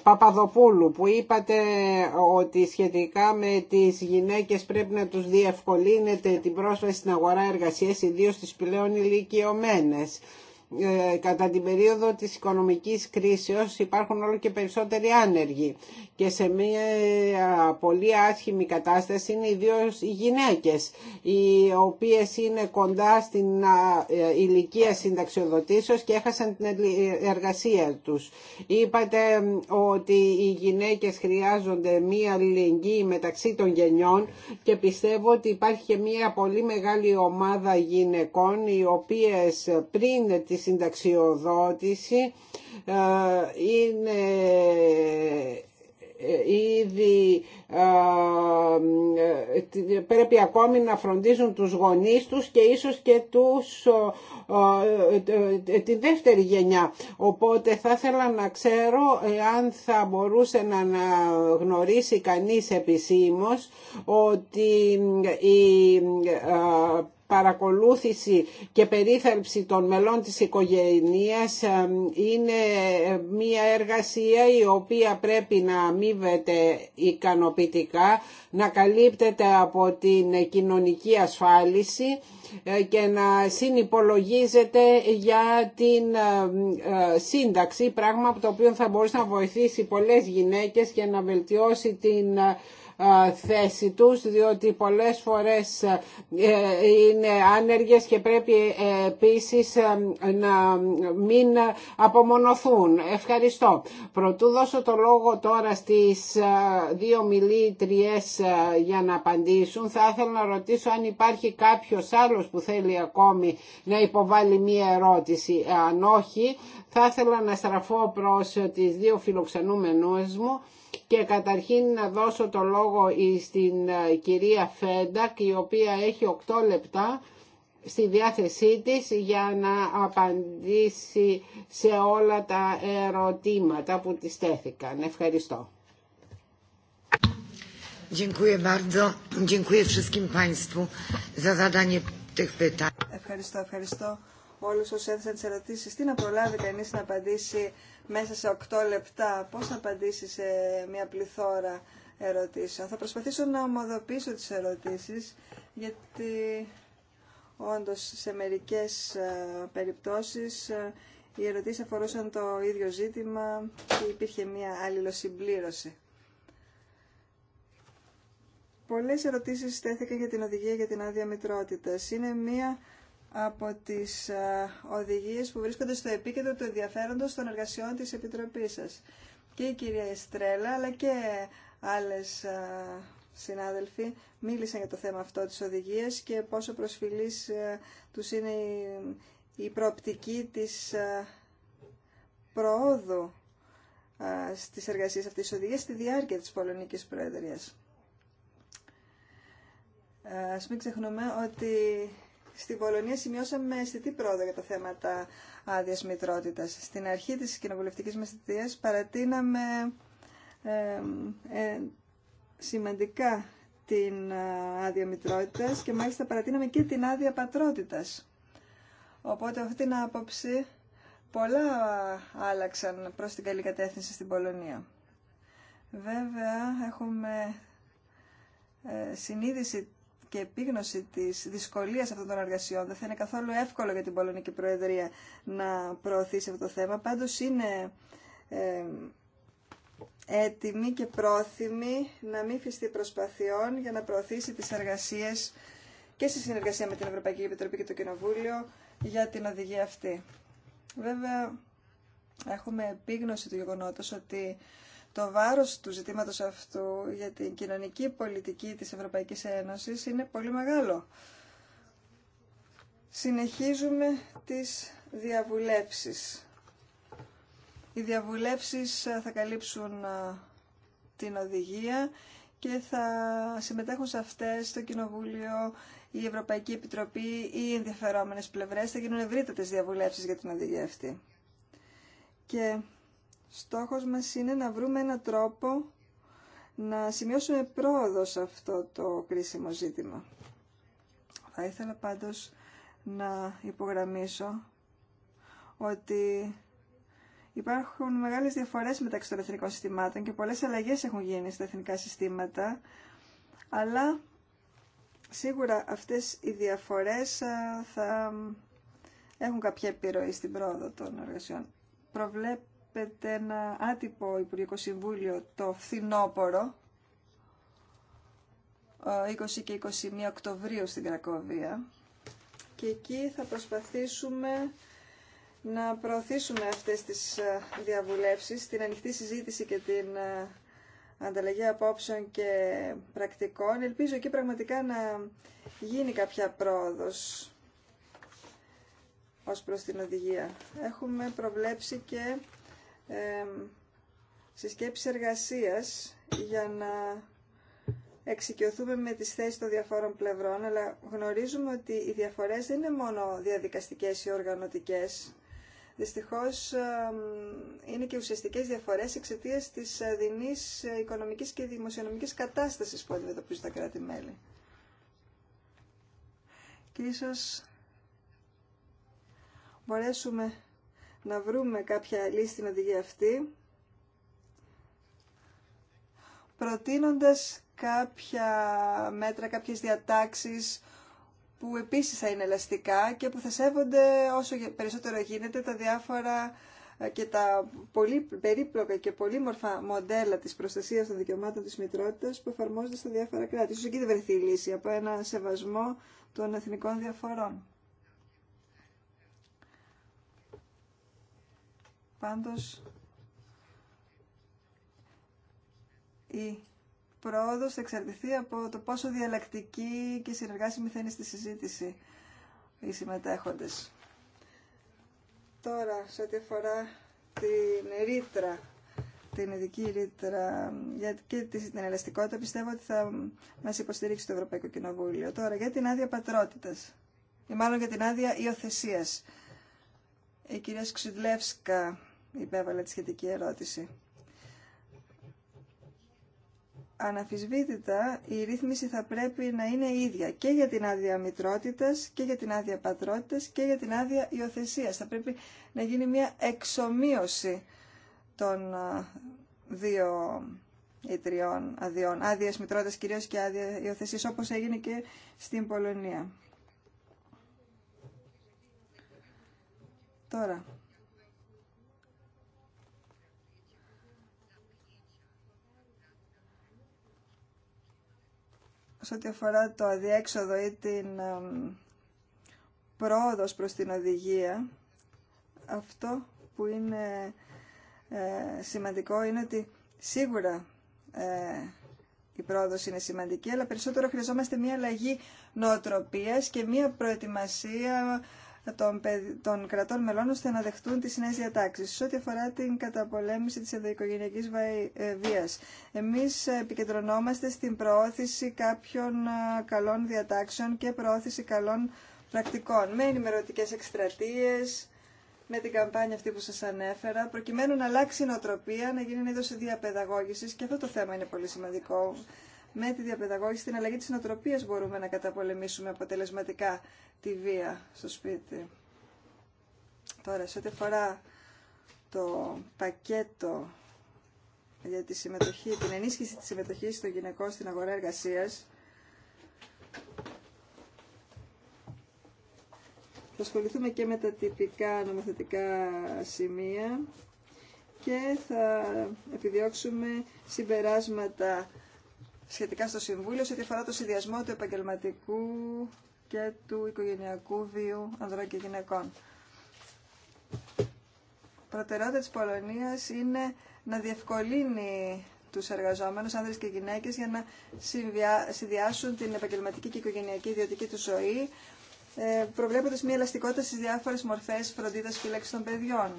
Παπαδοπούλου που είπατε ότι σχετικά με τις γυναίκες πρέπει να τους διευκολύνεται την πρόσβαση στην αγορά εργασίας ιδίως στις πλέον ηλικιωμένες. Ε, κατά την περίοδο της οικονομικής κρίσεως υπάρχουν όλο και περισσότεροι άνεργοι και σε μια ε, πολύ άσχημη κατάσταση είναι ιδίω οι γυναίκες οι οποίες είναι κοντά στην ε, ηλικία συνταξιοδοτήσεως και έχασαν την εργασία τους. Είπατε ότι οι γυναίκες χρειάζονται μια αλληλεγγύη μεταξύ των γενιών και πιστεύω ότι υπάρχει και μια πολύ μεγάλη ομάδα γυναικών οι οποίες πριν τις συνταξιοδότηση ε, είναι ε, ήδη ε, πρέπει ακόμη να φροντίζουν τους γονείς τους και ίσως και τους, τη δεύτερη γενιά. Οπότε θα ήθελα να ξέρω αν θα μπορούσε να γνωρίσει κανείς επισήμως ότι η παρακολούθηση και περίθαλψη των μελών της οικογένειας ε, είναι ε, μια εργασία η οποία πρέπει να αμείβεται ικανοποιητικά, να καλύπτεται από την κοινωνική ασφάλιση ε, και να συνυπολογίζεται για την σύνταξη, πράγμα από το οποίο θα μπορούσε να βοηθήσει πολλές γυναίκες και να βελτιώσει την ε, θέση τους διότι πολλές φορές ε, είναι άνεργες και πρέπει ε, επίσης να μην απομονωθούν. Ευχαριστώ. Προτού δώσω το λόγο τώρα στις δύο μιλήτριες για να απαντήσουν θα ήθελα να ρωτήσω αν υπάρχει κάποιος άλλος που θέλει ακόμη να υποβάλει μία ερώτηση. Αν όχι θα ήθελα να στραφώ προς τις δύο φιλοξενούμενους μου και καταρχήν να δώσω το λόγο στην ε, κυρία Φέντα, η οποία έχει 8 λεπτά στη διάθεσή της για να απαντήσει σε όλα τα ερωτήματα που της τέθηκαν. Ευχαριστώ. Ευχαριστώ, ευχαριστώ όλους όσους έθεσαν τις ερωτήσεις. Τι να προλάβει κανείς να απαντήσει μέσα σε 8 λεπτά πώς θα απαντήσει σε μια πληθώρα ερωτήσεων. Θα προσπαθήσω να ομοδοποιήσω τις ερωτήσεις, γιατί όντως σε μερικές ε, περιπτώσεις ε, οι ερωτήσεις αφορούσαν το ίδιο ζήτημα και υπήρχε μια αλληλοσυμπλήρωση. Πολλές ερωτήσεις τέθηκαν για την οδηγία για την άδεια μητρότητας. Είναι μια από τις ε, οδηγίες που βρίσκονται στο επίκεντρο του ενδιαφέροντος των εργασιών της Επιτροπής σας. Και η κυρία Εστρέλα, αλλά και άλλες ε, συνάδελφοι μίλησαν για το θέμα αυτό της οδηγίας και πόσο προσφυλής ε, τους είναι η προοπτική της προόδου στις εργασίες αυτής της οδηγίας στη διάρκεια της Πολωνικής Προεδρίας. Ας μην ξεχνούμε ότι στην Πολωνία σημειώσαμε αισθητή πρόοδο για τα θέματα άδεια μητρότητα. Στην αρχή της κοινοβουλευτική μα θητεία παρατείναμε ε, σημαντικά την ε, άδεια μητρότητα και μάλιστα παρατείναμε και την άδεια πατρότητα. Οπότε αυτή την άποψη πολλά άλλαξαν προς την καλή κατεύθυνση στην Πολωνία. Βέβαια, έχουμε ε, συνείδηση και επίγνωση τη δυσκολία αυτών των εργασιών. Δεν θα είναι καθόλου εύκολο για την Πολωνική Προεδρία να προωθήσει αυτό το θέμα. Πάντως είναι ε, έτοιμη και πρόθυμη να μην φυστεί προσπαθειών για να προωθήσει τι εργασίε και στη συνεργασία με την Ευρωπαϊκή Επιτροπή και το Κοινοβούλιο για την οδηγία αυτή. Βέβαια, έχουμε επίγνωση του γεγονότος ότι το βάρος του ζητήματος αυτού για την κοινωνική πολιτική της Ευρωπαϊκής Ένωσης είναι πολύ μεγάλο. Συνεχίζουμε τις διαβουλέψεις. Οι διαβουλέψεις ε, θα καλύψουν ε, την οδηγία και θα συμμετέχουν σε αυτές το Κοινοβούλιο, η Ευρωπαϊκή Επιτροπή ή οι ενδιαφερόμενες πλευρές. Θα γίνουν ευρύτατες διαβουλεύσεις για την οδηγία αυτή. Και Στόχος μας είναι να βρούμε έναν τρόπο να σημειώσουμε πρόοδο σε αυτό το κρίσιμο ζήτημα. Θα ήθελα πάντως να υπογραμμίσω ότι υπάρχουν μεγάλες διαφορές μεταξύ των εθνικών συστημάτων και πολλές αλλαγές έχουν γίνει στα εθνικά συστήματα, αλλά σίγουρα αυτές οι διαφορές θα έχουν κάποια επιρροή στην πρόοδο των εργασιών πετένα ένα άτυπο Υπουργικό Συμβούλιο το φθινόπωρο, 20 ε, και 21 Οκτωβρίου στην Κρακοβία και εκεί θα προσπαθήσουμε να προωθήσουμε αυτές τις ε, διαβουλεύσεις, την ανοιχτή συζήτηση και την ε, ανταλλαγή απόψεων και πρακτικών. Ελπίζω εκεί πραγματικά να γίνει κάποια πρόοδος ως προς την οδηγία. Έχουμε προβλέψει και συσκέψεις εργασίας για να εξοικειωθούμε με τις θέσεις των διαφόρων πλευρών, αλλά γνωρίζουμε ότι οι διαφορές δεν είναι μόνο διαδικαστικές ή οργανωτικές. Δυστυχώς είναι και ουσιαστικές διαφορές εξαιτία της δινής οικονομικής και δημοσιονομικής κατάστασης που αντιμετωπίζουν τα κράτη-μέλη. Και ίσως μπορέσουμε να βρούμε κάποια λύση στην οδηγία αυτή, προτείνοντας κάποια μέτρα, κάποιες διατάξεις που επίσης θα είναι ελαστικά και που θα σέβονται όσο περισσότερο γίνεται τα διάφορα ε, και τα πολύ περίπλοκα και πολύμορφα μοντέλα της προστασίας των δικαιωμάτων της μητρότητας που εφαρμόζονται στα διάφορα κράτη. Ίσως εκεί δεν βρεθεί η λύση από ένα σεβασμό των εθνικών διαφορών. Πάντως, η πρόοδος θα εξαρτηθεί από το πόσο διαλλακτική και συνεργάσιμη θα είναι στη συζήτηση οι συμμετέχοντες. Τώρα, σε ό,τι αφορά την ρήτρα, την ειδική ρήτρα και την ελαστικότητα, πιστεύω ότι θα μας υποστηρίξει το Ευρωπαϊκό Κοινοβούλιο. Τώρα, για την άδεια πατρότητας, ή μάλλον για την άδεια υιοθεσίας, Η κυρία Σξιδλεύσκα, Υπέβαλε τη σχετική ερώτηση. Αναφυσβήτητα, η ρύθμιση θα πρέπει να είναι ίδια και για την άδεια μητρότητας και για την άδεια πατρότητας και για την άδεια υιοθεσίας. Θα πρέπει να γίνει μια εξομοίωση των δύο ή τριών αδειών. Άδειες μητρότητας κυρίως και άδεια υιοθεσίας όπως έγινε και στην Πολωνία. Τώρα, σε ό,τι αφορά το αδιέξοδο ή την πρόοδος προς την οδηγία, αυτό που είναι ε, σημαντικό είναι ότι σίγουρα ε, η πρόοδος είναι σημαντική, αλλά περισσότερο χρειαζόμαστε μια αλλαγή νοοτροπίας και μια προετοιμασία των, των κρατών μελών ώστε να δεχτούν τις νέες διατάξεις. Σε ό,τι αφορά την καταπολέμηση της ενδοοικογενειακής ε, βίας, εμείς επικεντρωνόμαστε στην προώθηση κάποιων ε, καλών διατάξεων και προώθηση καλών πρακτικών με ενημερωτικές εκστρατείες, με την καμπάνια αυτή που σας ανέφερα, προκειμένου να αλλάξει η νοοτροπία, να γίνει ένα είδος διαπαιδαγώγησης και αυτό το θέμα είναι πολύ σημαντικό με τη διαπαιδαγώγηση, την αλλαγή της νοοτροπίας μπορούμε να καταπολεμήσουμε αποτελεσματικά τη βία στο σπίτι. Τώρα, σε ό,τι αφορά το πακέτο για τη συμμετοχή, την ενίσχυση της συμμετοχής των γυναικών στην αγορά εργασίας, θα ασχοληθούμε και με τα τυπικά νομοθετικά σημεία και θα επιδιώξουμε συμπεράσματα σχετικά στο Συμβούλιο σε ό,τι αφορά το συνδυασμό του επαγγελματικού και του οικογενειακού βίου ανδρών και γυναικών. Προτεραιότητα της Πολωνίας είναι να διευκολύνει τους εργαζόμενους, άνδρες και γυναίκες, για να συνδυάσουν την επαγγελματική και οικογενειακή ιδιωτική του ζωή, ε, προβλέποντας μια ελαστικότητα στις διάφορες μορφές φροντίδας φύλαξη των παιδιών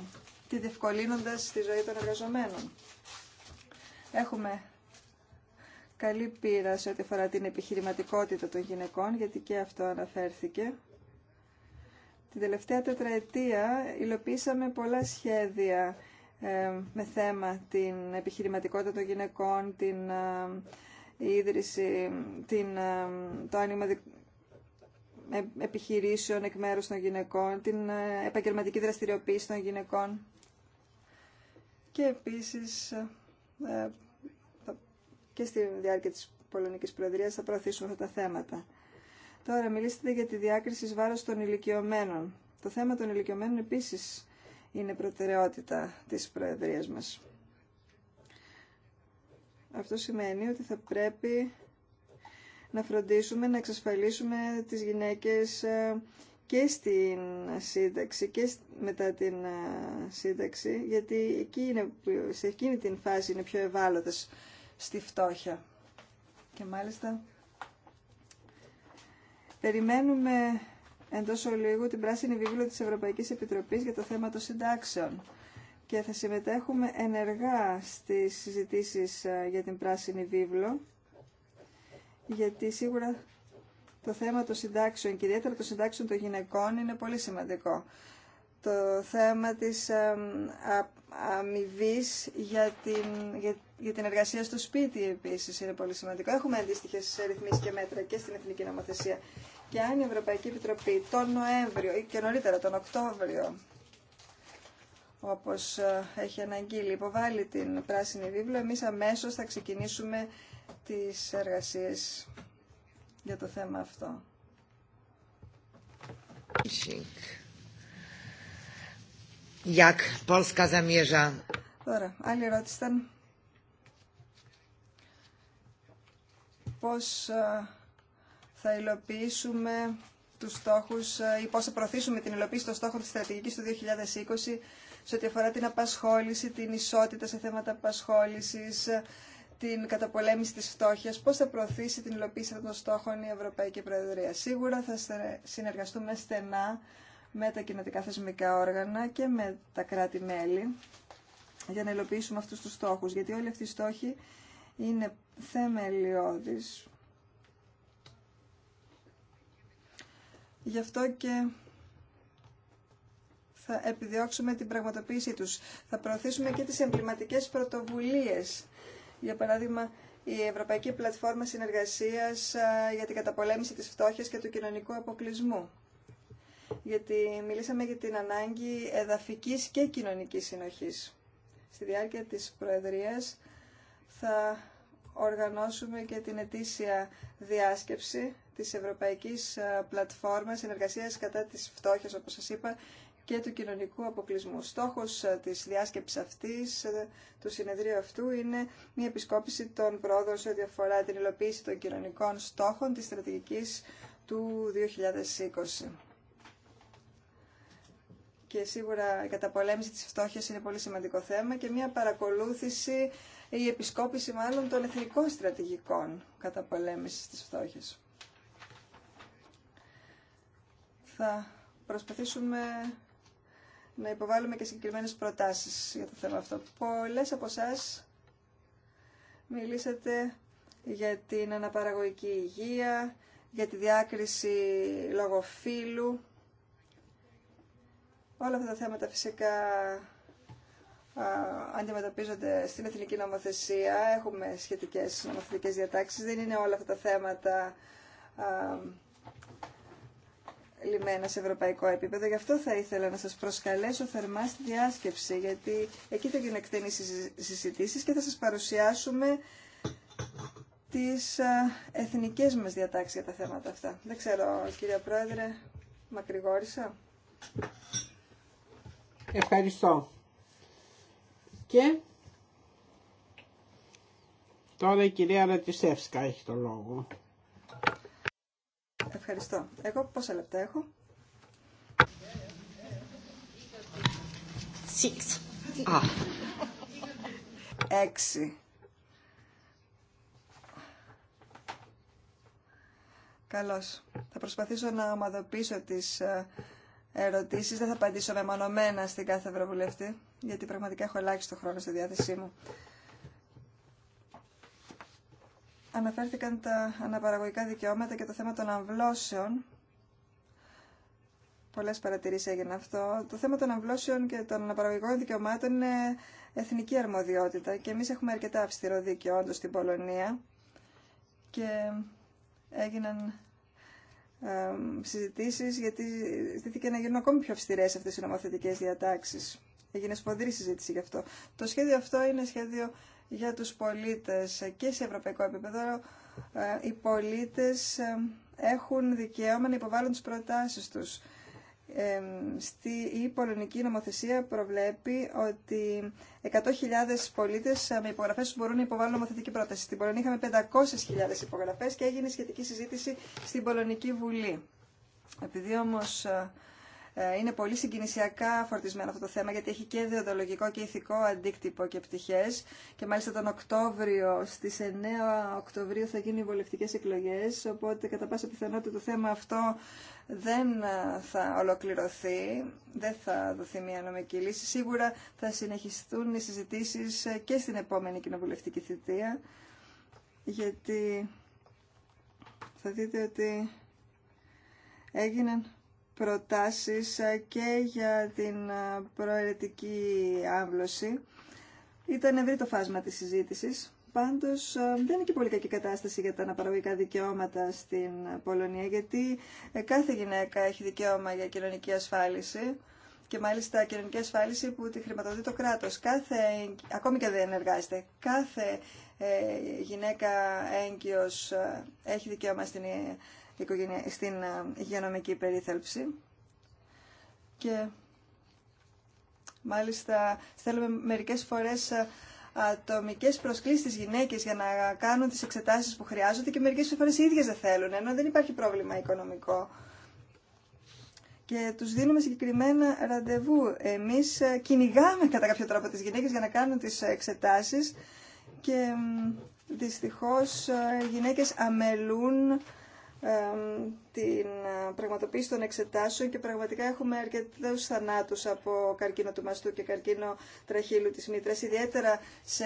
και διευκολύνοντας τη ζωή των εργαζομένων. Έχουμε καλή πείρα σε ό,τι αφορά την επιχειρηματικότητα των γυναικών, γιατί και αυτό αναφέρθηκε. Την τελευταία τετραετία υλοποίησαμε πολλά σχέδια ε, με θέμα την επιχειρηματικότητα των γυναικών, την ε, ίδρυση, την, ε, το άνοιγμα επιχειρήσεων εκ μέρους των γυναικών, την επαγγελματική δραστηριοποίηση των γυναικών και επίσης και στη διάρκεια της Πολωνικής Προεδρίας θα προωθήσουμε αυτά τα θέματα. Τώρα μιλήσατε για τη διάκριση βάρος των ηλικιωμένων. Το θέμα των ηλικιωμένων επίσης είναι προτεραιότητα της Προεδρίας μας. Αυτό σημαίνει ότι θα πρέπει να φροντίσουμε να εξασφαλίσουμε τις γυναίκες ε, και στην σύνταξη και μετά την ε, σύνταξη, γιατί εκεί σε εκείνη την φάση είναι πιο ευάλωτες στη φτώχεια. Και μάλιστα περιμένουμε εντός ολίγου την πράσινη βίβλο της Ευρωπαϊκής Επιτροπής για το θέμα των συντάξεων και θα συμμετέχουμε ενεργά στις συζητήσεις ε, για την πράσινη βίβλο γιατί σίγουρα το θέμα των συντάξεων και ιδιαίτερα των συντάξεων των γυναικών είναι πολύ σημαντικό. Το θέμα της ε, αμοιβή για την, για, για, την εργασία στο σπίτι επίσης είναι πολύ σημαντικό. Έχουμε αντίστοιχε ρυθμίσει και μέτρα και στην Εθνική Νομοθεσία. Και αν η Ευρωπαϊκή Επιτροπή τον Νοέμβριο ή και νωρίτερα τον Οκτώβριο, όπω ε, έχει αναγγείλει, υποβάλει την πράσινη βίβλο, Εμεί αμέσω θα ξεκινήσουμε τις εργασίε για το θέμα αυτό άλλη ερώτηση πώς ε, θα υλοποιήσουμε τους στόχους ε, ή πώς θα προωθήσουμε την υλοποίηση των στόχων της στρατηγικής του 2020 σε ό,τι αφορά την απασχόληση, την ισότητα σε θέματα απασχόλησης, ε, την καταπολέμηση της φτώχειας, πώς θα προωθήσει την υλοποίηση των στόχων η Ευρωπαϊκή Προεδρία. Σίγουρα θα συνεργαστούμε στενά με τα κοινοτικά θεσμικά όργανα και με τα κράτη-μέλη για να υλοποιήσουμε αυτούς τους στόχους, γιατί όλοι αυτοί οι στόχοι είναι θεμελιώδεις. Γι' αυτό και θα επιδιώξουμε την πραγματοποίησή τους. Θα προωθήσουμε και τις εμβληματικές πρωτοβουλίες. Για παράδειγμα, η Ευρωπαϊκή Πλατφόρμα Συνεργασίας ε, για την καταπολέμηση της φτώχειας και του κοινωνικού αποκλεισμού γιατί μιλήσαμε για την ανάγκη εδαφικής και κοινωνικής συνοχής. Στη διάρκεια της Προεδρίας θα οργανώσουμε και την ετήσια διάσκεψη της Ευρωπαϊκής ε, Πλατφόρμας Συνεργασίας κατά της Φτώχειας, όπως σας είπα, και του κοινωνικού αποκλεισμού. Στόχος ε, της διάσκεψης αυτής, ε, του συνεδρίου αυτού, είναι μια επισκόπηση των πρόοδων σε ό,τι αφορά την υλοποίηση των κοινωνικών στόχων της στρατηγικής του 2020 και σίγουρα η καταπολέμηση της φτώχειας είναι πολύ σημαντικό θέμα και μια παρακολούθηση, η επισκόπηση μάλλον των εθνικών στρατηγικών καταπολέμησης της φτώχειας. Θα προσπαθήσουμε να υποβάλουμε και συγκεκριμένες προτάσεις για το θέμα αυτό. Πολλές από εσά μιλήσατε για την αναπαραγωγική υγεία, για τη διάκριση λόγω Όλα αυτά τα θέματα φυσικά αντιμετωπίζονται στην εθνική νομοθεσία. Έχουμε σχετικές νομοθετικές διατάξεις. Δεν είναι όλα αυτά τα θέματα λιμένα σε ευρωπαϊκό επίπεδο. Γι' αυτό θα ήθελα να σας προσκαλέσω θερμά στη διάσκεψη, γιατί εκεί θα γίνουν εκτενείς συζητήσει και θα σας παρουσιάσουμε τις εθνικές μας διατάξεις για τα θέματα αυτά. Δεν ξέρω, κύριε Πρόεδρε, μακρηγόρησα. Ευχαριστώ. Και τώρα η κυρία Ρατισεύσκα έχει το λόγο. Ευχαριστώ. Εγώ πόσα λεπτά έχω. Six. Ah. [LAUGHS] Έξι. Καλώς. Θα προσπαθήσω να ομαδοποιήσω τις ε, ερωτήσεις. Δεν θα απαντήσω μεμονωμένα στην κάθε ευρωβουλευτή, γιατί πραγματικά έχω ελάχιστο χρόνο στη διάθεσή μου. Αναφέρθηκαν τα αναπαραγωγικά δικαιώματα και το θέμα των αμβλώσεων. Πολλές παρατηρήσεις έγινε αυτό. Το θέμα των αμβλώσεων και των αναπαραγωγικών δικαιωμάτων είναι εθνική αρμοδιότητα και εμείς έχουμε αρκετά αυστηρό δίκαιο όντως στην Πολωνία και έγιναν συζητήσεις γιατί ζητήθηκε να γίνουν ακόμη πιο αυστηρέ αυτές οι νομοθετικέ διατάξεις. Έγινε σφοδρή συζήτηση γι' αυτό. Το σχέδιο αυτό είναι σχέδιο για τους πολίτες και σε ευρωπαϊκό επίπεδο. Ε, οι πολίτες έχουν δικαίωμα να υποβάλουν τις προτάσεις τους στη, η πολωνική νομοθεσία προβλέπει ότι 100.000 πολίτε ε, με υπογραφές μπορούν να υποβάλουν νομοθετική πρόταση. Στην Πολωνία είχαμε 500.000 υπογραφές και έγινε σχετική συζήτηση στην Πολωνική Βουλή. Επειδή ε, ε, είναι πολύ συγκινησιακά φορτισμένο αυτό το θέμα γιατί έχει και διοντολογικό και ηθικό αντίκτυπο και πτυχές Και μάλιστα τον Οκτώβριο, στις 9 Οκτωβρίου θα γίνουν οι βολευτικέ εκλογέ. Οπότε κατά πάσα πιθανότητα το θέμα αυτό δεν ε, θα ολοκληρωθεί, δεν θα δοθεί μια νομική λύση. Σίγουρα θα συνεχιστούν οι συζητήσει ε, και στην επόμενη κοινοβουλευτική θητεία. Γιατί θα δείτε ότι έγιναν προτάσεις ε, και για την ε, προαιρετική άμβλωση. Ήταν ευρύ το φάσμα της συζήτησης. Πάντως ε, δεν είναι και πολύ κακή κατάσταση για τα αναπαραγωγικά δικαιώματα στην Πολωνία, γιατί κάθε γυναίκα έχει δικαίωμα για κοινωνική ασφάλιση και μάλιστα κοινωνική ασφάλιση που τη χρηματοδοτεί το κράτος. Κάθε, ακόμη και δεν εργάζεται, κάθε γυναίκα έγκυος έχει δικαίωμα στην στην ε, υγειονομική περίθαλψη. Και μάλιστα θέλουμε μερικές φορές ε, ατομικέ προσκλήσεις στις γυναίκες για να κάνουν τις εξετάσεις που χρειάζονται και μερικές φορές οι ίδιες δεν θέλουν, ενώ δεν υπάρχει πρόβλημα οικονομικό. Και τους δίνουμε συγκεκριμένα ραντεβού. εμείς ε, κυνηγάμε κατά κάποιο τρόπο τις γυναίκες για να κάνουν τις εξετάσεις και δυστυχώ οι γυναίκε αμελούν την ε, πραγματοποίηση των εξετάσεων και πραγματικά έχουμε αρκετούς θανάτους από καρκίνο του μαστού και καρκίνο τραχύλου της Μήτρα, ιδιαίτερα σε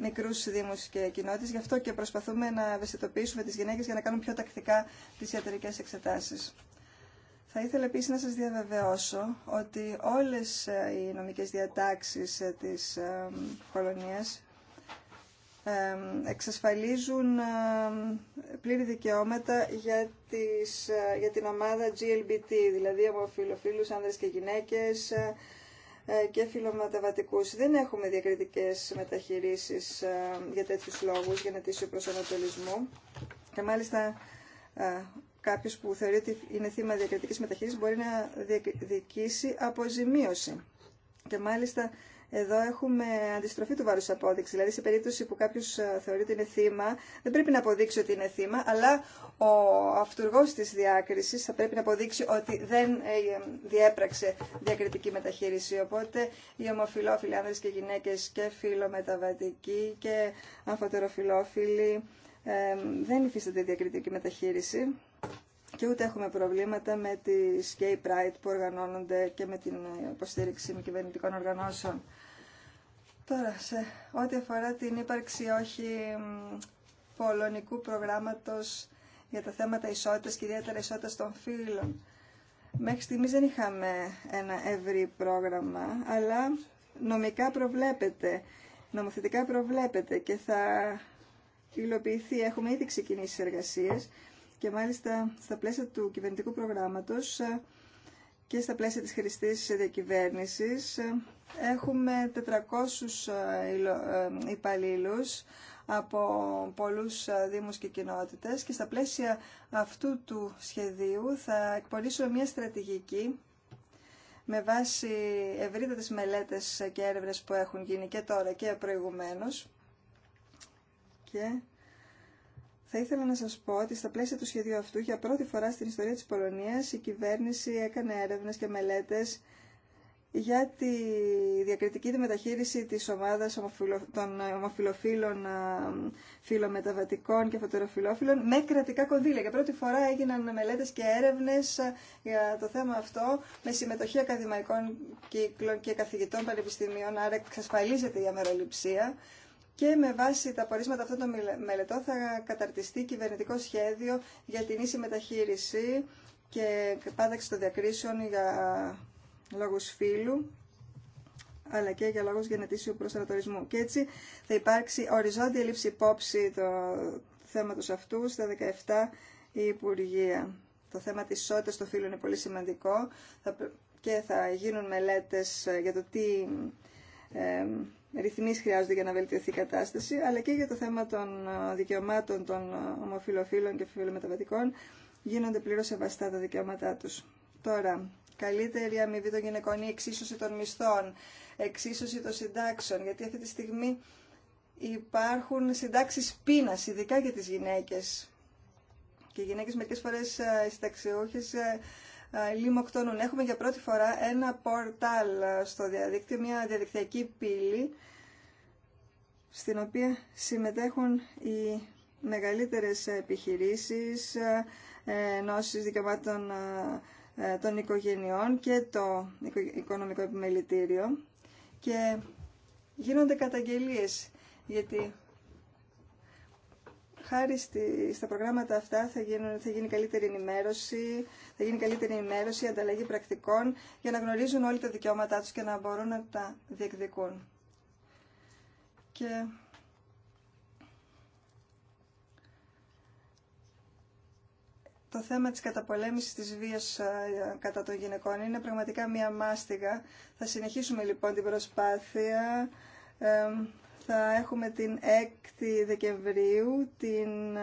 μικρούς δήμου και κοινότητε, Γι' αυτό και προσπαθούμε να ευαισθητοποιήσουμε τις γυναίκες για να κάνουν πιο τακτικά τις ιατρικές εξετάσεις. Θα ήθελα επίσης να σας διαβεβαιώσω ότι όλες ε, οι νομικές διατάξεις ε, της Πολωνίας εξασφαλίζουν πλήρη δικαιώματα για, τις, ε, για την ομάδα GLBT, δηλαδή ομοφιλοφίλους άνδρες και γυναίκες ε, ε, και φιλομεταβατικούς. Δεν έχουμε διακριτικές μεταχειρήσεις για τέτοιους λόγους, για να ο Και μάλιστα κάποιος που θεωρεί ότι είναι θύμα διακριτικής μεταχείρισης μπορεί να διεκδικήσει αποζημίωση. Και μάλιστα εδώ έχουμε αντιστροφή του βάρου απόδειξη. Δηλαδή σε περίπτωση που κάποιο ε, θεωρεί ότι είναι θύμα, δεν πρέπει να αποδείξει ότι είναι θύμα, αλλά ο αυτούργό τη διάκριση θα πρέπει να αποδείξει ότι δεν ε, ε, διέπραξε διακριτική μεταχείριση. Οπότε οι ομοφυλόφιλοι άνδρε και γυναίκε και φιλομεταβατικοί και αμφωτεροφιλόφιλοι δεν υφίσταται διακριτική μεταχείριση και ούτε έχουμε προβλήματα με τις gay pride που οργανώνονται και με την υποστήριξη μη κυβερνητικών οργανώσεων. Τώρα, σε ό,τι αφορά την ύπαρξη όχι πολωνικού προγράμματος για τα θέματα ισότητας και ιδιαίτερα ισότητας των φύλων. Μέχρι στιγμής δεν είχαμε ένα ευρύ πρόγραμμα, αλλά νομικά προβλέπεται, νομοθετικά προβλέπεται και θα υλοποιηθεί. Έχουμε ήδη ξεκινήσει εργασίες και μάλιστα στα πλαίσια του κυβερνητικού προγράμματος και στα πλαίσια της χρηστής διακυβέρνησης ε, έχουμε 400 ε, ε, υπαλλήλου από πολλούς δήμους και κοινότητες και στα πλαίσια αυτού του σχεδίου θα εκπονήσουμε μια στρατηγική με βάση ευρύτατες μελέτες και έρευνες που έχουν γίνει και τώρα και προηγουμένως και θα ήθελα να σας πω ότι στα πλαίσια του σχεδίου αυτού, για πρώτη φορά στην ιστορία της Πολωνίας, η κυβέρνηση έκανε έρευνες και μελέτες για τη διακριτική μεταχείριση της ομάδας των ομοφιλοφίλων, φιλομεταβατικών και φωτεροφιλόφίλων με κρατικά κονδύλια. Για πρώτη φορά έγιναν μελέτες και έρευνες για το θέμα αυτό με συμμετοχή ακαδημαϊκών κύκλων και καθηγητών πανεπιστημίων, άρα εξασφαλίζεται η αμεροληψία και με βάση τα απορίσματα αυτών των μελετών θα καταρτιστεί κυβερνητικό σχέδιο για την ίση μεταχείριση και πάταξη των διακρίσεων για λόγους φύλου αλλά και για λόγους γενετήσιου προστρατορισμού. Και έτσι θα υπάρξει οριζόντια λήψη υπόψη το θέματος αυτού στα 17 Υπουργεία. Το θέμα της ισότητας των φύλων είναι πολύ σημαντικό και θα γίνουν μελέτες για το τι ρυθμίσει χρειάζονται για να βελτιωθεί η κατάσταση, αλλά και για το θέμα των ε, δικαιωμάτων των ε, ομοφιλοφίλων και φιλομεταβατικών γίνονται πλήρω σεβαστά τα δικαιώματά τους. Τώρα, καλύτερη αμοιβή των γυναικών ή εξίσωση των μισθών, εξίσωση των συντάξεων, γιατί αυτή τη στιγμή υπάρχουν συντάξει πείνα, ειδικά για τι γυναίκε. Και οι γυναίκε μερικέ φορέ ε, οι συνταξιούχε, Έχουμε για πρώτη φορά ένα πορτάλ στο διαδίκτυο, μια διαδικτυακή πύλη, στην οποία συμμετέχουν οι μεγαλύτερες επιχειρήσεις, ε, ενώσεις δικαιωμάτων ε, ε, των οικογενειών και το οικονομικό επιμελητήριο και γίνονται καταγγελίες γιατί Χάρη στα προγράμματα αυτά θα, γίνουν, θα γίνει καλύτερη ενημέρωση, θα γίνει καλύτερη ενημέρωση, ανταλλαγή πρακτικών για να γνωρίζουν όλοι τα δικαιώματά τους και να μπορούν να τα διεκδικούν. Και το θέμα της καταπολέμησης της βίας ε, κατά των γυναικών είναι πραγματικά μία μάστιγα. Θα συνεχίσουμε λοιπόν την προσπάθεια ε, θα έχουμε την 6η Δεκεμβρίου την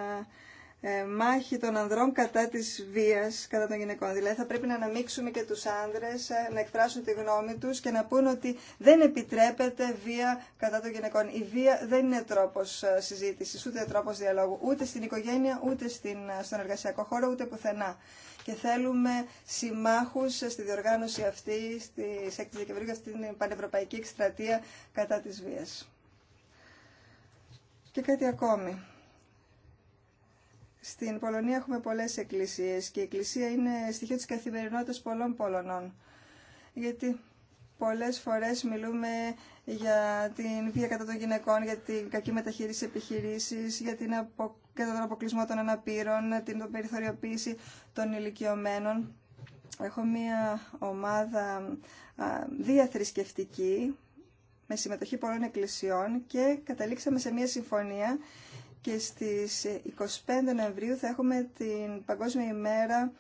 ε, μάχη των ανδρών κατά της βίας κατά των γυναικών. Δηλαδή θα πρέπει να αναμίξουμε και τους άνδρες, ε, να εκφράσουν τη γνώμη τους και να πούν ότι δεν επιτρέπεται βία κατά των γυναικών. Η βία δεν είναι τρόπος ε, συζήτησης, ούτε τρόπος διαλόγου, ούτε στην οικογένεια, ούτε στην, στον εργασιακό χώρο, ούτε πουθενά. Και θέλουμε συμμάχους στη διοργάνωση αυτή, στη 6 Δεκεμβρίου, αυτή την πανευρωπαϊκή εκστρατεία κατά της βίας. Και κάτι ακόμη. Στην Πολωνία έχουμε πολλές εκκλησίες και η εκκλησία είναι στοιχείο της καθημερινότητας πολλών Πολωνών. Γιατί πολλές φορές μιλούμε για την βία κατά των γυναικών, για την κακή μεταχείριση επιχειρήσεις, για, την απο... τον αποκλεισμό των αναπήρων, την περιθωριοποίηση των ηλικιωμένων. Έχω μία ομάδα διαθρησκευτική με συμμετοχή πολλών εκκλησιών και καταλήξαμε σε μια συμφωνία και στις 25 Νοεμβρίου θα έχουμε την Παγκόσμια ημέρα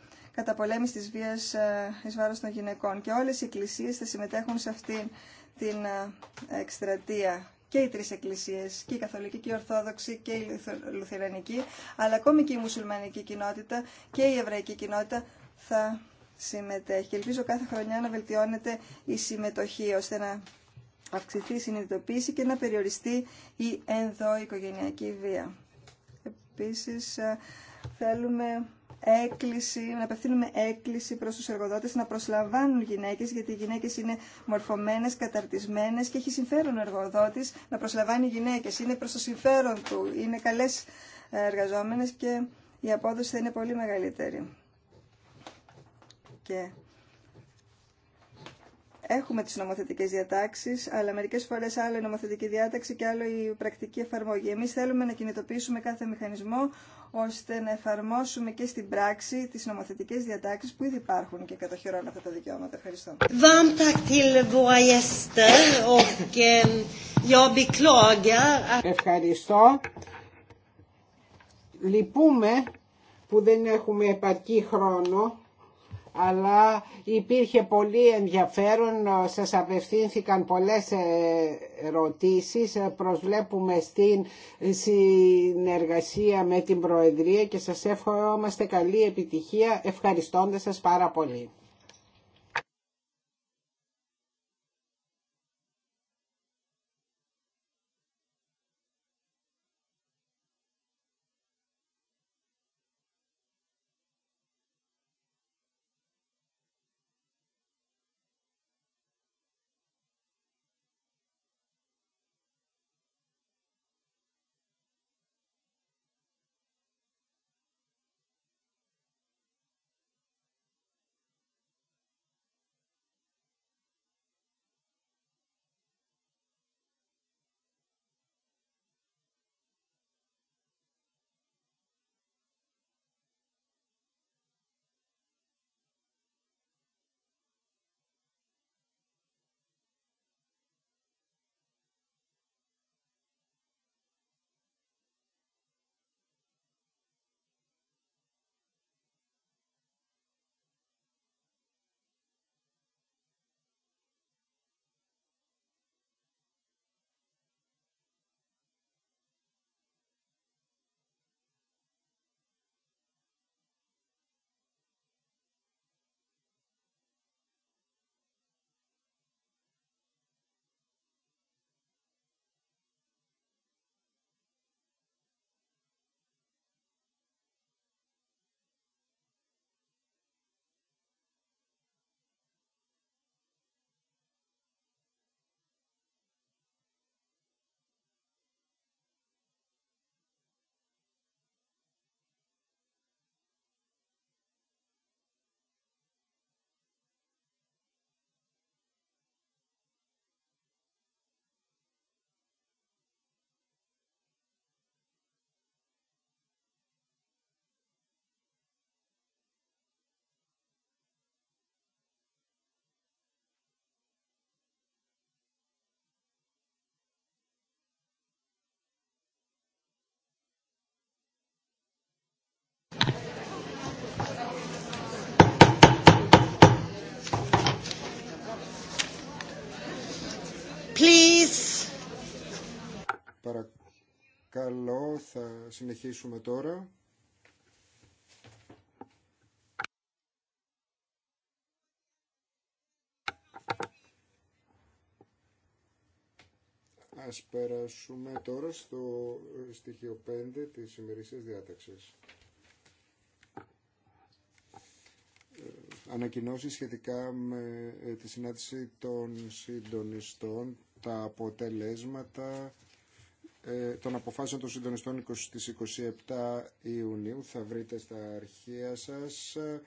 πολέμηση της βίας ε, εις βάρος των γυναικών και όλες οι εκκλησίες θα συμμετέχουν σε αυτήν την ε, εκστρατεία και οι τρεις εκκλησίες, και η Καθολική και η Ορθόδοξη και η Λουθυρανική, αλλά ακόμη και η Μουσουλμανική κοινότητα και η Εβραϊκή κοινότητα θα συμμετέχει. Και ελπίζω κάθε χρονιά να βελτιώνεται η συμμετοχή, ώστε να αυξηθεί η συνειδητοποίηση και να περιοριστεί η ενδοοικογενειακή βία. Επίσης, ε, θέλουμε έκκληση, να απευθύνουμε έκκληση προς τους εργοδότες να προσλαμβάνουν γυναίκες, γιατί οι γυναίκες είναι μορφωμένες, καταρτισμένες και έχει συμφέρον ο εργοδότης να προσλαμβάνει γυναίκες. Είναι προς το συμφέρον του, είναι καλές ε, εργαζόμενες και η απόδοση θα είναι πολύ μεγαλύτερη. Και Έχουμε τις νομοθετικές διατάξεις, αλλά μερικές φορές άλλο η νομοθετική διάταξη και άλλο η πρακτική εφαρμογή. Εμείς θέλουμε να κινητοποιήσουμε κάθε μηχανισμό ώστε να εφαρμόσουμε και στην πράξη τις νομοθετικές διατάξεις που ήδη υπάρχουν και κατοχυρώνουν αυτά τα δικαιώματα. Ευχαριστώ. Ευχαριστώ. Λυπούμε που δεν έχουμε επαρκή χρόνο αλλά υπήρχε πολύ ενδιαφέρον, σας απευθύνθηκαν πολλές ερωτήσεις, προσβλέπουμε στην συνεργασία με την Προεδρία και σας εύχομαι καλή επιτυχία ευχαριστώντας σας πάρα πολύ. Παρακαλώ, θα συνεχίσουμε τώρα. Ας περάσουμε τώρα στο στοιχείο 5 της ημερήσιας διάταξης. Ανακοινώσει σχετικά με ε, τη συνάντηση των συντονιστών, τα αποτελέσματα ε, των αποφάσεων των συντονιστών στις 27 Ιουνίου. Θα βρείτε στα αρχεία σας ε,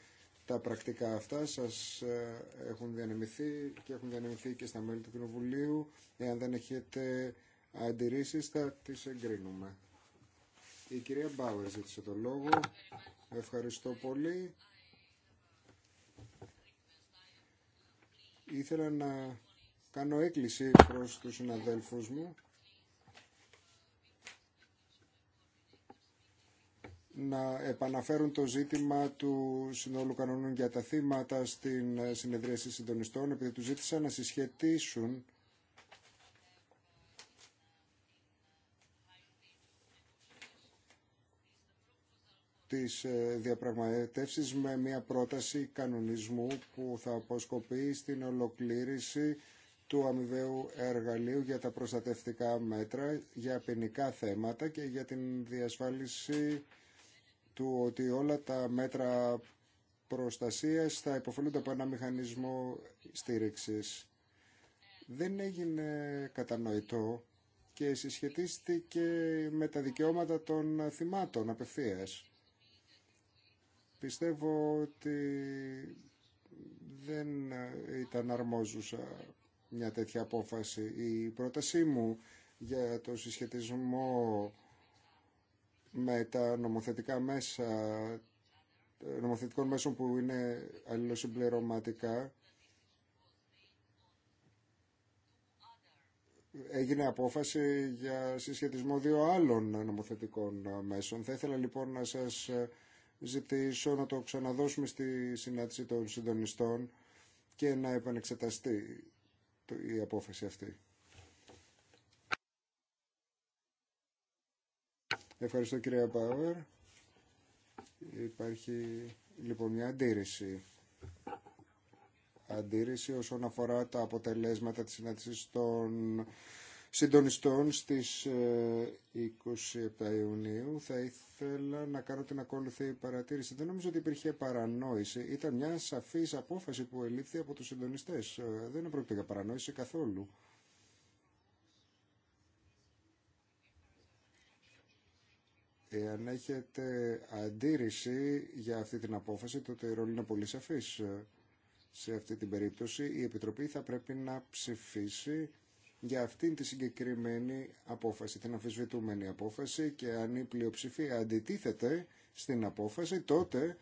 τα πρακτικά αυτά. Σας ε, έχουν διανεμηθεί και έχουν διανεμηθεί και στα μέλη του Κοινοβουλίου. Εάν δεν έχετε αντιρρήσεις θα τις εγκρίνουμε. Η κυρία Μπάουερ ζήτησε το λόγο. Ευχαριστώ πολύ. Ήθελα να κάνω έκκληση προς τους συναδέλφους μου να επαναφέρουν το ζήτημα του συνόλου κανόνων για τα θύματα στην ε, συνεδρίαση συντονιστών επειδή του ζήτησαν να συσχετίσουν τις ε, διαπραγματεύσεις με μια πρόταση κανονισμού που θα αποσκοπεί στην ολοκλήρηση του αμοιβαίου εργαλείου για τα προστατευτικά μέτρα, για ποινικά θέματα και για την διασφάλιση του ότι όλα τα μέτρα προστασίας θα υποφελούνται από ένα μηχανισμό στήριξης. Δεν έγινε κατανοητό και συσχετίστηκε με τα δικαιώματα των θυμάτων απευθείας. Πιστεύω ότι δεν ήταν αρμόζουσα μια τέτοια απόφαση. Η πρότασή μου για το συσχετισμό με τα νομοθετικά μέσα, νομοθετικών μέσων που είναι αλληλοσυμπληρωματικά. Έγινε απόφαση για συσχετισμό δύο άλλων νομοθετικών μέσων. Θα ήθελα λοιπόν να σας ζητήσω να το ξαναδώσουμε στη συνάντηση των συντονιστών και να επανεξεταστεί η απόφαση αυτή. Ευχαριστώ κυρία Πάουερ. Υπάρχει λοιπόν μια αντίρρηση. Αντίρρηση όσον αφορά τα αποτελέσματα της συνάντησης των συντονιστών στις 27 ε, Ιουνίου. Θα ήθελα να κάνω την ακόλουθη παρατήρηση. Δεν νομίζω ότι υπήρχε παρανόηση. Ήταν μια σαφής απόφαση που ελήφθη από τους συντονιστές. Ε, δεν πρόκειται για παρανόηση καθόλου. Αν έχετε αντίρρηση για αυτή την απόφαση, τότε η ρόλη είναι πολύ σαφής. Σε αυτή την περίπτωση η Επιτροπή θα πρέπει να ψηφίσει για αυτήν τη συγκεκριμένη απόφαση, την αμφισβητούμενη απόφαση και αν η πλειοψηφία αντιτίθεται στην απόφαση, τότε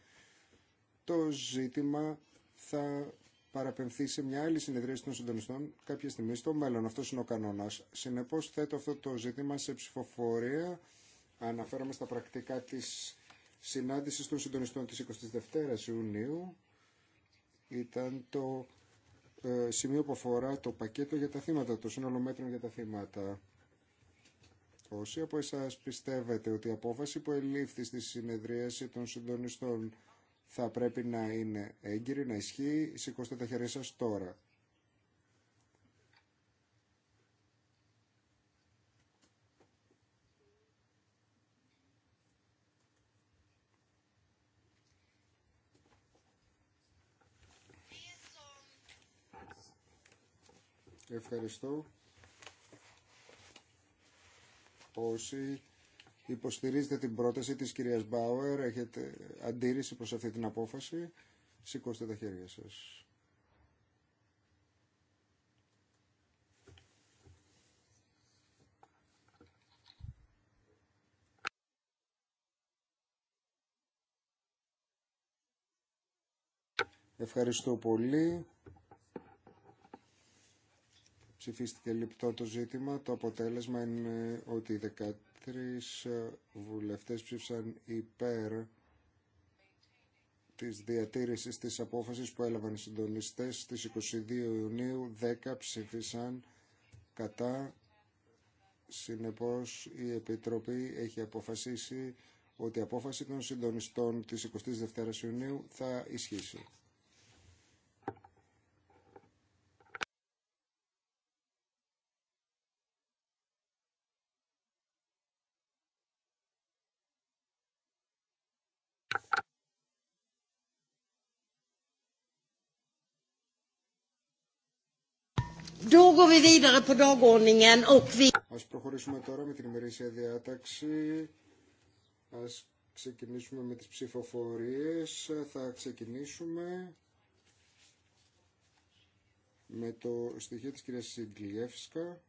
το ζήτημα θα παραπεμφθεί σε μια άλλη συνεδρίαση των συντονιστών κάποια στιγμή στο μέλλον. Αυτό είναι ο κανόνα. Συνεπώ, θέτω αυτό το ζήτημα σε ψηφοφορία Αναφέρομαι στα πρακτικά της συνάντησης των συντονιστών της 22ης Ιουνίου. Ήταν το ε, σημείο που αφορά το πακέτο για τα θύματα, το σύνολο μέτρων για τα θύματα. Όσοι από εσάς πιστεύετε ότι η απόφαση που ελήφθη στη συνεδρίαση των συντονιστών θα πρέπει να είναι έγκυρη, να ισχύει, σηκώστε τα χέρια σας τώρα. ευχαριστώ όσοι υποστηρίζετε την πρόταση της κυρίας Μπάουερ, έχετε αντίρρηση προς αυτή την απόφαση, σηκώστε τα χέρια σας. Ευχαριστώ πολύ ψηφίστηκε λιπτό το ζήτημα. Το αποτέλεσμα είναι ότι οι 13 ε, βουλευτές ψήφισαν υπέρ της διατήρησης της απόφασης που έλαβαν οι συντονιστές στις 22 Ιουνίου 10 ψήφισαν κατά συνεπώς η Επιτροπή έχει αποφασίσει ότι η απόφαση των συντονιστών της 22 Ιουνίου θα ισχύσει. Ας προχωρήσουμε τώρα με την ημερήσια διάταξη. Ας ξεκινήσουμε με τις ψηφοφορίες. Θα ξεκινήσουμε με το στοιχείο της κυρίας Σιγκλιεύσκα.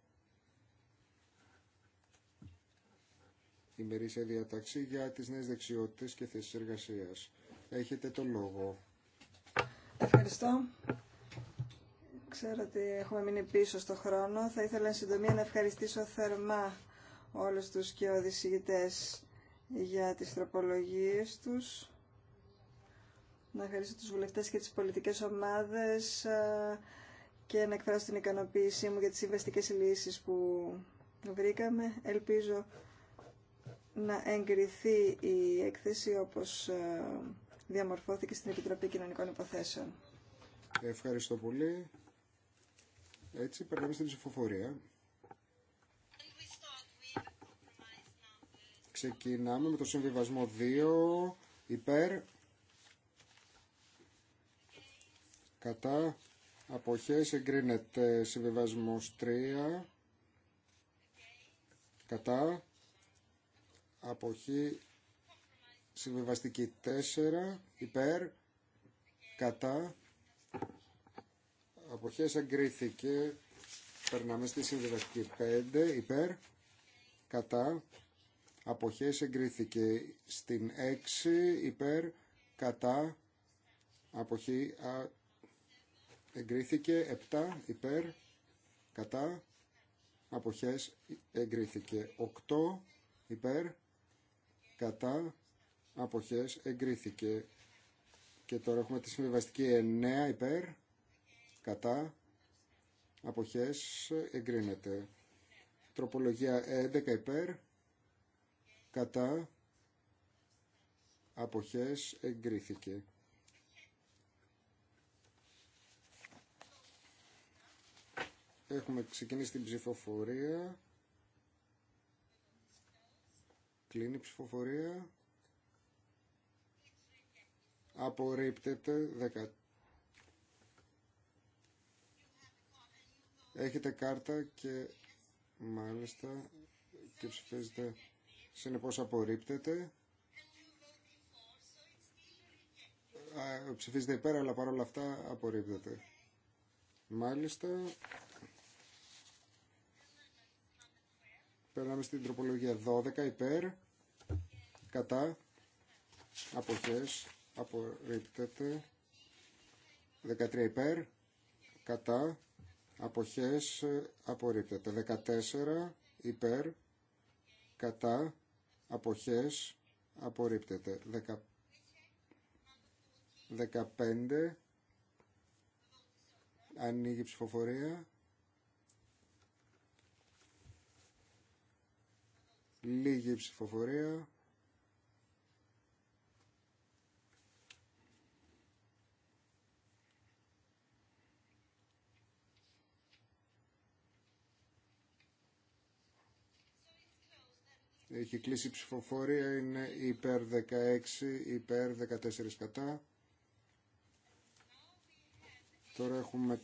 ημερήσια διαταξή για τις νέες δεξιότητες και θέσεις εργασίας. Έχετε το λόγο. Ευχαριστώ ξέρω ότι έχουμε μείνει πίσω στο χρόνο. Θα ήθελα εν συντομία να ευχαριστήσω θερμά όλους τους και οδησηγητές για τις τροπολογίες τους. Να ευχαριστήσω τους βουλευτές και τις πολιτικές ομάδες ε, και να εκφράσω την ικανοποίησή μου για τις συμβαστικές λύσεις που βρήκαμε. Ελπίζω να εγκριθεί η έκθεση όπως ε, διαμορφώθηκε στην Επιτροπή Κοινωνικών Υποθέσεων. Ευχαριστώ πολύ. Έτσι, περνάμε στην ψηφοφορία. Ξεκινάμε με το συμβιβασμό 2, υπέρ, κατά, αποχές, εγκρίνεται συμβιβασμό 3, κατά, αποχή, συμβιβαστική 4, υπέρ, κατά, αποχές εγκρίθηκε. Περνάμε στη συμβιβαστική 5 υπέρ. Κατά. Αποχές εγκρίθηκε στην 6 υπέρ. Κατά. Αποχή εγκρίθηκε 7 υπέρ. Κατά. Αποχές εγκρίθηκε 8 υπέρ. Κατά. Αποχές εγκρίθηκε. Και τώρα έχουμε τη συμβιβαστική 9 υπέρ κατά αποχές εγκρίνεται τροπολογία 11 υπέρ κατά αποχές εγκρίθηκε έχουμε ξεκινήσει την ψηφοφορία κλείνει η ψηφοφορία απορρίπτεται Έχετε κάρτα και μάλιστα και ψηφίζετε. Συνεπώς απορρίπτεται. Ψηφίζετε υπέρ, αλλά παρόλα αυτά απορρίπτεται. Μάλιστα. Περνάμε στην τροπολογία 12 υπέρ, κατά, αποχές, απορρίπτεται, 13 υπέρ, κατά, αποχές ε, απορρίπτεται 14 υπέρ κατά αποχές απορρίπτεται 15 ανοίγει ψηφοφορία λίγη ψηφοφορία Έχει κλείσει η ψηφοφορία, είναι υπέρ 16, υπέρ 14 κατά. Τώρα έχουμε...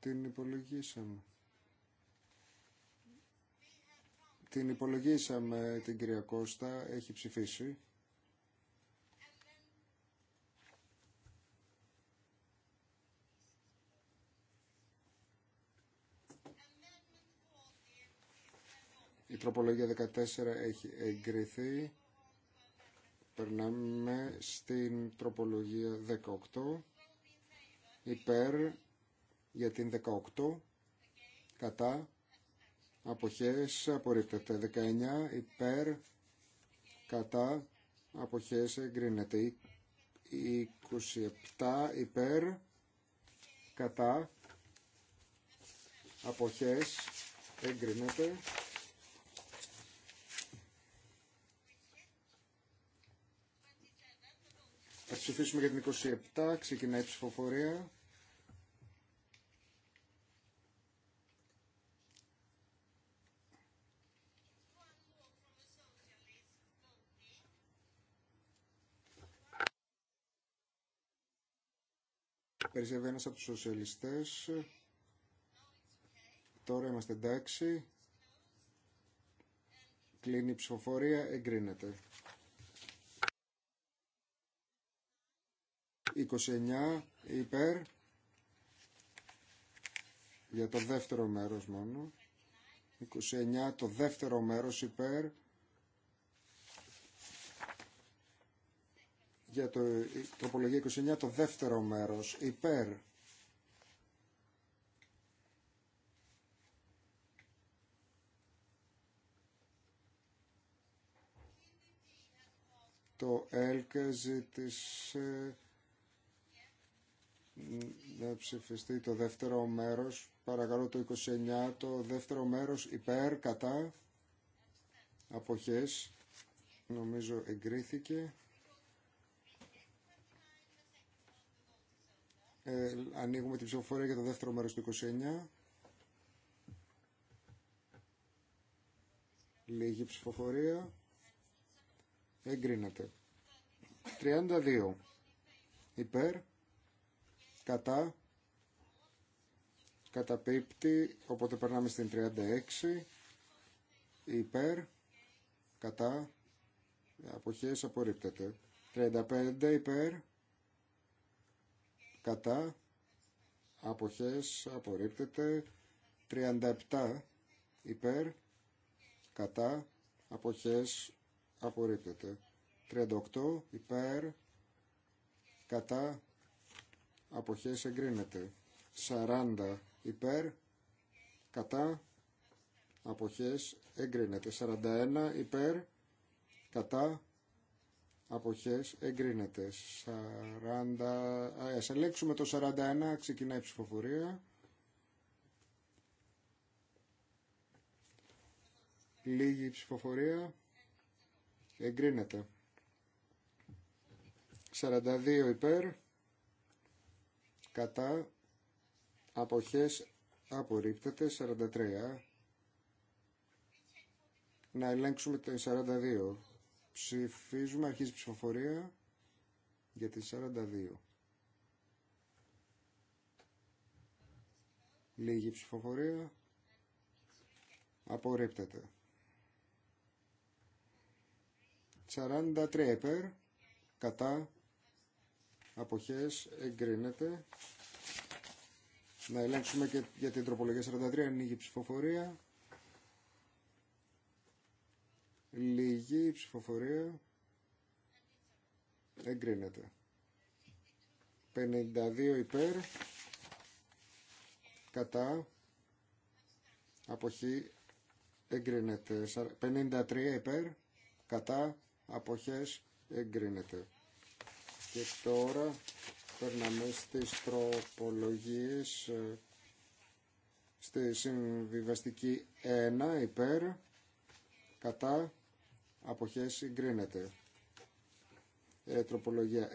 Την υπολογίσαμε. Την υπολογίσαμε την κυρία Κώστα, έχει ψηφίσει. τροπολογία 14 έχει εγκριθεί. Περνάμε στην τροπολογία 18. Υπέρ για την 18. Κατά. Αποχές απορρίπτεται. 19. Υπέρ. Κατά. Αποχές εγκρίνεται. 27. Υπέρ. Κατά. Αποχές εγκρίνεται. ψηφίσουμε για την 27. Ξεκινάει η ψηφοφορία. Περισσεύει ένας από τους σοσιαλιστές. Τώρα είμαστε εντάξει. Κλείνει η ψηφοφορία, εγκρίνεται. 29 υπέρ για το δεύτερο μέρος μόνο 29 το δεύτερο μέρος υπέρ για το τροπολογία 29 το δεύτερο μέρος υπέρ το ΕΛΚ ζήτησε να ψηφιστεί το δεύτερο μέρος, παρακαλώ το 29, το δεύτερο μέρος υπέρ, κατά, αποχές, νομίζω εγκρίθηκε. Ε, ανοίγουμε την ψηφοφορία για το δεύτερο μέρος του 29. Λίγη ψηφοφορία. Εγκρίνεται. 32. Υπέρ κατά καταπίπτει οπότε περνάμε στην 36 υπέρ κατά αποχές απορρίπτεται 35 υπέρ κατά αποχές απορρίπτεται 37 υπέρ κατά αποχές απορρίπτεται 38 υπέρ κατά αποχές εγκρίνεται 40 υπέρ κατά αποχές εγκρίνεται 41 υπέρ κατά αποχές εγκρίνεται 40 ας ελέγξουμε το 41 ξεκινάει η ψηφοφορία λίγη ψηφοφορία εγκρίνεται 42 υπέρ κατά αποχές απορρίπτεται 43 να ελέγξουμε την 42 ψηφίζουμε αρχίζει ψηφοφορία για την 42 λίγη ψηφοφορία απορρίπτεται 43 υπέρ κατά αποχές εγκρίνεται. Να ελέγξουμε και για την τροπολογία 43 ανοίγει η ψηφοφορία. Λίγη η ψηφοφορία. Εγκρίνεται. 52 υπέρ. Κατά. Αποχή. Εγκρίνεται. 53 υπέρ. Κατά. Αποχές. Εγκρίνεται. Και τώρα περνάμε στις τροπολογίες ε, στη συμβιβαστική 1 υπέρ κατά αποχές εγκρίνεται. Ε, τροπολογία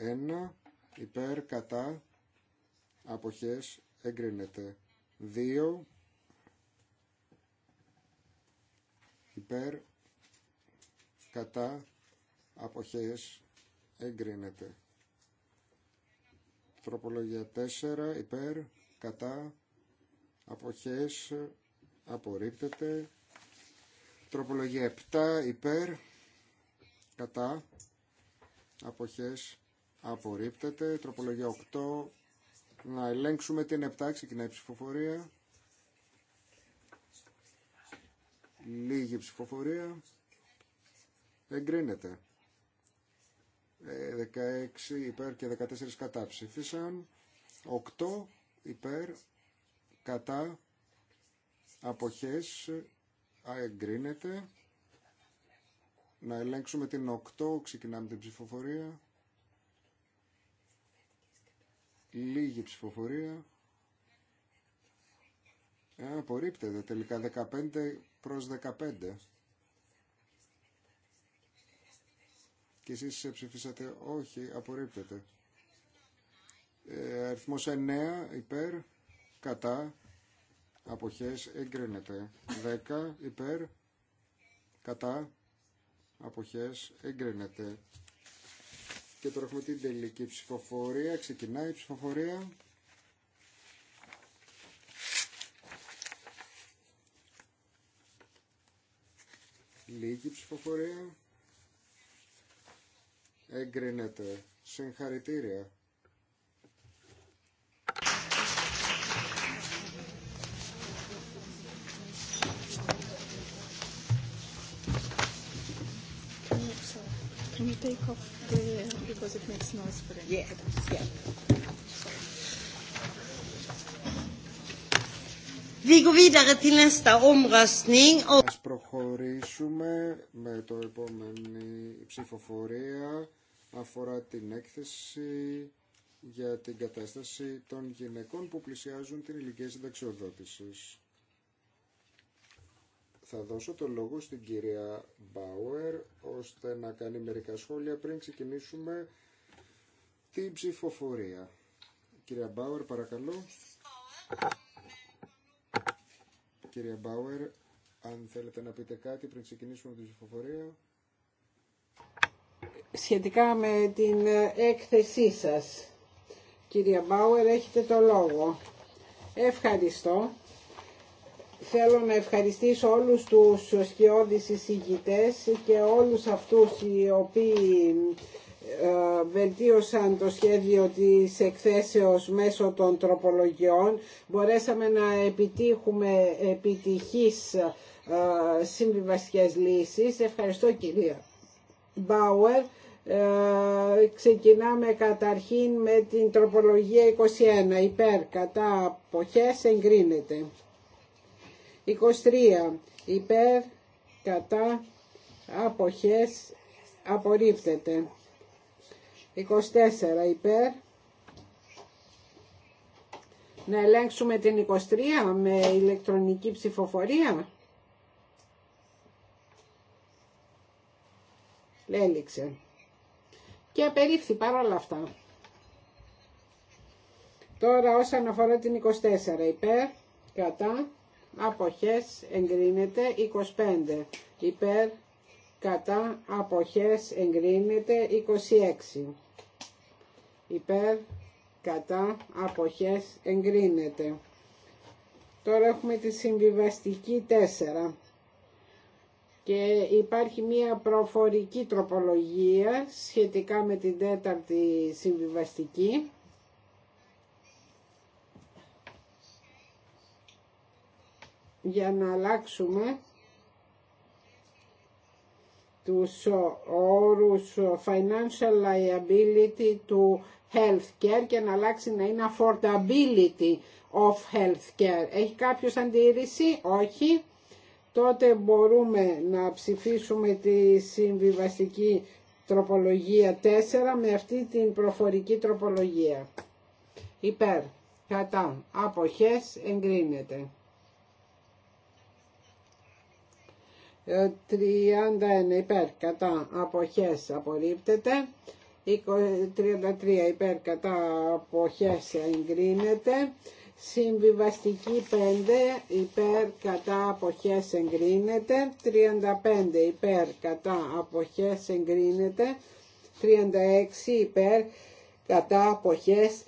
1 υπέρ κατά αποχές εγκρίνεται. 2 υπέρ κατά αποχές εγκρίνεται. Τροπολογία 4 υπέρ κατά αποχές απορρίπτεται. Τροπολογία 7 υπέρ κατά αποχές απορρίπτεται. Τροπολογία 8 να ελέγξουμε την 7 ξεκινάει η ψηφοφορία. Λίγη ψηφοφορία. Εγκρίνεται. 16 ε, υπέρ και 14 κατά ψήφισαν. 8 υπέρ κατά αποχές εγκρίνεται. Να ελέγξουμε την 8, ξεκινάμε την ψηφοφορία. Λίγη ψηφοφορία. Ε, απορρίπτεται τελικά 15 προς 15. και εσείς ψηφίσατε όχι, απορρίπτεται. Ε, αριθμός 9 υπέρ, κατά, αποχές, εγκρίνεται. 10 υπέρ, κατά, αποχές, εγκρίνεται. Και τώρα έχουμε την τελική ψηφοφορία, ξεκινάει η ψηφοφορία. Λίγη ψηφοφορία. Εγκρίνεται. Συγχαρητήρια. Can you take off the because it makes noise for Yeah, yeah. Ας προχωρήσουμε με το επόμενη ψηφοφορία αφορά την έκθεση για την κατάσταση των γυναικών που πλησιάζουν την ηλικία συνταξιοδότηση. Θα δώσω το λόγο στην κυρία Μπάουερ ώστε να κάνει μερικά σχόλια πριν ξεκινήσουμε την ψηφοφορία. Κυρία Μπάουερ, παρακαλώ. Κυρία Μπάουερ, αν θέλετε να πείτε κάτι πριν ξεκινήσουμε την ψηφοφορία σχετικά με την ε, έκθεσή σας. Κυρία Μπάουερ, έχετε το λόγο. Ευχαριστώ. Θέλω να ευχαριστήσω όλους τους σκιώδεις εισηγητές και όλους αυτούς οι οποίοι ε, βελτίωσαν το σχέδιο της εκθέσεως μέσω των τροπολογιών. Μπορέσαμε να επιτύχουμε επιτυχείς ε, συμβιβαστικές λύσεις. Ευχαριστώ κυρία Μπάουερ. Ε, ξεκινάμε καταρχήν με την τροπολογία 21. Υπέρ, κατά, αποχές, εγκρίνεται. 23. Υπέρ, κατά, αποχές, απορρίπτεται. 24. Υπέρ. Να ελέγξουμε την 23 με ηλεκτρονική ψηφοφορία. έληξε. Και απερίφθη παρόλα αυτά. Τώρα όσον αφορά την 24 υπέρ, κατά, αποχές εγκρίνεται 25 υπέρ, κατά, αποχές εγκρίνεται 26 υπέρ, κατά, αποχές εγκρίνεται. Τώρα έχουμε τη συμβιβαστική 4 και υπάρχει μία προφορική τροπολογία σχετικά με την τέταρτη συμβιβαστική. για να αλλάξουμε τους όρους financial liability του healthcare και να αλλάξει να είναι affordability of healthcare. Έχει κάποιος αντίρρηση? Όχι τότε μπορούμε να ψηφίσουμε τη συμβιβαστική τροπολογία 4 με αυτή την προφορική τροπολογία. Υπέρ, κατά, αποχές, εγκρίνεται. 31 ε, υπέρ, κατά, αποχές, απορρίπτεται. 33 ε, υπέρ, κατά, αποχές, εγκρίνεται. Συμβιβαστική 5 υπέρ κατά αποχές εγκρίνεται. 35 υπέρ κατά αποχές εγκρίνεται. 36 υπέρ κατά αποχές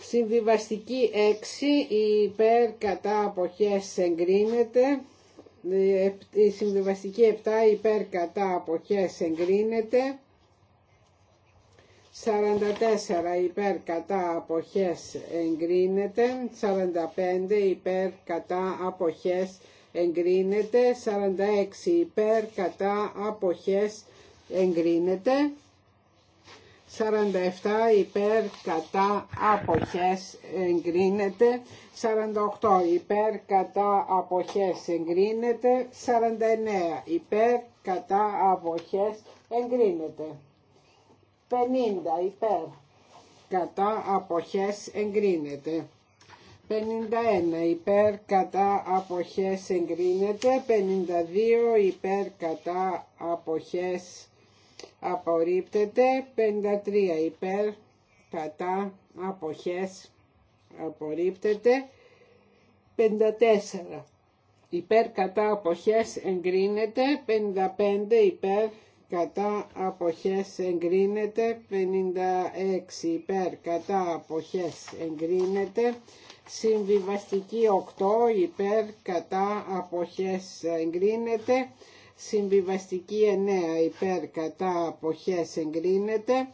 Συμβιβαστική 6 υπέρ κατά αποχές εγκρίνεται. Ε, η συμβιβαστική 7 υπέρ κατά αποχές εγκρίνεται. 44 υπέρ κατά αποχές εγκρίνεται, 45 υπέρ κατά αποχές εγκρίνεται, 46 υπέρ κατά αποχές εγκρίνεται, 47 υπέρ κατά αποχές εγκρίνεται, 48 υπέρ κατά αποχές εγκρίνεται, 49 υπέρ κατά αποχές εγκρίνεται. 50 υπέρ. Κατά αποχές εγκρίνεται. 51 υπέρ κατά αποχές εγκρίνεται, 52 υπέρ κατά αποχές απορρίπτεται, 53 υπέρ κατά αποχές απορρίπτεται, 54 υπέρ κατά αποχές εγκρίνεται, 55 υπέρ κατά αποχές εγκρίνεται 56 υπέρ κατά αποχές εγκρίνεται συμβιβαστική 8 υπέρ κατά αποχές εγκρίνεται συμβιβαστική 9 υπέρ κατά αποχές εγκρίνεται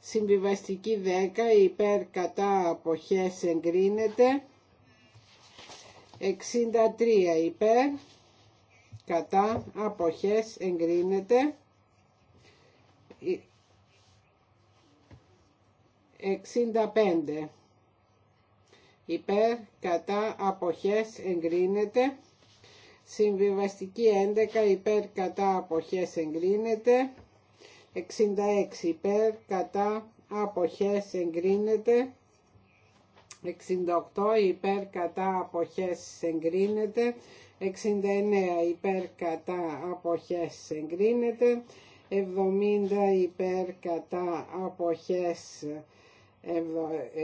συμβιβαστική 10 υπέρ κατά αποχές εγκρίνεται 63 υπέρ κατά αποχές εγκρίνεται 65 υπέρ κατά αποχές εγκρίνεται συμβιβαστική 11 υπέρ κατά αποχές εγκρίνεται 66 υπέρ κατά αποχές εγκρίνεται 68 υπέρ κατά αποχές εγκρίνεται 69 υπέρ κατά αποχές εγκρίνεται 70 υπέρ κατά αποχές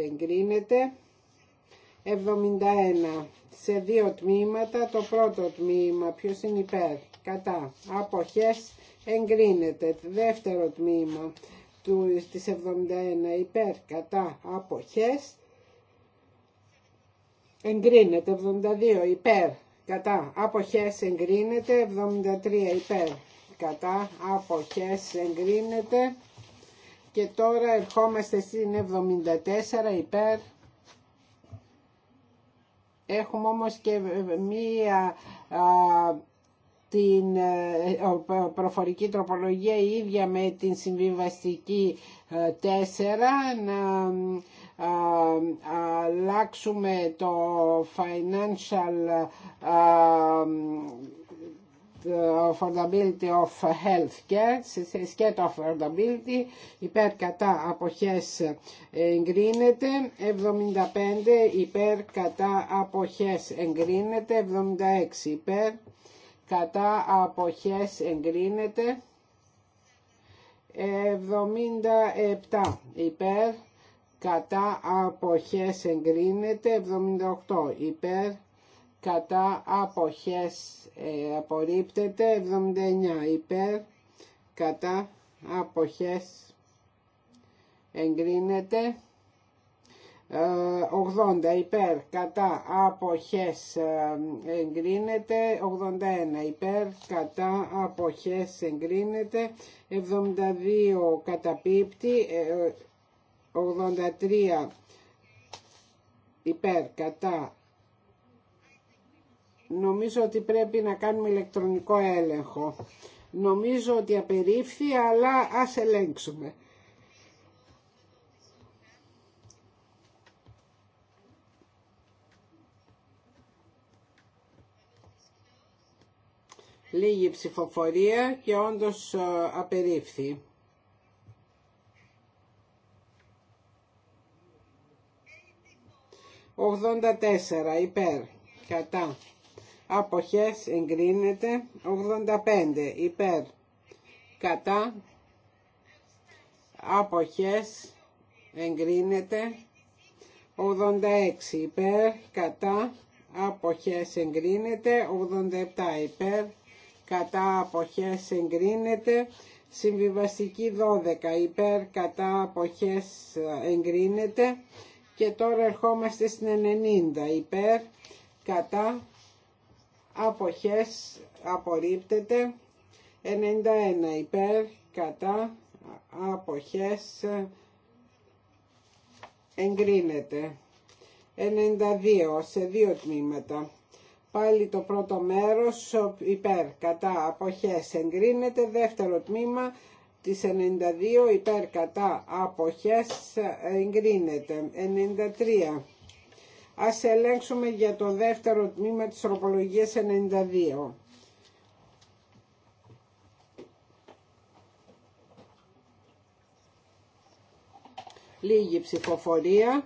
εγκρίνεται 71 σε δύο τμήματα το πρώτο τμήμα ποιος είναι υπέρ κατά αποχές εγκρίνεται δεύτερο τμήμα του, της 71 υπέρ κατά αποχές εγκρίνεται 72 υπέρ κατά αποχές εγκρίνεται 73 υπέρ κατά αποχές εγκρίνεται και τώρα ερχόμαστε στην 74 υπέρ έχουμε όμως και μία την ε, προφορική τροπολογία η ίδια με την συμβιβαστική 4 ε, να αλλάξουμε το financial το affordability of Health healthcare, σκέτο affordability, υπέρ κατά αποχές ε, εγκρίνεται, 75 υπέρ κατά αποχές εγκρίνεται, 76 υπέρ κατά αποχές εγκρίνεται, 77 υπέρ κατά αποχές εγκρίνεται, 78 υπέρ κατά αποχές ε, απορρίπτεται 79 υπέρ κατά αποχές εγκρίνεται 80 ε, ε, υπέρ κατά αποχές εγκρίνεται 81 ε, υπέρ κατά αποχές εγκρίνεται 72 καταπίπτει 83 υπέρ κατά Νομίζω ότι πρέπει να κάνουμε ηλεκτρονικό έλεγχο. Νομίζω ότι απερίφθη, αλλά ας ελέγξουμε. Λίγη ψηφοφορία και όντως ε, απερίφθη. 84, τέσσερα υπέρ κατά αποχές εγκρίνεται 85 υπέρ κατά αποχές εγκρίνεται 86 υπέρ κατά αποχές εγκρίνεται 87 υπέρ κατά αποχές εγκρίνεται συμβιβαστική 12 υπέρ κατά αποχές εγκρίνεται και τώρα ερχόμαστε στην 90 υπέρ κατά αποχές απορρίπτεται 91 υπέρ κατά αποχές εγκρίνεται 92 σε δύο τμήματα πάλι το πρώτο μέρος υπέρ κατά αποχές εγκρίνεται δεύτερο τμήμα της 92 υπέρ κατά αποχές εγκρίνεται 93 Ας ελέγξουμε για το δεύτερο τμήμα της τροπολογίας 92. Λίγη ψηφοφορία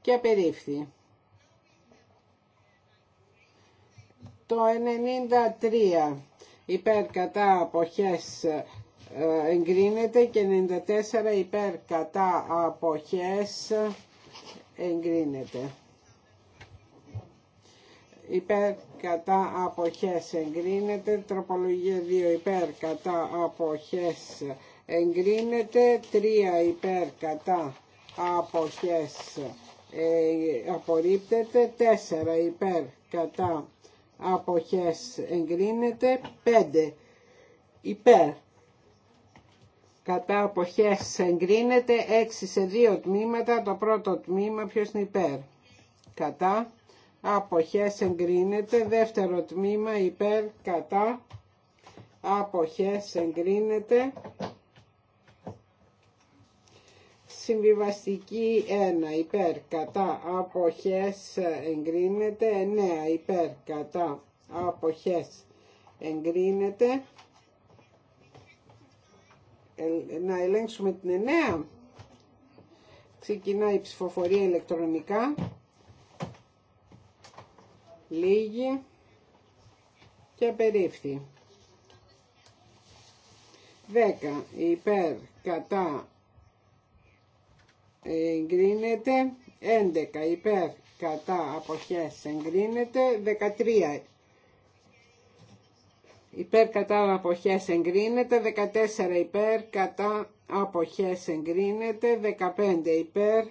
και απερίφθη. Το 93 υπέρ κατά αποχές ε, εγκρίνεται και 94 υπέρ κατά αποχές εγκρίνεται. Υπέρ κατά αποχές εγκρίνεται. Τροπολογία 2 υπέρ κατά αποχές εγκρίνεται. 3 υπέρ κατά αποχές ε, απορρίπτεται. 4 υπέρ κατά αποχές εγκρίνεται. 5 υπέρ κατά αποχές εγκρίνεται 6 σε 2 τμήματα το πρώτο τμήμα ποιος είναι υπέρ κατά αποχές εγκρίνεται δεύτερο τμήμα υπέρ κατά αποχές εγκρίνεται συμβιβαστική 1 υπέρ κατά αποχές εγκρίνεται 9 υπέρ κατά αποχές εγκρίνεται ε, να ελέγξουμε την 9. Ξεκινάει η ψηφοφορία ηλεκτρονικά. Λίγη και απερίφθη. 10 υπέρ κατά εγκρίνεται. 11 υπέρ κατά αποχές εγκρίνεται. 13 υπέρ κατά αποχές εγκρίνεται, 14 υπέρ κατά αποχές εγκρίνεται, 15 υπέρ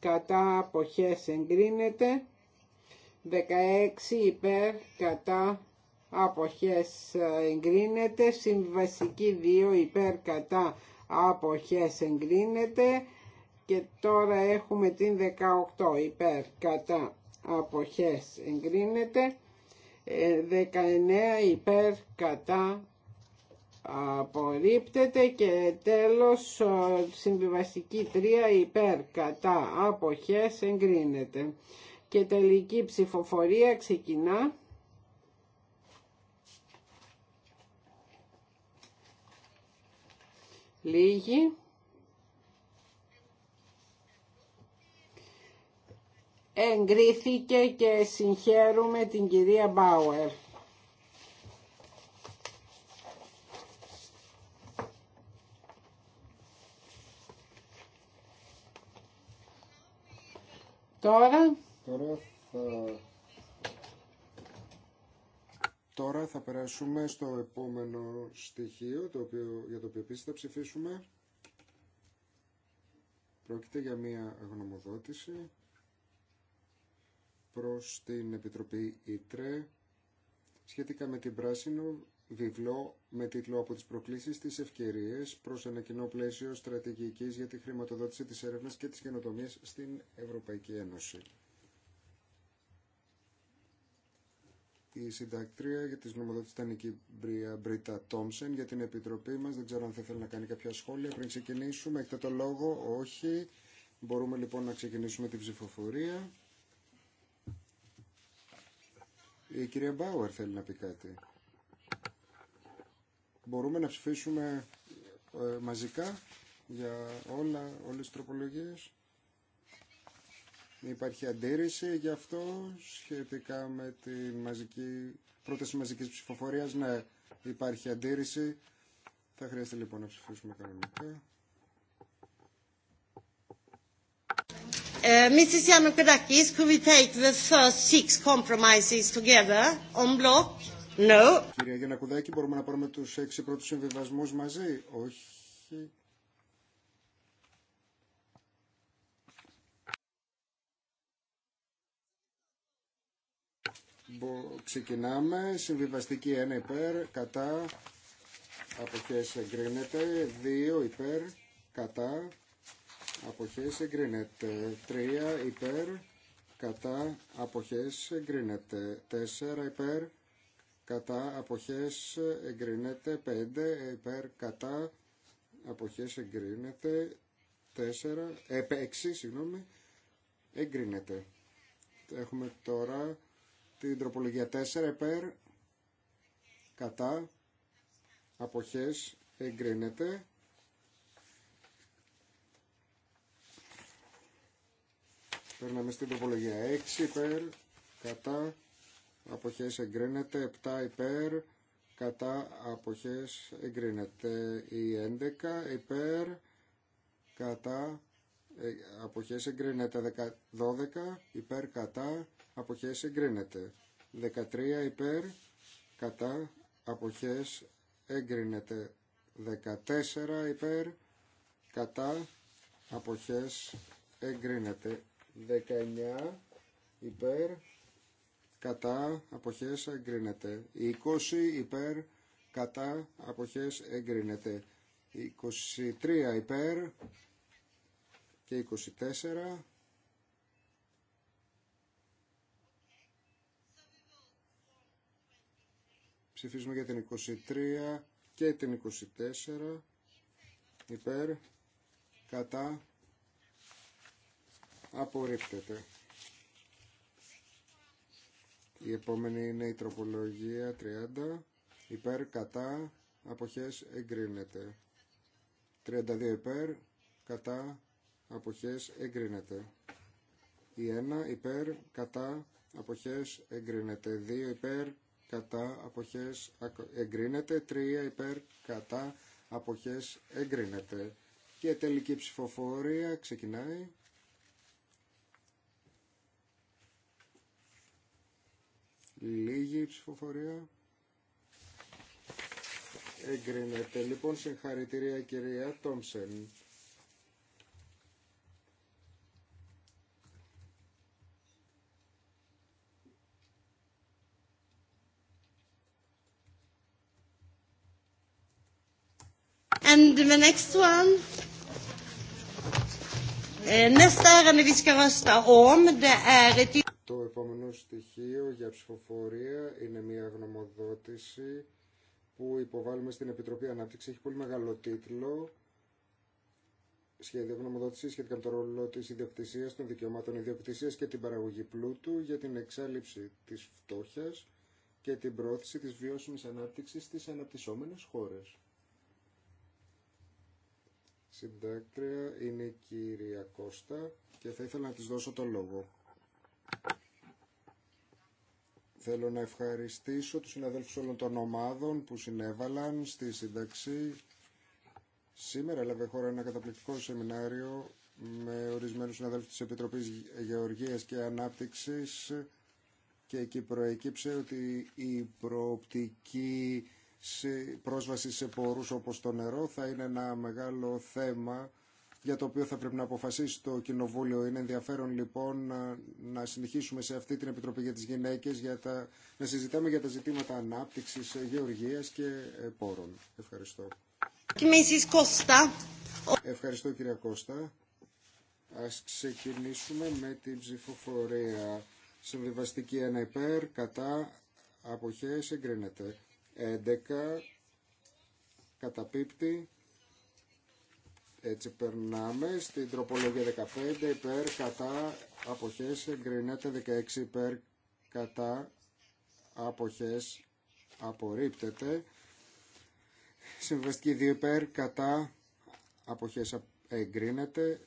κατά αποχές εγκρίνεται, 16 υπέρ κατά αποχές εγκρίνεται, συμβαστική 2 υπέρ κατά αποχές εγκρίνεται και τώρα έχουμε την 18 υπέρ κατά αποχές εγκρίνεται 19 υπέρ κατά απορρίπτεται και τέλος συμβιβαστική 3 υπέρ κατά αποχές εγκρίνεται και τελική ψηφοφορία ξεκινά λίγη εγκρίθηκε και συγχαίρουμε την κυρία Μπάουερ. Τώρα... Τώρα θα... Τώρα θα περάσουμε στο επόμενο στοιχείο το οποίο, για το οποίο επίσης θα ψηφίσουμε. Πρόκειται για μια γνωμοδότηση προς την Επιτροπή ΙΤΡΕ σχετικά με την πράσινο βιβλό με τίτλο «Από τις προκλήσεις της ευκαιρίες προς ένα κοινό πλαίσιο στρατηγικής για τη χρηματοδότηση της έρευνας και της καινοτομίας στην Ευρωπαϊκή Ένωση». Η συντακτρία για τις νομοδότησης ήταν η Κύπρια Μπρίτα Τόμσεν για την Επιτροπή μας. Δεν ξέρω αν θα ήθελα να κάνει κάποια σχόλια πριν ξεκινήσουμε. Έχετε το λόγο, όχι. Μπορούμε λοιπόν να ξεκινήσουμε την ψηφοφορία. Η κυρία Μπάουερ θέλει να πει κάτι. Μπορούμε να ψηφίσουμε ε, μαζικά για όλα, όλες τις τροπολογίες. Υπάρχει αντίρρηση γι' αυτό σχετικά με την μαζική, πρόταση μαζικής ψηφοφορίας. Ναι, υπάρχει αντίρρηση. Θα χρειαστεί λοιπόν να ψηφίσουμε κανονικά. Eh, Mrs. Yannakoudakis, could we take the first six compromises together on block? No. Κυρία Γιανακουδάκη, μπορούμε να πάρουμε τους έξι πρώτους συμβιβασμούς μαζί. Όχι. Ξεκινάμε. Συμβιβαστική 1 υπέρ, κατά. Αποχές εγκρίνεται. 2 υπέρ, κατά αποχές εγκρίνεται 3 υπέρ κατά αποχές εγκρίνεται 4 υπέρ κατά αποχές εγκρίνεται 5 υπέρ κατά αποχές εγκρίνεται 4 ε, 6 συγγνώμη εγκρίνεται έχουμε τώρα την τροπολογία 4 υπέρ κατά αποχές εγκρίνεται Παίρναμε στην τροπολογία 6 υπέρ, κατά, αποχές εγκρίνεται, 7 υπέρ, κατά, αποχές εγκρίνεται, η 11 ε, υπέρ, κατά, αποχές εγκρίνεται, 12 υπέρ, κατά, αποχές εγκρίνεται, 13 υπέρ, κατά, αποχές εγκρίνεται, 14 υπέρ, κατά, αποχές εγκρίνεται 19 υπέρ κατά αποχές εγκρίνεται 20 υπέρ κατά αποχές εγκρίνεται 23 υπέρ και 24 ψηφίζουμε για την 23 και την 24 υπέρ κατά απορρίπτεται. Η επόμενη είναι η τροπολογία 30. Υπέρ, κατά, αποχές, εγκρίνεται. 32 υπέρ, κατά, αποχές, εγκρίνεται. Η 1 υπέρ, κατά, αποχές, εγκρίνεται. 2 υπέρ, κατά, αποχές, εγκρίνεται. 3 υπέρ, κατά, αποχές, εγκρίνεται. Και τελική ψηφοφορία ξεκινάει. Λίγη η ψηφοφορία. Εγκρίνεται. Λοιπόν, συγχαρητήρια κυρία Τόμσεν. And the next one. Nästa ärende vi ska rösta om, det är ett... Το επόμενο στοιχείο για ψηφοφορία είναι μια γνωμοδότηση που υποβάλλουμε στην Επιτροπή Ανάπτυξη. Έχει πολύ μεγάλο τίτλο. Σχέδιο γνωμοδότηση σχετικά με το ρόλο τη ιδιοκτησία, των δικαιωμάτων ιδιοκτησία και την παραγωγή πλούτου για την εξάλληψη τη φτώχεια και την πρόθεση της βιώσιμης ανάπτυξης στις αναπτυσσόμενες χώρε. Συντάκτρια είναι η κυρία Κώστα και θα ήθελα να της δώσω το λόγο. Θέλω να ευχαριστήσω τους συναδέλφους όλων των ομάδων που συνέβαλαν στη σύνταξη. Σήμερα έλαβε χώρα ένα καταπληκτικό σεμινάριο με ορισμένους συναδέλφους της Επιτροπής Γεωργίας και Ανάπτυξης και εκεί προέκυψε ότι η προοπτική πρόσβαση σε πορούς όπως το νερό θα είναι ένα μεγάλο θέμα για το οποίο θα πρέπει να αποφασίσει το Κοινοβούλιο. Είναι ενδιαφέρον λοιπόν να συνεχίσουμε σε αυτή την Επιτροπή για τις Γυναίκες για τα... να συζητάμε για τα ζητήματα ανάπτυξης, ε, γεωργίας και ε, πόρων. Ευχαριστώ. Ευχαριστώ κυρία Κώστα. Ας ξεκινήσουμε με την ψηφοφορία. Συμβιβαστική ένα υπέρ, κατά, αποχές, εγκρίνεται. 11, καταπίπτει. Έτσι περνάμε στην τροπολογία 15 υπέρ κατά αποχές εγκρινέται 16 υπέρ κατά αποχές απορρίπτεται. Συμβαστική 2 υπέρ κατά αποχές εγκρίνεται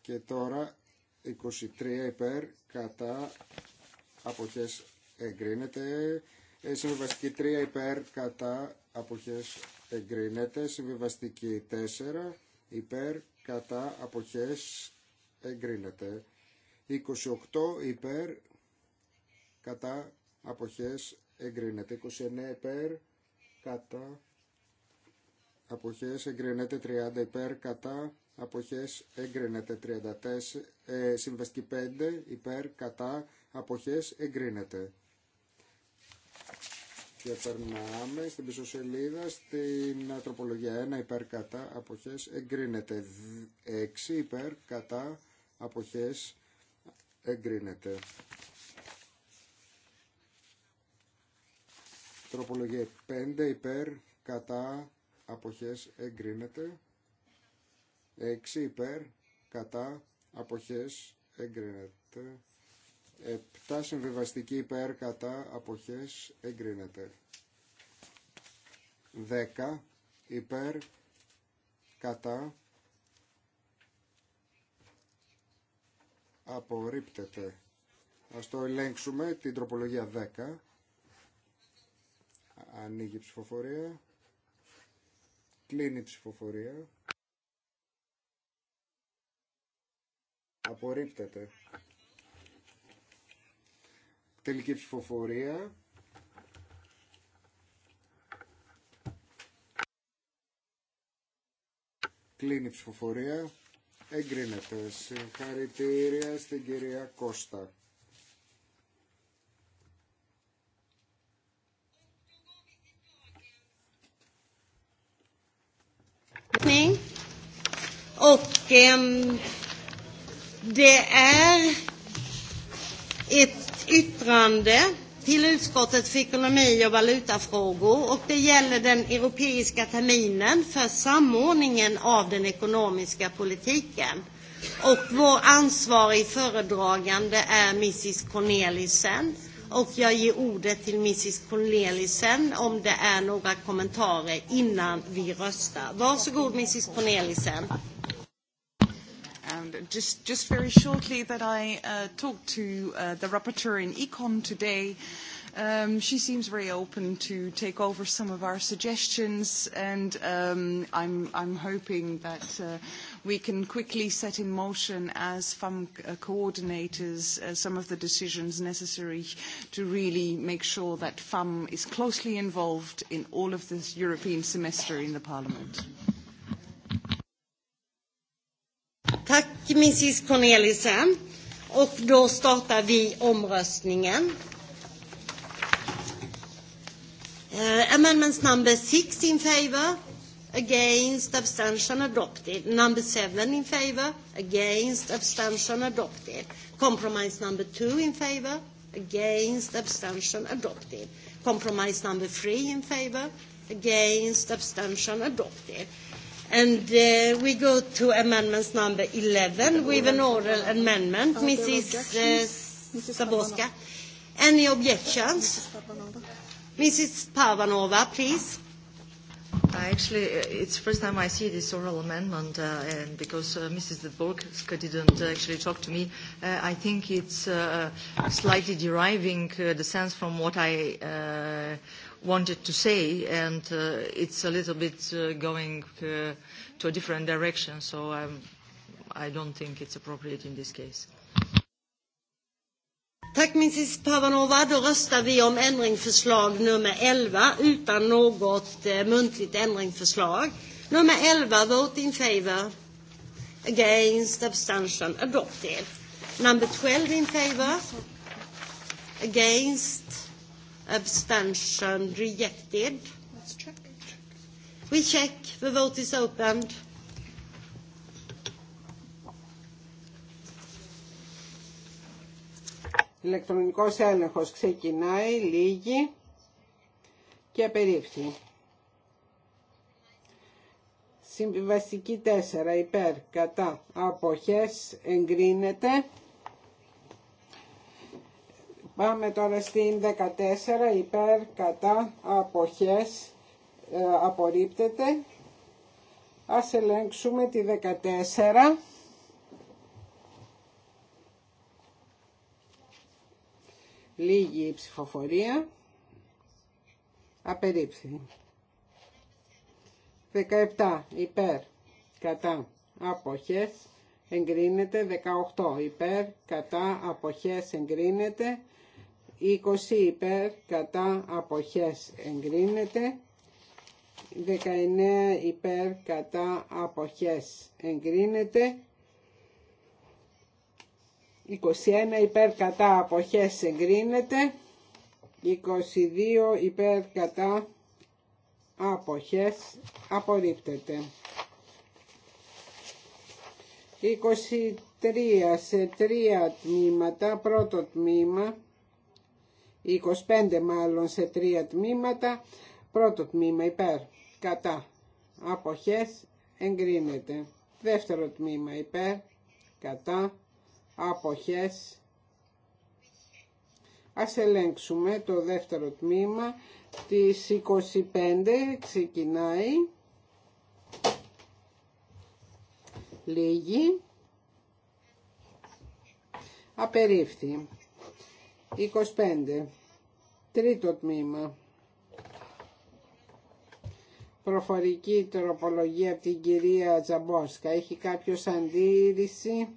και τώρα 23 υπέρ κατά αποχές εγκρίνεται. Συμβαστική 3 υπέρ κατά αποχές εγκρίνεται. Συμβιβαστική 4 υπέρ κατά αποχές εγκρίνεται 28 υπέρ κατά αποχές εγκρίνεται 29 υπέρ κατά αποχές εγκρίνεται 30 υπέρ κατά αποχές εγκρίνεται 34 ε, συμβαστική 5 υπέρ κατά αποχές εγκρίνεται και περνάμε στην πισωσελίδα, στην τροπολογία 1 υπέρ κατά αποχές εγκρίνεται. 6 υπέρ κατά αποχές εγκρίνεται. Τροπολογία 5 υπέρ κατά αποχές εγκρίνεται. 6 υπέρ κατά αποχές εγκρίνεται. 7 συμβιβαστική υπέρ κατά αποχές εγκρίνεται. 10 υπέρ κατά απορρίπτεται. Ας το ελέγξουμε την τροπολογία 10. Ανοίγει ψηφοφορία. Κλείνει ψηφοφορία. Απορρίπτεται. Τελική ψηφοφορία. Κλείνει η ψηφοφορία. Εγκρίνεται. Συγχαρητήρια στην κυρία Κώστα. Och ναι. det ett yttrande till utskottet för ekonomi och valutafrågor och det gäller den europeiska terminen för samordningen av den ekonomiska politiken. Och vår ansvarig föredragande är Mrs Cornelissen och jag ger ordet till Mrs Cornelissen om det är några kommentarer innan vi röstar. Varsågod Mrs Cornelissen. And just very shortly that I talked to the rapporteur in Econ today. She seems very open to take over some of our suggestions, and I'm hoping that we can quickly set in motion as FAM coordinators some of the decisions necessary to really make sure that FAM is closely involved in all of this European semester in the Parliament. Mrs Cornelissen och då startar vi omröstningen. Amendments number six in favor, against, abstention adopted. Number seven in favor, against, abstention adopted. Compromise number two in favor, against, abstention adopted. Compromise number three in favor, against, abstention adopted. And we go to amendments number 11 with an oral amendment. Mrs. Zaborska. Any objections? Mrs. Pavanova, please. Actually, it's the first time I see this oral amendment, and because Mrs. Zaborska didn't actually talk to me, I think it's slightly deriving the sense from what I wanted to say, and it's a little bit going to a different direction, so I don't think it's appropriate in this case. Tack Mrs Pavanova. Då röstar vi om ändringsförslag nummer 11 utan något muntligt ändringsförslag. Nummer 11, vote in favor. Against, abstention, adopted. Number 12 in favor. Against, abstention rejected. Let's check. We check. The vote is opened. Ηλεκτρονικός έλεγχος ξεκινάει, λίγη και απερίφθη. Συμβιβαστική 4 υπέρ κατά αποχές εγκρίνεται. Πάμε τώρα στην 14 υπέρ κατά αποχές ε, απορρίπτεται. Ας ελέγξουμε τη 14. Λίγη η ψηφοφορία. Απερίψη. 17 υπέρ κατά αποχές εγκρίνεται. 18 υπέρ κατά αποχές εγκρίνεται. 20 υπέρ κατά αποχές εγκρίνεται. 19 υπέρ κατά αποχές εγκρίνεται. 21 υπέρ κατά αποχές εγκρίνεται. 22 υπέρ κατά αποχές απορρίπτεται. 23 σε τρία τμήματα, πρώτο τμήμα 25 μάλλον σε τρία τμήματα. Πρώτο τμήμα υπέρ, κατά, αποχές, εγκρίνεται. Δεύτερο τμήμα υπέρ, κατά, αποχές. Ας ελέγξουμε το δεύτερο τμήμα της 25 ξεκινάει. Λίγη. Απερίφθη. 25. Τρίτο τμήμα. Προφορική τροπολογία από την κυρία Τζαμπόσκα. Έχει κάποιο αντίρρηση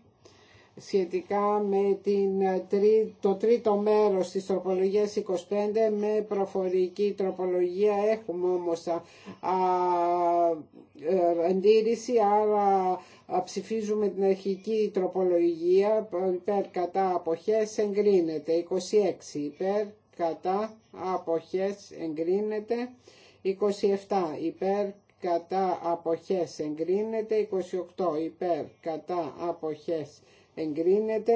σχετικά με την, το τρίτο μέρος της τροπολογίας 25 με προφορική τροπολογία έχουμε όμως α, α, α, ε, αντίρρηση άρα ψηφίζουμε την αρχική τροπολογία υπέρ κατά αποχές εγκρίνεται 26 υπέρ κατά αποχές εγκρίνεται 27 υπέρ κατά αποχές εγκρίνεται 28 υπέρ κατά αποχές εγκρίνεται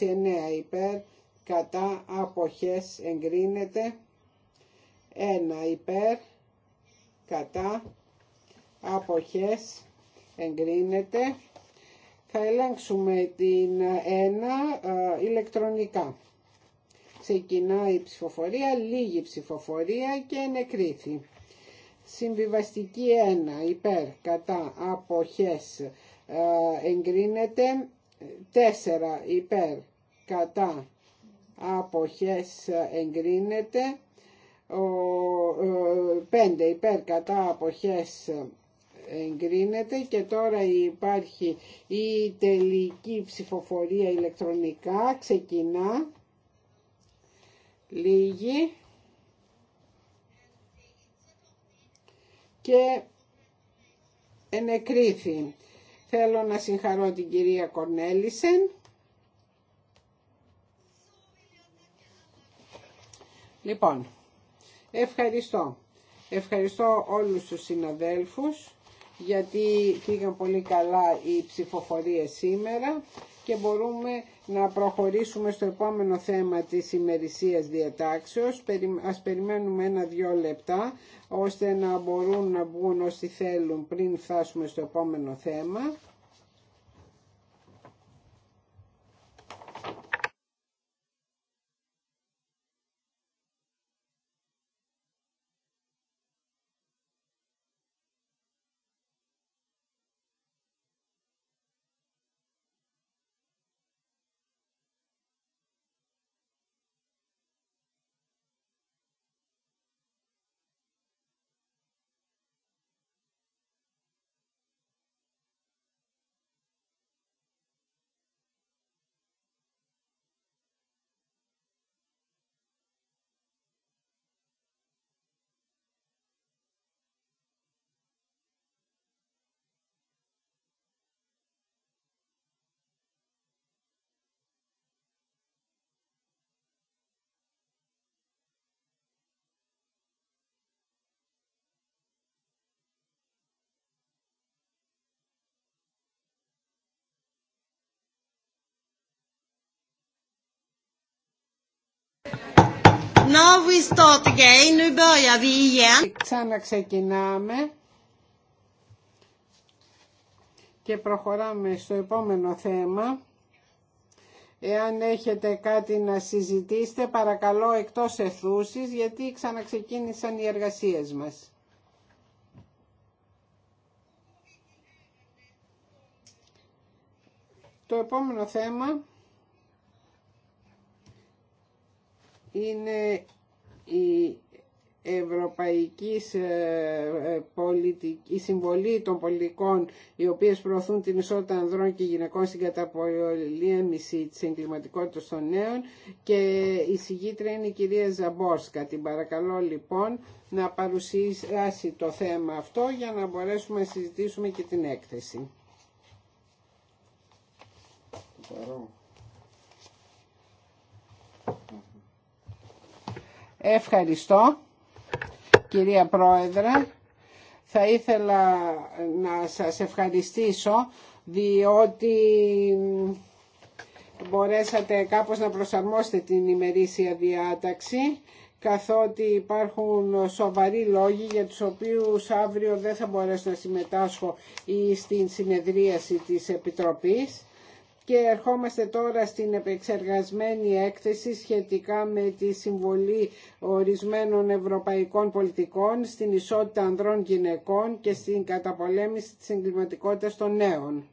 29 υπέρ κατά αποχές εγκρίνεται 1 υπέρ κατά αποχές εγκρίνεται. Θα ελέγξουμε την 1 ε, ηλεκτρονικά. Ξεκινάει η ψηφοφορία, λίγη ψηφοφορία και ενεκρίθη. Συμβιβαστική 1 ε, υπέρ κατά αποχές εγκρίνεται. 4 ε, υπέρ κατά αποχές εγκρίνεται. 5 υπέρ κατά αποχές εγκρίνεται και τώρα υπάρχει η τελική ψηφοφορία ηλεκτρονικά, ξεκινά, λίγη και ενεκρίθη. Θέλω να συγχαρώ την κυρία Κορνέλισεν. Λοιπόν, ευχαριστώ. Ευχαριστώ όλους τους συναδέλφους γιατί πήγαν πολύ καλά οι ψηφοφορίες σήμερα και μπορούμε να προχωρήσουμε στο επόμενο θέμα της ημερησίας διατάξεως. Ας περιμένουμε ένα-δυο λεπτά ώστε να μπορούν να μπουν όσοι θέλουν πριν φτάσουμε στο επόμενο θέμα. now Nu börjar vi igen. και προχωράμε στο επόμενο θέμα. Εάν έχετε κάτι να συζητήσετε, παρακαλώ εκτός εθούσης, γιατί ξαναξεκίνησαν οι εργασίες μας. Το επόμενο θέμα είναι η Ευρωπαϊκή ε, πολιτική, η συμβολή των πολιτικών οι οποίες προωθούν την ισότητα ανδρών και γυναικών στην καταπολέμηση της εγκληματικότητας των νέων και η συγγήτρια είναι η κυρία Ζαμπόρσκα. Την παρακαλώ λοιπόν να παρουσιάσει το θέμα αυτό για να μπορέσουμε να συζητήσουμε και την έκθεση. Ευχαριστώ, κυρία Πρόεδρε. Θα ήθελα να σας ευχαριστήσω διότι μπορέσατε κάπως να προσαρμόσετε την ημερήσια διάταξη καθότι υπάρχουν σοβαροί λόγοι για τους οποίους αύριο δεν θα μπορέσω να συμμετάσχω ή στην συνεδρίαση της Επιτροπής και ερχόμαστε τώρα στην επεξεργασμένη έκθεση σχετικά με τη συμβολή ορισμένων ευρωπαϊκών πολιτικών στην ισότητα ανδρών γυναικών και στην καταπολέμηση της εγκληματικότητας των νέων.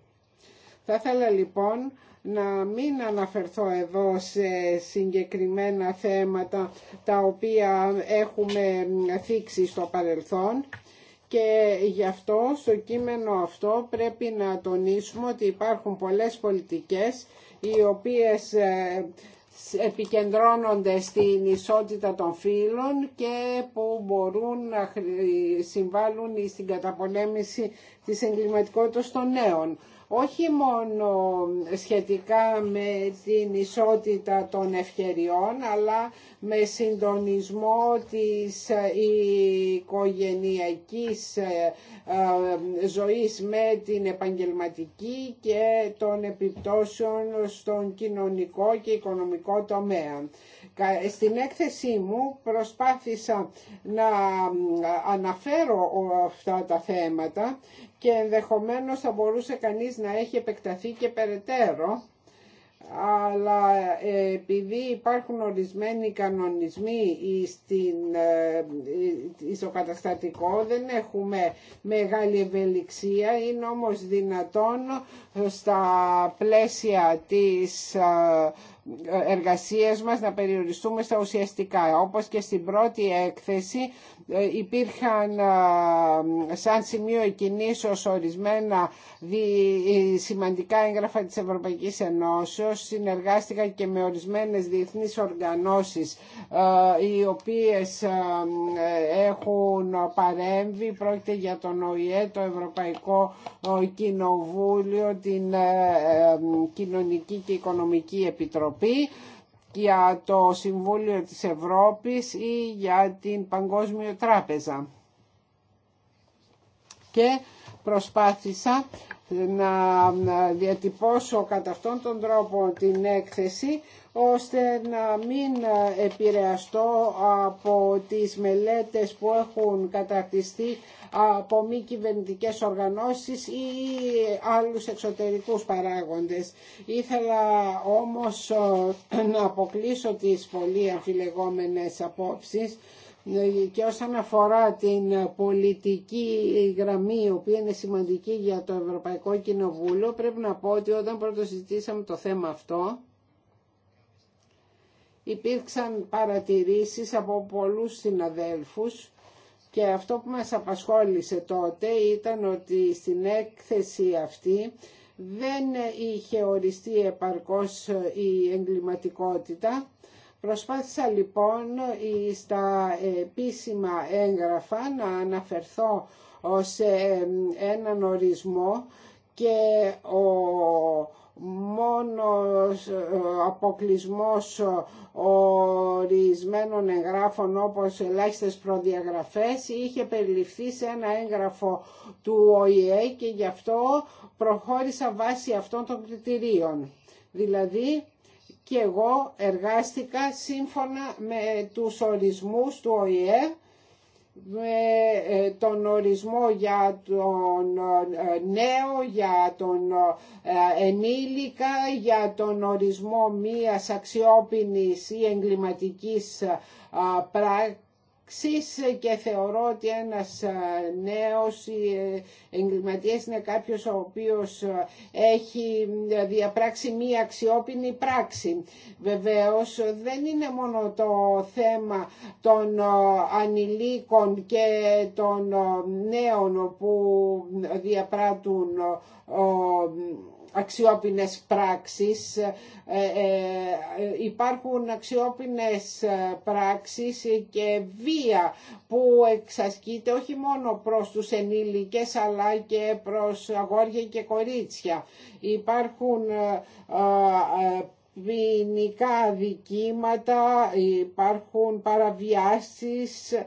Θα ήθελα λοιπόν να μην αναφερθώ εδώ σε συγκεκριμένα θέματα τα οποία έχουμε θίξει στο παρελθόν και γι' αυτό στο κείμενο αυτό πρέπει να τονίσουμε ότι υπάρχουν πολλές πολιτικές οι οποίες ε, επικεντρώνονται στην ισότητα των φύλων και που μπορούν να συμβάλλουν στην καταπολέμηση της εγκληματικότητας των νέων όχι μόνο σχετικά με την ισότητα των ευκαιριών, αλλά με συντονισμό της ε, οικογενειακής ε, ε, ζωής με την επαγγελματική και των επιπτώσεων στον κοινωνικό και οικονομικό τομέα. Στην έκθεσή μου προσπάθησα να αναφέρω αυτά τα θέματα και ενδεχομένως θα μπορούσε κανείς να έχει επεκταθεί και περαιτέρω αλλά ε, επειδή υπάρχουν ορισμένοι κανονισμοί στο ε, καταστατικό δεν έχουμε μεγάλη ευελιξία είναι όμως δυνατόν στα πλαίσια της ε, εργασίες μας να περιοριστούμε στα ουσιαστικά. Όπως και στην πρώτη έκθεση ε, υπήρχαν ε, σαν σημείο εκκινήσεως ορισμένα ε, σημαντικά έγγραφα της Ευρωπαϊκής Ενώσεως. Συνεργάστηκα και με ορισμένες διεθνείς οργανώσεις οι οποίες έχουν παρέμβει. Πρόκειται για τον ΟΗΕ, το Ευρωπαϊκό Κοινοβούλιο, την Κοινωνική και Οικονομική Επιτροπή για το Συμβούλιο της Ευρώπης ή για την Παγκόσμια Τράπεζα. Και προσπάθησα να διατυπώσω κατά αυτόν τον τρόπο την έκθεση ώστε να μην επηρεαστώ από τις μελέτες που έχουν κατακτηστεί από μη κυβερνητικέ οργανώσεις ή άλλους εξωτερικούς παράγοντες. Ήθελα όμως ε, να αποκλείσω τις πολύ αμφιλεγόμενες απόψεις ε, και όσον αφορά την πολιτική γραμμή η οποία είναι σημαντική για το Ευρωπαϊκό Κοινοβούλιο πρέπει να πω ότι όταν πρώτο συζητήσαμε το θέμα αυτό υπήρξαν παρατηρήσεις από πολλούς συναδέλφους και αυτό που μας απασχόλησε τότε ήταν ότι στην έκθεση αυτή δεν είχε οριστεί επαρκώς η εγκληματικότητα. Προσπάθησα λοιπόν στα επίσημα έγγραφα να αναφερθώ ως έναν ορισμό και ο μόνο ε, αποκλεισμός ε, ορισμένων εγγράφων όπως ελάχιστες προδιαγραφές είχε περιληφθεί σε ένα έγγραφο του ΟΗΕ και γι' αυτό προχώρησα βάσει αυτών των κριτηρίων. Δηλαδή και εγώ εργάστηκα σύμφωνα με τους ορισμούς του ΟΗΕ με ε, τον ορισμό για τον ε, νέο, για τον ε, ενήλικα, για τον ορισμό μίας αξιόπινης ή εγκληματικής πράξης ε, και θεωρώ ότι ένας ε, νέος ε, εγκληματίας είναι κάποιος ο οποίος έχει διαπράξει μία αξιόπινη πράξη. Βεβαίως δεν είναι μόνο το θέμα των ανηλίκων και των νέων που διαπράττουν αξιόπινες πράξεις. Ε, ε, υπάρχουν αξιόπινες ε, πράξεις και βία που εξασκείται όχι μόνο προς τους ενήλικες αλλά και προς αγόρια και κορίτσια. Υπάρχουν ποινικά δικήματα, υπάρχουν παραβιάσεις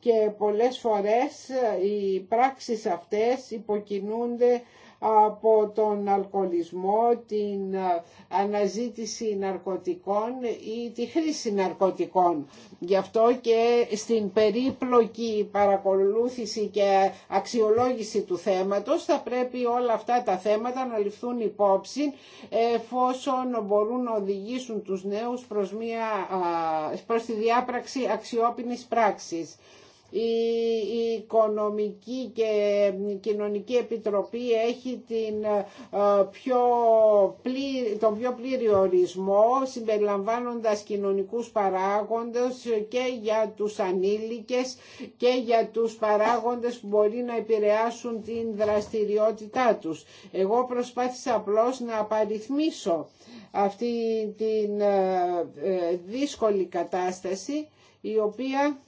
και πολλές φορές οι πράξεις αυτές υποκινούνται από τον αλκοολισμό, την ε, αναζήτηση ναρκωτικών ή τη χρήση ναρκωτικών. Γι' αυτό και στην περίπλοκη παρακολούθηση και αξιολόγηση του θέματος θα πρέπει όλα αυτά τα θέματα να ληφθούν υπόψη εφόσον μπορούν να οδηγήσουν τους νέους προς, μια, ε, προς τη διάπραξη αξιόπινης πράξης η Οικονομική και Κοινωνική Επιτροπή έχει την, ε, πιο τον πιο πλήρη ορισμό συμπεριλαμβάνοντας κοινωνικούς παράγοντες και για τους ανήλικες και για τους παράγοντες που μπορεί να επηρεάσουν την δραστηριότητά τους. Εγώ προσπάθησα απλώς να απαριθμίσω αυτή την ε, ε, δύσκολη κατάσταση η οποία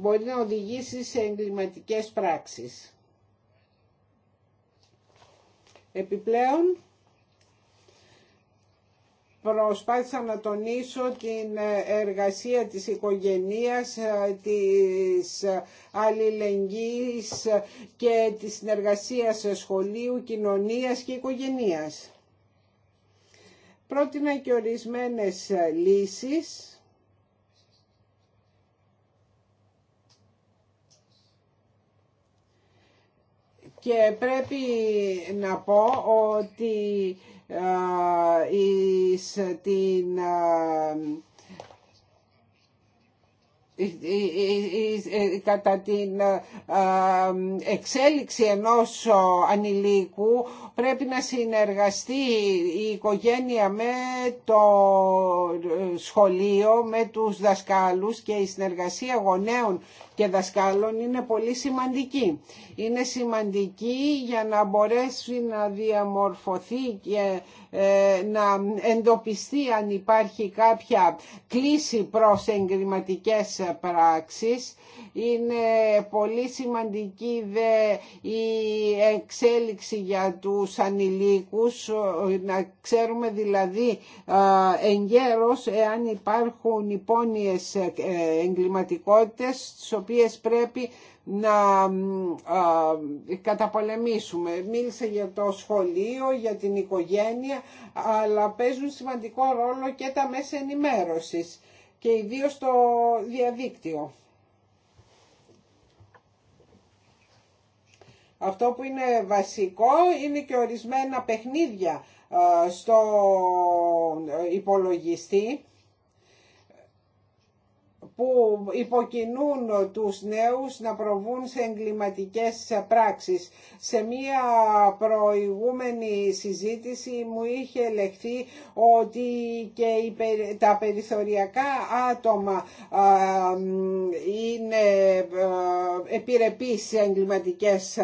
μπορεί να οδηγήσει σε εγκληματικές πράξεις. Επιπλέον, προσπάθησα να τονίσω την εργασία της οικογενείας, της αλληλεγγύης και της συνεργασίας σχολείου, κοινωνίας και οικογενείας. Πρότεινα και ορισμένες λύσεις και πρέπει να πω ότι εις την κατά την εξέλιξη ενός ανηλίκου πρέπει να συνεργαστεί η οικογένεια με το ε, σχολείο, με τους δασκάλους και η συνεργασία γονέων και δασκάλων είναι πολύ σημαντική. Είναι σημαντική για να μπορέσει να διαμορφωθεί και ε, να εντοπιστεί αν υπάρχει κάποια κλίση προς εγκληματικές πράξεις. Είναι πολύ σημαντική δε η εξέλιξη για τους ανηλίκους, να ξέρουμε δηλαδή εγκαίρως εάν υπάρχουν υπόνοιες ε, εγκληματικότητες οποίες πρέπει να καταπολεμήσουμε. Μίλησε για το σχολείο, για την οικογένεια, αλλά παίζουν σημαντικό ρόλο και τα μέσα ενημέρωσης και ιδίως το διαδίκτυο. Αυτό που είναι βασικό είναι και ορισμένα παιχνίδια στο υπολογιστή που υποκινούν τους νέους να προβούν σε εγκληματικές πράξεις. Σε μία προηγούμενη συζήτηση μου είχε λεχθεί ότι και τα περιθωριακά άτομα είναι επιρρεπείς σε εγκληματικές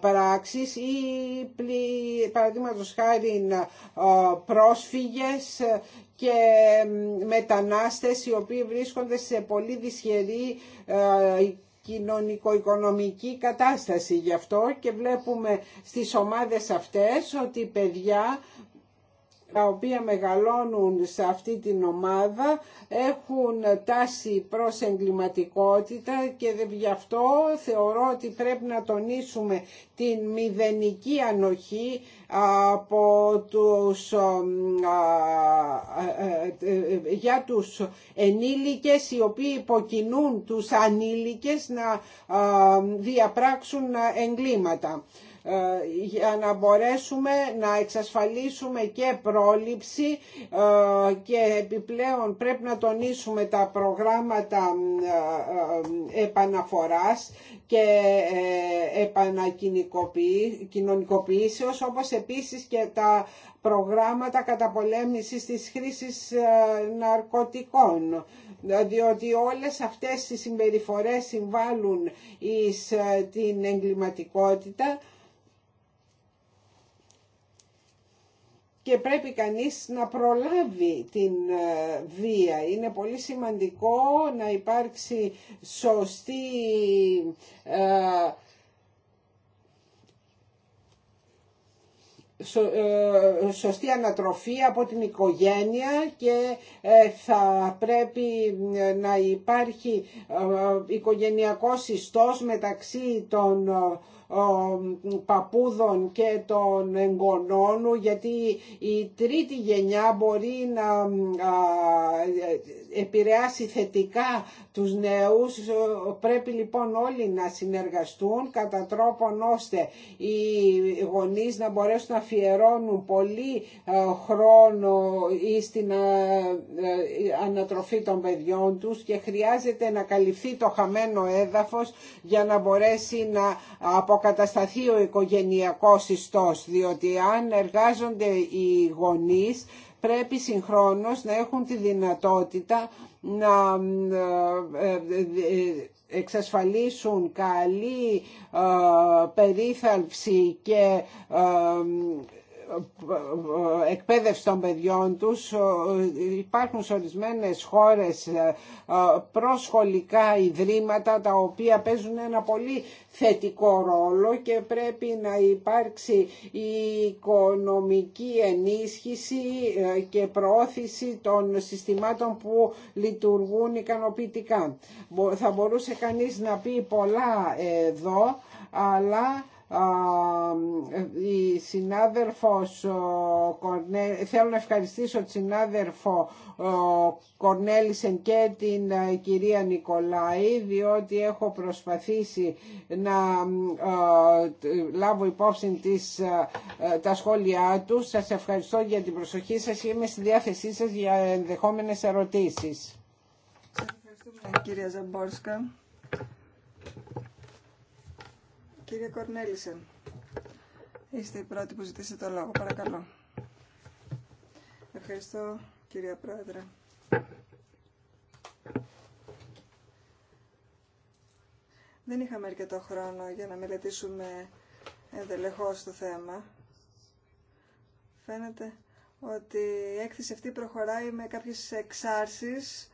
πράξεις ή παραδείγματος χάρη πρόσφυγες και μετανάστες οι οποίοι βρίσκονται σε πολύ δυσχερή ε, κοινωνικο-οικονομική κατάσταση γι' αυτό και βλέπουμε στις ομάδες αυτές ότι παιδιά τα οποία μεγαλώνουν σε αυτή την ομάδα έχουν τάση προς εγκληματικότητα και γι' αυτό θεωρώ ότι πρέπει να τονίσουμε την μηδενική ανοχή από τους, ε, ε, ε, για τους ενήλικες οι οποίοι υποκινούν τους ανήλικες να διαπράξουν εγκλήματα. Ε, για να μπορέσουμε να εξασφαλίσουμε και πρόληψη ε, και επιπλέον πρέπει να τονίσουμε τα προγράμματα ε, επαναφοράς και επανακοινωνικοποιήσεως όπως επίσης και τα προγράμματα καταπολέμησης της χρήσης ναρκωτικών διότι όλες αυτές οι συμπεριφορές συμβάλλουν εις την εγκληματικότητα και πρέπει κανείς να προλάβει την ε, βία. Είναι πολύ σημαντικό να υπάρξει σωστή ε, ε, σωστή ανατροφή από την οικογένεια και θα πρέπει να υπάρχει οικογενειακός ιστός μεταξύ των παππούδων και των εγγονών γιατί η τρίτη γενιά μπορεί να επηρεάσει θετικά τους νέους. Πρέπει λοιπόν όλοι να συνεργαστούν κατά τρόπον ώστε οι γονείς να μπορέσουν να αφιερώνουν πολύ ε, χρόνο ή στην ε, ε, ανατροφή των παιδιών τους και χρειάζεται να καλυφθεί το χαμένο έδαφος για να μπορέσει να αποκαλύψει κατασταθεί ο οικογενειακός ιστός, διότι αν εργάζονται οι γονείς πρέπει συγχρόνως να έχουν τη δυνατότητα να ε, ε, εξασφαλίσουν καλή ε, περίθαλψη και εκπαίδευση των παιδιών τους. Υπάρχουν σε ορισμένες χώρες ε, ε, προσχολικά ιδρύματα τα οποία παίζουν ένα πολύ θετικό ρόλο και πρέπει να υπάρξει η οικονομική ενίσχυση ε, και προώθηση των συστημάτων που λειτουργούν ικανοποιητικά. Θα μπορούσε κανείς να πει πολλά εδώ, αλλά η συνάδελφος θέλω να ευχαριστήσω τη συνάδελφο Κορνέλησεν και την ε, κυρία Νικολάη διότι έχω προσπαθήσει να ε, λάβω υπόψη της, ε, τα σχόλιά τους. Σας ευχαριστώ για την προσοχή σας και είμαι στη διάθεσή σας για ενδεχόμενες ερωτήσεις. Σας ευχαριστούμε κυρία Ζαμπόρσκα. Κύριε Κορνέλισεν, είστε η πρώτη που ζητήσετε το λόγο. Παρακαλώ. Ευχαριστώ, κυρία Πρόεδρε. Δεν είχαμε αρκετό χρόνο για να μελετήσουμε εντελεχώς το θέμα. Φαίνεται ότι η έκθεση αυτή προχωράει με κάποιες εξάρσεις,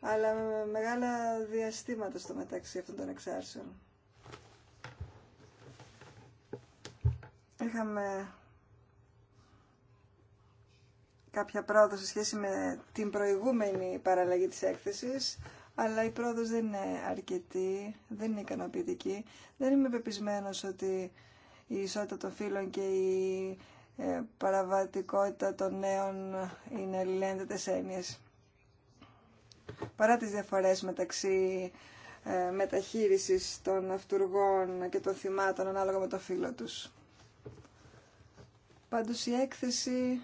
αλλά με μεγάλα διαστήματα στο μεταξύ αυτών των εξάρσεων. Είχαμε κάποια πρόοδο σε σχέση με την προηγούμενη παραλλαγή της έκθεσης, αλλά η πρόοδος δεν είναι αρκετή, δεν είναι ικανοποιητική. Δεν είμαι πεπισμένος ότι η ισότητα των φύλων και η ε, παραβατικότητα των νέων είναι αλληλένδετες έννοιες. Παρά τις διαφορές μεταξύ ε, μεταχείρισης των αυτούργων και των θυμάτων ανάλογα με το φύλλο τους. Πάντως η έκθεση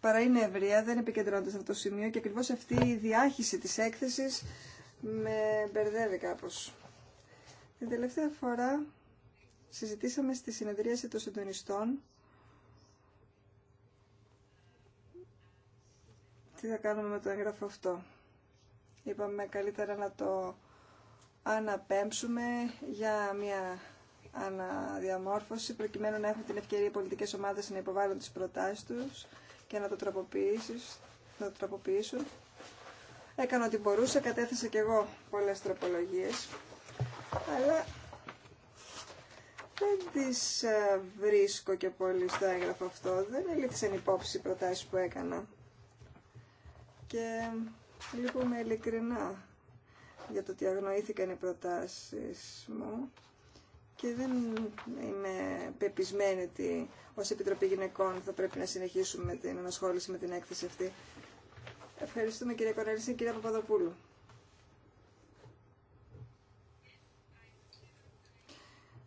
παρά είναι ευρεία, δεν επικεντρώνεται σε αυτό το σημείο και ακριβώς αυτή η διάχυση της έκθεσης με μπερδεύει κάπως. Την τελευταία φορά συζητήσαμε στη συνεδρίαση των συντονιστών τι θα κάνουμε με το έγγραφο αυτό. Είπαμε καλύτερα να το αναπέμψουμε για μια αναδιαμόρφωση προκειμένου να έχουν την ευκαιρία οι πολιτικές ομάδες να υποβάλουν τις προτάσεις τους και να το, να τροποποιήσουν. Έκανα ό,τι μπορούσα, κατέθεσα και εγώ πολλές τροπολογίες, αλλά δεν τις ε, βρίσκω και πολύ στο έγγραφο αυτό. Δεν ελήφθησαν υπόψη οι προτάσεις που έκανα. Και λυπούμε ειλικρινά για το ότι αγνοήθηκαν οι προτάσεις μου και δεν είμαι πεπισμένη ότι ως Επιτροπή Γυναικών θα πρέπει να συνεχίσουμε την ανασχόληση με την έκθεση αυτή. Ευχαριστούμε κυρία Κονέλης και κυρία Παπαδοπούλου.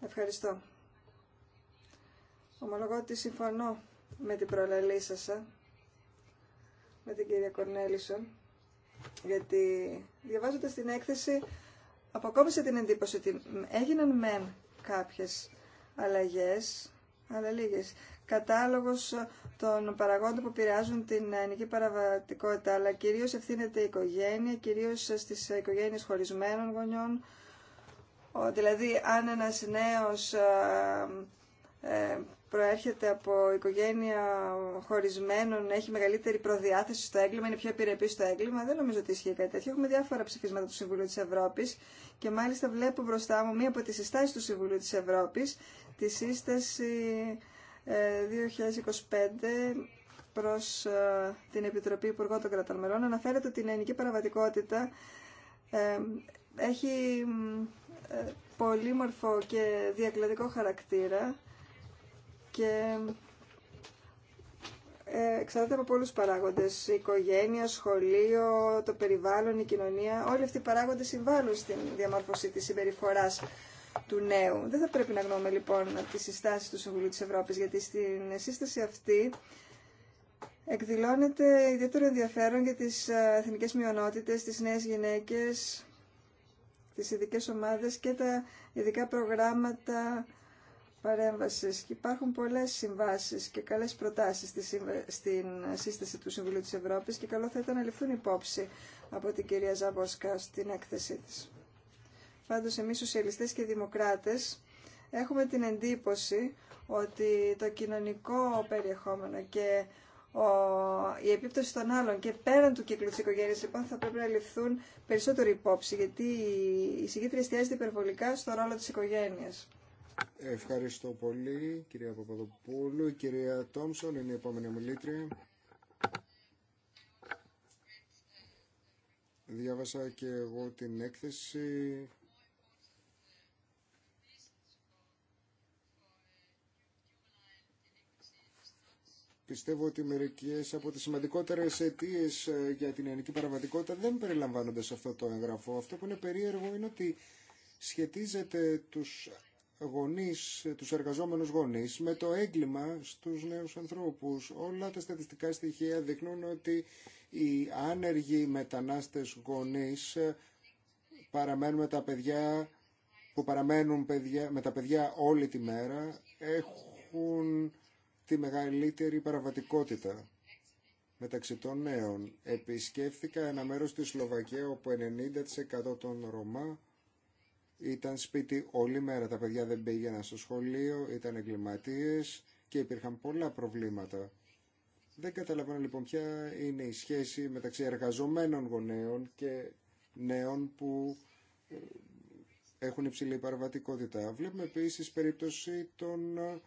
Ευχαριστώ. Ομολογώ ότι συμφωνώ με την προλαλή σας, ε, με την κυρία Κορνέλισον γιατί διαβάζοντας την έκθεση αποκόμισε την εντύπωση ότι έγιναν μεν κάποιες αλλαγές, αλλά λίγες. Κατάλογος των παραγόντων που επηρεάζουν την ενική παραβατικότητα, αλλά κυρίως ευθύνεται η οικογένεια, κυρίως στις οικογένειες χωρισμένων γονιών. Δηλαδή, αν ένας νέος ε, ε, προέρχεται από οικογένεια χωρισμένων, έχει μεγαλύτερη προδιάθεση στο έγκλημα, είναι πιο επιρρεπή στο έγκλημα. Δεν νομίζω ότι ισχύει κάτι τέτοιο. Έχουμε διάφορα ψηφίσματα του Συμβουλίου τη Ευρώπη και μάλιστα βλέπω μπροστά μου μία από τι συστάσει του Συμβουλίου τη Ευρώπη, τη σύσταση 2025 ε, προς ε, την Επιτροπή Υπουργών των Κρατών αναφέρεται ότι η ελληνική παραβατικότητα ε, έχει πολύμορφο και διακλαδικό χαρακτήρα και ε, εξαρτάται από πολλούς παράγοντες. Η οικογένεια, σχολείο, το περιβάλλον, η κοινωνία, όλοι αυτοί οι παράγοντες συμβάλλουν στην διαμόρφωση της συμπεριφορά του νέου. Δεν θα πρέπει να γνώμε λοιπόν από τις συστάσεις του Συμβουλίου της Ευρώπης, γιατί στην σύσταση αυτή εκδηλώνεται ιδιαίτερο ενδιαφέρον για τις ε, εθνικές μειονότητες, τις νέες γυναίκες, τις ειδικές ομάδες και τα ειδικά προγράμματα παρέμβασης και υπάρχουν πολλές συμβάσεις και καλές προτάσεις στην σύσταση του Συμβουλίου της Ευρώπης και καλό θα ήταν να ληφθούν υπόψη από την κυρία Ζαμπόσκα στην έκθεσή της. Πάντως εμείς σοσιαλιστές και δημοκράτες έχουμε την εντύπωση ότι το κοινωνικό περιεχόμενο και η επίπτωση των άλλων και πέραν του κύκλου τη οικογένεια λοιπόν θα πρέπει να ληφθούν περισσότερο υπόψη γιατί η συγκίτρια εστιάζεται υπερβολικά στο ρόλο τη οικογένεια. Ευχαριστώ πολύ, κυρία Παπαδοπούλου. Η Κυρία Τόμσον είναι η επόμενη μιλήτρια. Διάβασα και εγώ την έκθεση. Πιστεύω ότι μερικές από τις σημαντικότερες αιτίε ε, για την ελληνική παραβατικότητα δεν περιλαμβάνονται σε αυτό το εγγραφό. Αυτό που είναι περίεργο είναι ότι σχετίζεται τους γονείς, τους εργαζόμενους γονείς με το έγκλημα στους νέους ανθρώπους. Όλα τα στατιστικά στοιχεία δείχνουν ότι οι άνεργοι μετανάστες γονείς ε, παραμένουν τα παιδιά που παραμένουν παιδιά, με τα παιδιά όλη τη μέρα έχουν τη μεγαλύτερη παραβατικότητα μεταξύ των νέων. Επισκέφθηκα ένα μέρος της Σλοβακία όπου 90% των Ρωμά ήταν σπίτι όλη μέρα. Τα παιδιά δεν πήγαιναν στο σχολείο, ήταν εγκληματίε και υπήρχαν πολλά προβλήματα. Δεν καταλαβαίνω λοιπόν ποια είναι η σχέση μεταξύ εργαζομένων γονέων και νέων που ε, έχουν υψηλή παραβατικότητα. Βλέπουμε επίσης περίπτωση των ε,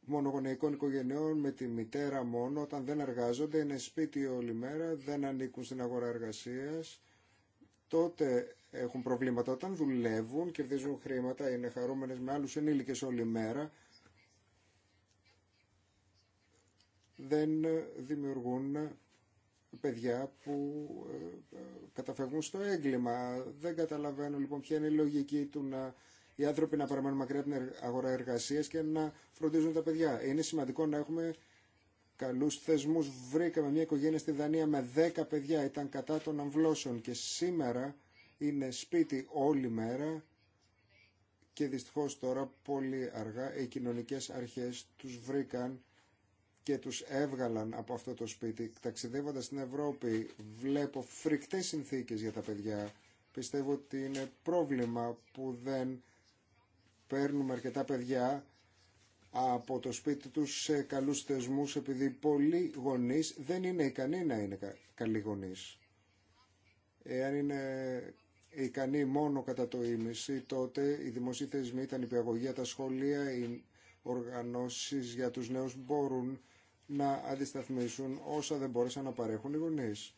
μονογονεϊκών οικογενειών με τη μητέρα μόνο όταν δεν εργάζονται, είναι σπίτι όλη μέρα, δεν ανήκουν στην αγορά εργασίας τότε έχουν προβλήματα. Όταν δουλεύουν, κερδίζουν χρήματα, είναι χαρούμενες με άλλους ενήλικες όλη μέρα, δεν δημιουργούν παιδιά που ε, καταφεύγουν στο έγκλημα. Δεν καταλαβαίνω λοιπόν ποια είναι η λογική του να οι άνθρωποι να παραμένουν μακριά από την αγορά εργασία και να φροντίζουν τα παιδιά. Είναι σημαντικό να έχουμε Καλού θεσμού Βρήκαμε μια οικογένεια στη Δανία με 10 παιδιά, ήταν κατά των αμβλώσεων και σήμερα είναι σπίτι όλη μέρα και δυστυχώς τώρα πολύ αργά οι κοινωνικές αρχές τους βρήκαν και τους έβγαλαν από αυτό το σπίτι. Ταξιδεύοντας στην Ευρώπη βλέπω φρικτές συνθήκες για τα παιδιά. Πιστεύω ότι είναι πρόβλημα που δεν παίρνουμε αρκετά παιδιά από το σπίτι τους σε καλούς θεσμούς επειδή πολλοί γονείς δεν είναι ικανοί να είναι καλοί γονείς. Εάν είναι ικανοί μόνο κατά το ίμιση, τότε οι δημοσίοι θεσμοί, τα νηπιαγωγεία, τα σχολεία, οι οργανώσεις για τους νέους μπορούν να αντισταθμίσουν όσα δεν μπόρεσαν να παρέχουν οι γονείς.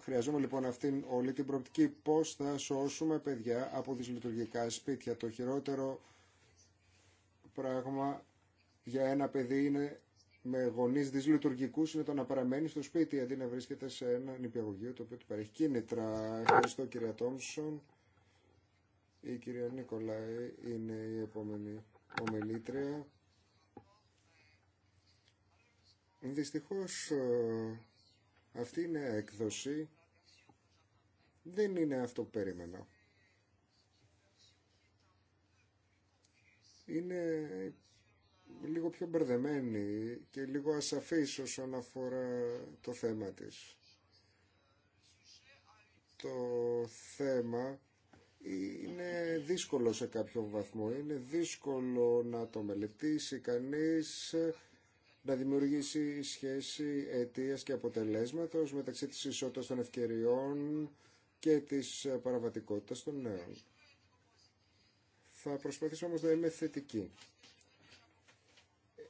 Χρειαζόμαστε λοιπόν αυτήν όλη την προοπτική πώς θα σώσουμε παιδιά από δυσλειτουργικά σπίτια. Το χειρότερο πράγμα για ένα παιδί είναι με γονεί δυσλειτουργικού είναι το να παραμένει στο σπίτι αντί να βρίσκεται σε ένα νηπιαγωγείο το οποίο του παρέχει κίνητρα. Ευχαριστώ κυρία Τόμσον. Η κυρία Νίκολαη είναι η επόμενη ομιλήτρια. Δυστυχώς ε, αυτή είναι έκδοση. Δεν είναι αυτό που περίμενα. είναι λίγο πιο μπερδεμένη και λίγο ασαφής όσον αφορά το θέμα της. Το θέμα είναι δύσκολο σε κάποιο βαθμό. Είναι δύσκολο να το μελετήσει κανείς, να δημιουργήσει σχέση αιτίας και αποτελέσματος μεταξύ της ισότητας των ευκαιριών και της παραβατικότητας των νέων. Θα προσπαθήσω όμως να είμαι θετική.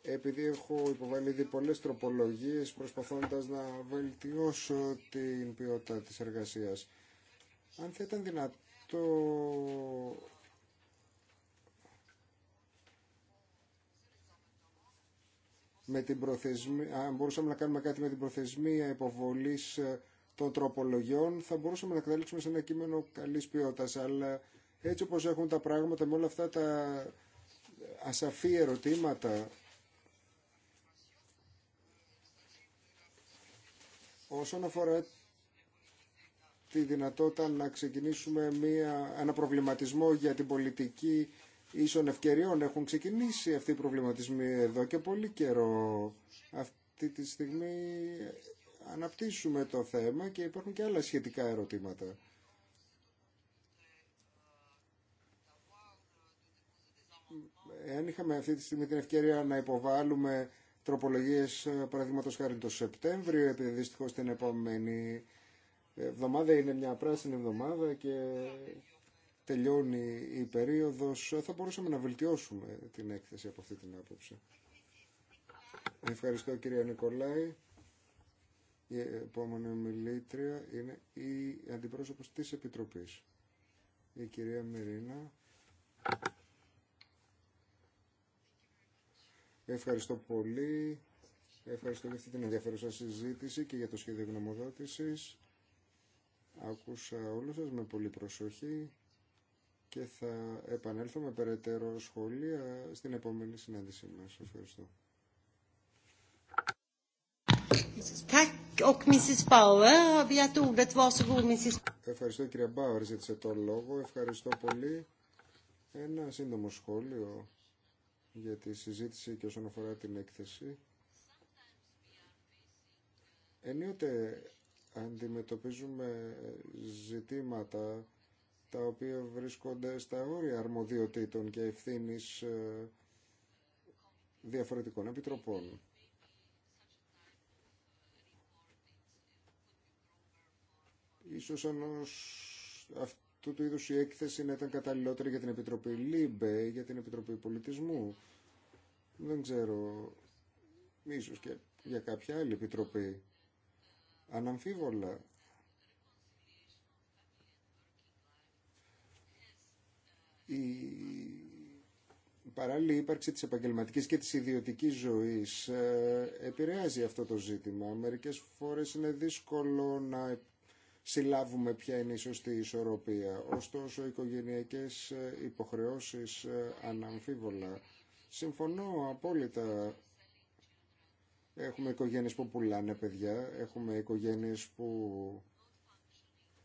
Επειδή έχω υποβάλει ήδη πολλές τροπολογίες προσπαθώντας να βελτιώσω την ποιότητα της εργασίας. Αν θα ήταν δυνατό με την προθεσμία, αν μπορούσαμε να κάνουμε κάτι με την προθεσμία υποβολής των τροπολογιών, θα μπορούσαμε να καταλήξουμε σε ένα κείμενο καλής ποιότητας, αλλά έτσι όπως έχουν τα πράγματα με όλα αυτά τα ασαφή ερωτήματα όσον αφορά τη δυνατότητα να ξεκινήσουμε μια, ένα προβληματισμό για την πολιτική ίσων ευκαιριών. Έχουν ξεκινήσει αυτοί οι προβληματισμοί εδώ και πολύ καιρό. Αυτή τη στιγμή αναπτύσσουμε το θέμα και υπάρχουν και άλλα σχετικά ερωτήματα. Εάν είχαμε αυτή τη στιγμή την ευκαιρία να υποβάλουμε τροπολογίες, ε, παραδείγματο χάρη το Σεπτέμβριο, επειδή δυστυχώ την επόμενη εβδομάδα είναι μια πράσινη εβδομάδα και τελειώνει η περίοδος, ε, θα μπορούσαμε να βελτιώσουμε την έκθεση από αυτή την άποψη. Ευχαριστώ κυρία Νικολάη. Η επόμενη μιλήτρια είναι η αντιπρόσωπος της Επιτροπής, η κυρία Μυρίνα. Ευχαριστώ πολύ. Ευχαριστώ για αυτή την ενδιαφέρουσα συζήτηση και για το σχέδιο γνωμοδότησης. Άκουσα όλους σας με πολύ προσοχή και θα επανέλθω με περαιτέρω σχόλια στην επόμενη συνάντησή μας. Ευχαριστώ. Ευχαριστώ κυρία Μπάουερ, ζήτησε το λόγο. Ευχαριστώ πολύ. Ένα σύντομο σχόλιο για τη συζήτηση και όσον αφορά την έκθεση. Ενίοτε αντιμετωπίζουμε ζητήματα τα οποία βρίσκονται στα όρια αρμοδιοτήτων και ευθύνης ε, διαφορετικών επιτροπών. Ίσως αν τούτου είδου η έκθεση να ήταν καταλληλότερη για την Επιτροπή ΛΥΜΠΕ, για την Επιτροπή Πολιτισμού. Δεν ξέρω, ίσως και για κάποια άλλη Επιτροπή. Αναμφίβολα. Η παράλληλη ύπαρξη της επαγγελματικής και της ιδιωτικής ζωής ε, επηρεάζει αυτό το ζήτημα. Μερικές φορές είναι δύσκολο να συλλάβουμε ποια είναι η σωστή ισορροπία. Ωστόσο, οι οικογενειακές ε, υποχρεώσεις ε, αναμφίβολα. Συμφωνώ απόλυτα. Έχουμε οικογένειες που πουλάνε παιδιά, έχουμε οικογένειες που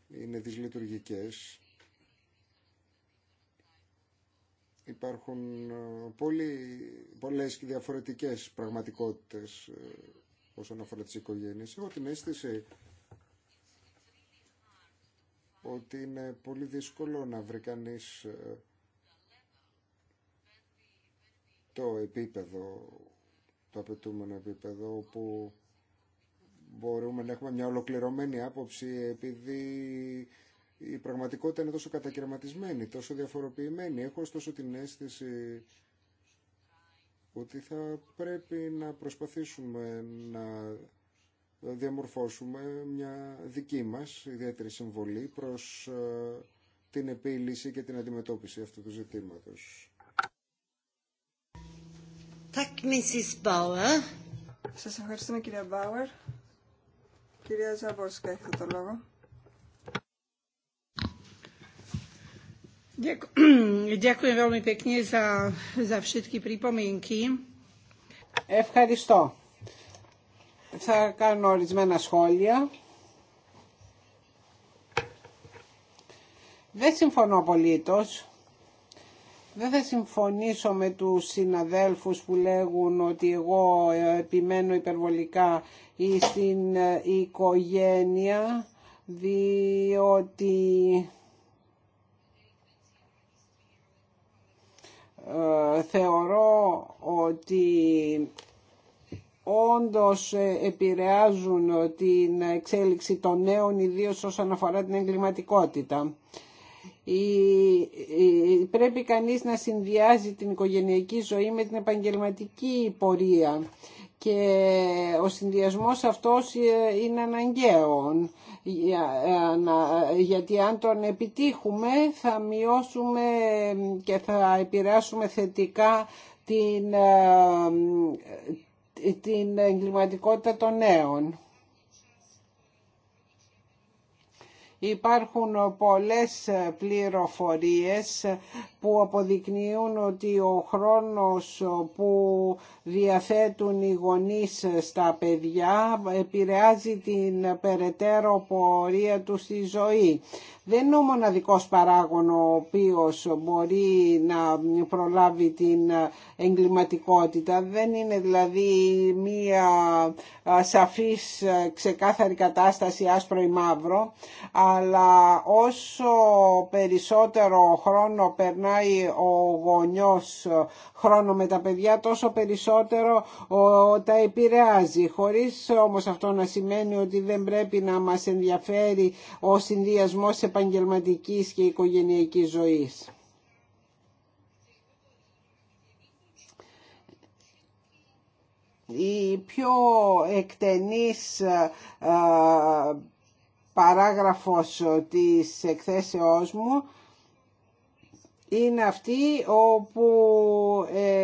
είναι δυσλειτουργικές. Υπάρχουν ε, πολύ, πολλές και διαφορετικές πραγματικότητες όσον αφορά τις οικογένειες. Έχω την αίσθηση ότι είναι πολύ δύσκολο να βρει κανεί ε, το επίπεδο, το απαιτούμενο επίπεδο όπου μπορούμε να έχουμε μια ολοκληρωμένη άποψη επειδή η πραγματικότητα είναι τόσο κατακαιρματισμένη, τόσο διαφοροποιημένη. Έχω ωστόσο την αίσθηση ότι θα πρέπει να προσπαθήσουμε να διαμορφώσουμε μια δική μας ιδιαίτερη συμβολή προς την επίλυση και την αντιμετώπιση αυτού του ζητήματος. Σας ευχαριστούμε κυρία Μπάουερ. Κυρία Ζαβόρσκα, έχετε το λόγο. Ευχαριστώ θα κάνω ορισμένα σχόλια. Δεν συμφωνώ απολύτως. Δεν θα συμφωνήσω με τους συναδέλφους που λέγουν ότι εγώ ε, επιμένω υπερβολικά στην ε, οικογένεια διότι ε, θεωρώ ότι όντως ε, επηρεάζουν ε, την εξέλιξη των νέων, ιδίως όσον αφορά την εγκληματικότητα. Πρέπει κανείς να συνδυάζει την οικογενειακή ζωή με την επαγγελματική πορεία και ο συνδυασμός αυτός ε, είναι αναγκαίο γιατί αν τον επιτύχουμε θα μειώσουμε και θα επηρεάσουμε θετικά την, την εγκληματικότητα των νέων. Υπάρχουν πολλές πληροφορίες που αποδεικνύουν ότι ο χρόνος που διαθέτουν οι γονείς στα παιδιά επηρεάζει την περαιτέρω πορεία του στη ζωή. Δεν είναι ο μοναδικός παράγων ο οποίος μπορεί να προλάβει την εγκληματικότητα. Δεν είναι δηλαδή μία σαφής ξεκάθαρη κατάσταση άσπρο ή μαύρο, αλλά όσο περισσότερο χρόνο περνάει ο γονιός χρόνο με τα παιδιά τόσο περισσότερο τα επηρεάζει χωρίς όμως αυτό να σημαίνει ότι δεν πρέπει να μας ενδιαφέρει ο συνδυασμός επαγγελματικής και οικογενειακής ζωής. Η πιο εκτενής ε, παράγραφος ε, της εκθέσεώς μου είναι αυτή όπου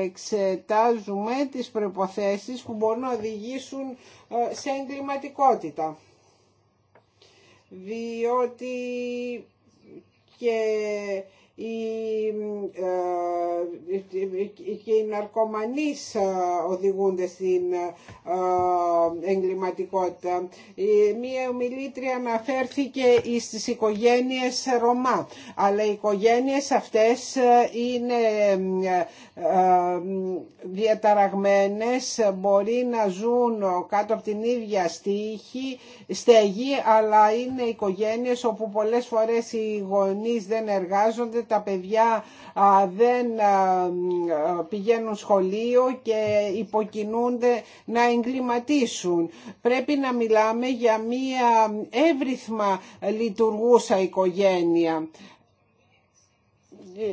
εξετάζουμε τις προϋποθέσεις που μπορούν να οδηγήσουν ε, σε εγκληματικότητα. Διότι και ε, και οι ναρκωμανείς ε, οδηγούνται στην ε, εγκληματικότητα. Μία ομιλήτρια αναφέρθηκε στις οικογένειες Ρωμά, αλλά οι οικογένειες αυτές είναι διαταραγμένες, μπορεί να ζουν κάτω από την ίδια στήχη, στέγη, αλλά είναι οικογένειες όπου πολλές φορές οι γονείς δεν εργάζονται, τα παιδιά δεν πηγαίνουν σχολείο και υποκινούνται να εγκληματίσουν. Πρέπει να μιλάμε για μία εύρυθμα λειτουργούσα οικογένεια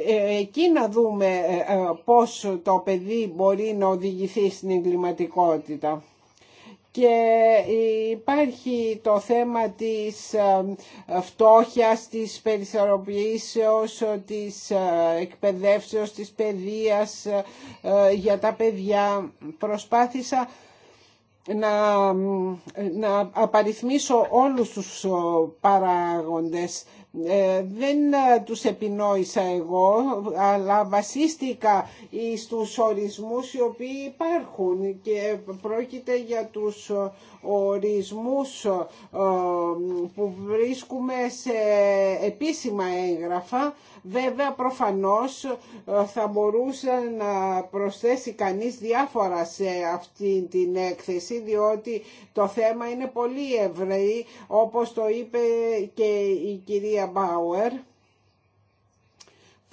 ε, ε, εκεί να δούμε ε, πώς το παιδί μπορεί να οδηγηθεί στην εγκληματικότητα και υπάρχει το θέμα της ε, φτώχειας, της περιθωροποιήσεως, της ε, εκπαιδεύσεως, της παιδείας ε, για τα παιδιά. Προσπάθησα να, να απαριθμίσω όλους τους παράγοντες ε, δεν ε, τους επινόησα εγώ, αλλά βασίστηκα στους ορισμούς οι οποίοι υπάρχουν και πρόκειται για τους ορισμούς ε, που βρίσκουμε σε επίσημα έγγραφα. Βέβαια προφανώς ε, θα μπορούσε να προσθέσει κανείς διάφορα σε αυτή την έκθεση διότι το θέμα είναι πολύ ευρύ όπως το είπε και η κυρία Μπάουερ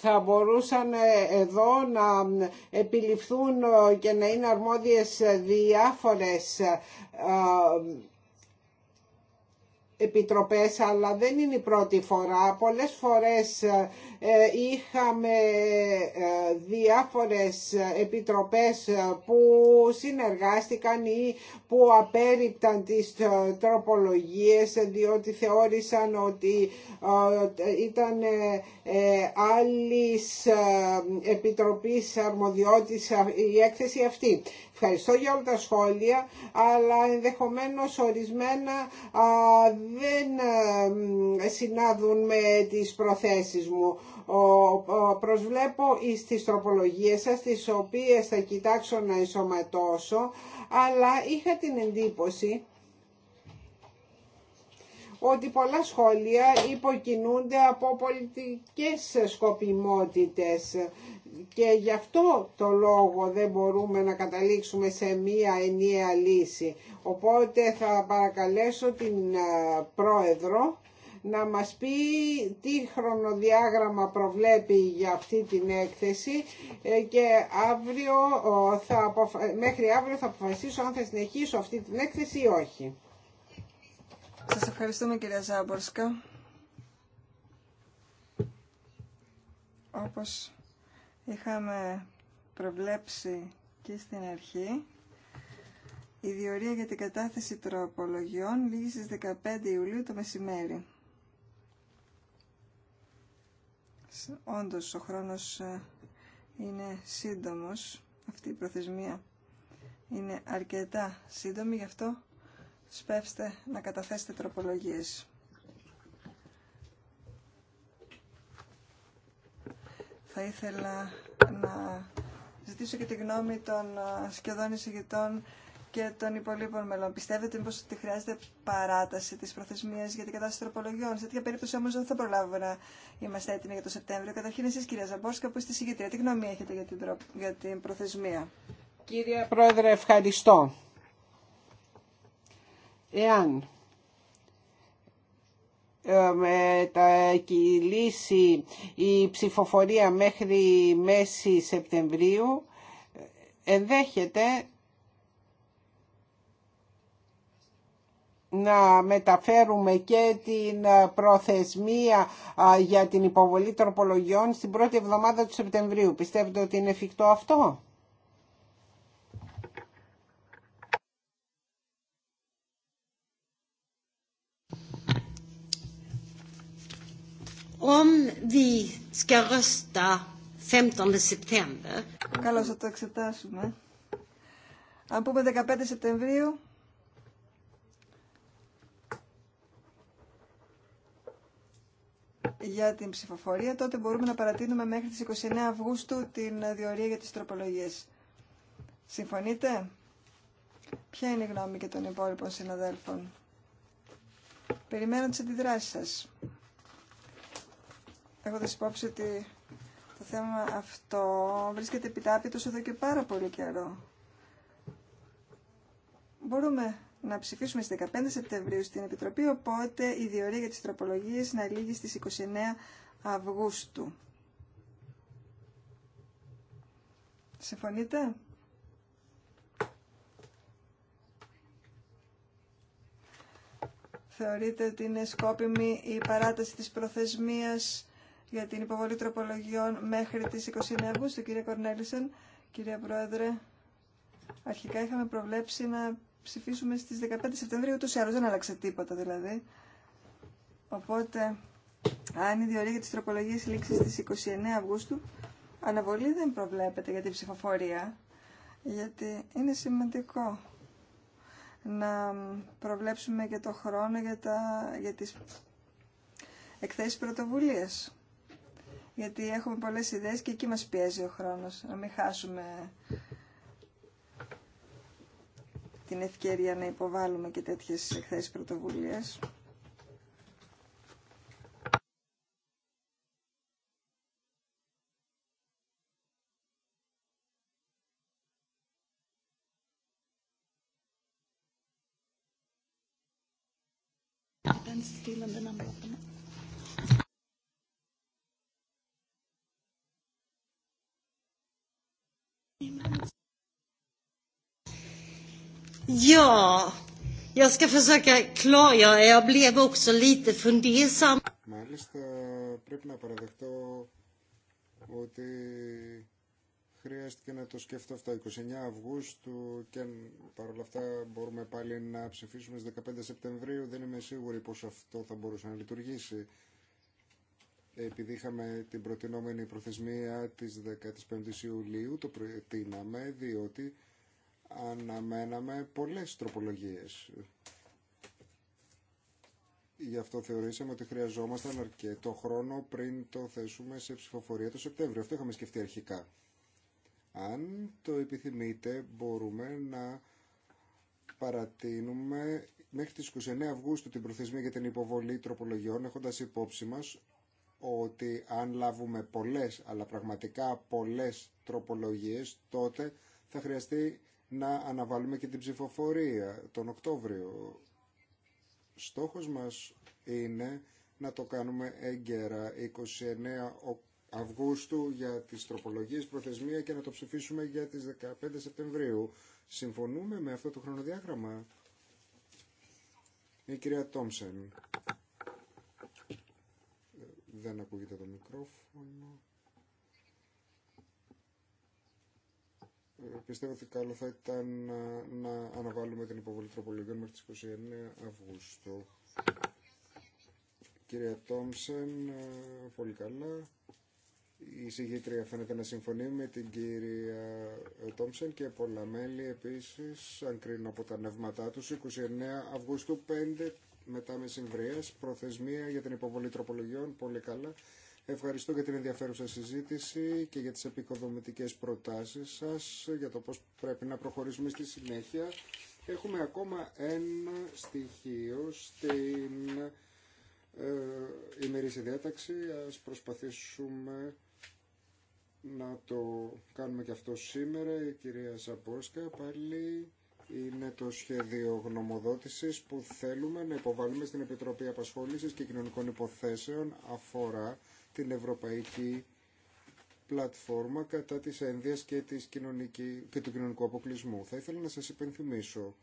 θα μπορούσαν ε, εδώ να επιληφθούν ε, και να είναι αρμόδιες διάφορες ε, επιτροπές αλλά δεν είναι η πρώτη φορά. Πολλές φορές ε, είχαμε ε, διάφορες επιτροπές ε, που συνεργάστηκαν ή που απέριπταν τις τροπολογίες διότι θεώρησαν ότι ήταν άλλης επιτροπής αρμοδιότητας η έκθεση αυτή. Ευχαριστώ για όλα τα σχόλια, αλλά ενδεχομένως ορισμένα δεν συνάδουν με τις προθέσεις μου. Προσβλέπω στις τροπολογίες σας, τις οποίες θα κοιτάξω να ενσωματώσω, αλλά είχα την εντύπωση ότι πολλά σχόλια υποκινούνται από πολιτικές σκοπιμότητες και γι' αυτό το λόγο δεν μπορούμε να καταλήξουμε σε μία ενιαία λύση. Οπότε θα παρακαλέσω την Πρόεδρο να μας πει τι χρονοδιάγραμμα προβλέπει για αυτή την έκθεση ε, και αύριο θα μέχρι αύριο θα αποφασίσω αν θα συνεχίσω αυτή την έκθεση ή όχι. Σας ευχαριστούμε κυρία Ζάμπορσκα. Όπως είχαμε προβλέψει και στην αρχή, η διορία για την κατάθεση τροπολογιών λύγει στις 15 Ιουλίου το μεσημέρι. Όντως ο χρόνος ε, είναι σύντομος. Αυτή η προθεσμία είναι αρκετά σύντομη, γι' αυτό σπεύστε να καταθέσετε τροπολογίες. Θα ήθελα να ζητήσω και τη γνώμη των ε, σχεδόν εισηγητών και των υπολείπων μελών. Πιστεύετε μήπως ότι χρειάζεται παράταση της προθεσμίας για την κατάσταση τροπολογιών. Σε τέτοια περίπτωση όμως δεν θα προλάβουμε να είμαστε έτοιμοι για το Σεπτέμβριο. Καταρχήν εσείς κυρία Ζαμπόρσκα που είστε συγκεκριά. Τι γνώμη έχετε για την, για την προθεσμία. Κύριε Πρόεδρε ευχαριστώ. Εάν ε, με τα κυλήσει η ψηφοφορία μέχρι μέση Σεπτεμβρίου ε, ενδέχεται να μεταφέρουμε και την ε, προθεσμία ε, για την υποβολή τροπολογιών στην πρώτη εβδομάδα του Σεπτεμβρίου. Πιστεύετε ότι είναι εφικτό αυτό? Om 15 Καλώς θα το εξετάσουμε. Αν πούμε 15 Σεπτεμβρίου, για την ψηφοφορία, τότε μπορούμε να παρατείνουμε μέχρι τις 29 Αυγούστου την διορία για τις τροπολογίες. Συμφωνείτε? Ποια είναι η γνώμη και των υπόλοιπων συναδέλφων. Περιμένω τις αντιδράσεις σας. Έχω υπόψη ότι το θέμα αυτό βρίσκεται επιτάπητος εδώ και πάρα πολύ καιρό. Μπορούμε να ψηφίσουμε στις 15 Σεπτεμβρίου στην Επιτροπή, οπότε η διορία για τις τροπολογίες να λύγει στις 29 Αυγούστου. Συμφωνείτε? Θεωρείτε ότι είναι σκόπιμη η παράταση της προθεσμίας για την υποβολή τροπολογιών μέχρι τις 29 Αυγούστου, κύριε Κορνέλισεν. Κυρία Πρόεδρε, αρχικά είχαμε προβλέψει να ψηφίσουμε στις 15 Σεπτεμβρίου, ούτως ή άλλως δεν άλλαξε τίποτα δηλαδή. Οπότε, αν η διορία για τις τροπολογίες λήξει στις 29 Αυγούστου, αναβολή δεν προβλέπεται για την ψηφοφορία, γιατί είναι σημαντικό να προβλέψουμε και το χρόνο για, τα, για τις εκθέσεις πρωτοβουλίας. Γιατί έχουμε πολλές ιδέες και εκεί μας πιέζει ο χρόνος, να μην χάσουμε την ευκαιρία να υποβάλουμε και τέτοιες εκθέσεις πρωτοβουλίας. Ja, jag ska försöka er. Jag blev också lite fundersam. Μάλιστα, πρέπει να παραδεχτώ ότι χρειάστηκε να το σκεφτώ αυτό 29 Αυγούστου και παρόλα αυτά μπορούμε πάλι να ψηφίσουμε στις 15 Σεπτεμβρίου. Δεν είμαι σίγουρη πως αυτό θα μπορούσε να λειτουργήσει επειδή είχαμε την προτινόμενη προθεσμία της 15 Ιουλίου, το προτείναμε διότι αναμέναμε πολλές τροπολογίες. Γι' αυτό θεωρήσαμε ότι χρειαζόμασταν αρκετό χρόνο πριν το θέσουμε σε ψηφοφορία το Σεπτέμβριο. Αυτό είχαμε σκεφτεί αρχικά. Αν το επιθυμείτε μπορούμε να παρατείνουμε μέχρι τις 29 Αυγούστου την προθεσμία για την υποβολή τροπολογιών έχοντας υπόψη μας ότι αν λάβουμε πολλές αλλά πραγματικά πολλές τροπολογίες τότε θα χρειαστεί να αναβάλουμε και την ψηφοφορία τον Οκτώβριο. Στόχος μας είναι να το κάνουμε έγκαιρα 29 Αυγούστου για τις τροπολογίες προθεσμία και να το ψηφίσουμε για τις 15 Σεπτεμβρίου. Συμφωνούμε με αυτό το χρονοδιάγραμμα. Η κυρία Τόμσεν. Δεν ακούγεται το μικρόφωνο. Ε, πιστεύω ότι καλό θα ήταν ε, να αναβάλουμε την υποβολή τροπολογιών μέχρι τις 29 Αυγούστου. Κυρία Τόμσεν, ε, πολύ καλά. Η συγγήτρια φαίνεται να συμφωνεί με την κυρία Τόμσεν και πολλά μέλη επίσης, αν κρίνω από τα νεύματά τους, 29 Αυγούστου 5 μετά μεσημβρίας, προθεσμία για την υποβολή τροπολογιών, πολύ καλά. Ευχαριστώ για την ενδιαφέρουσα συζήτηση και για τις επικοδομητικές προτάσεις σας για το πώς πρέπει να προχωρήσουμε στη συνέχεια. Έχουμε ακόμα ένα στοιχείο στην ε, ημερήσια διάταξη. Ας προσπαθήσουμε να το κάνουμε και αυτό σήμερα. Η κυρία Σαπόσκα, πάλι είναι το σχέδιο γνωμοδότησης που θέλουμε να υποβάλουμε στην Επιτροπή Απασχόλησης και Κοινωνικών Υποθέσεων αφορά την Ευρωπαϊκή Πλατφόρμα κατά της ένδυας και, κοινωνική, και του κοινωνικού αποκλεισμού. Θα ήθελα να σας υπενθυμίσω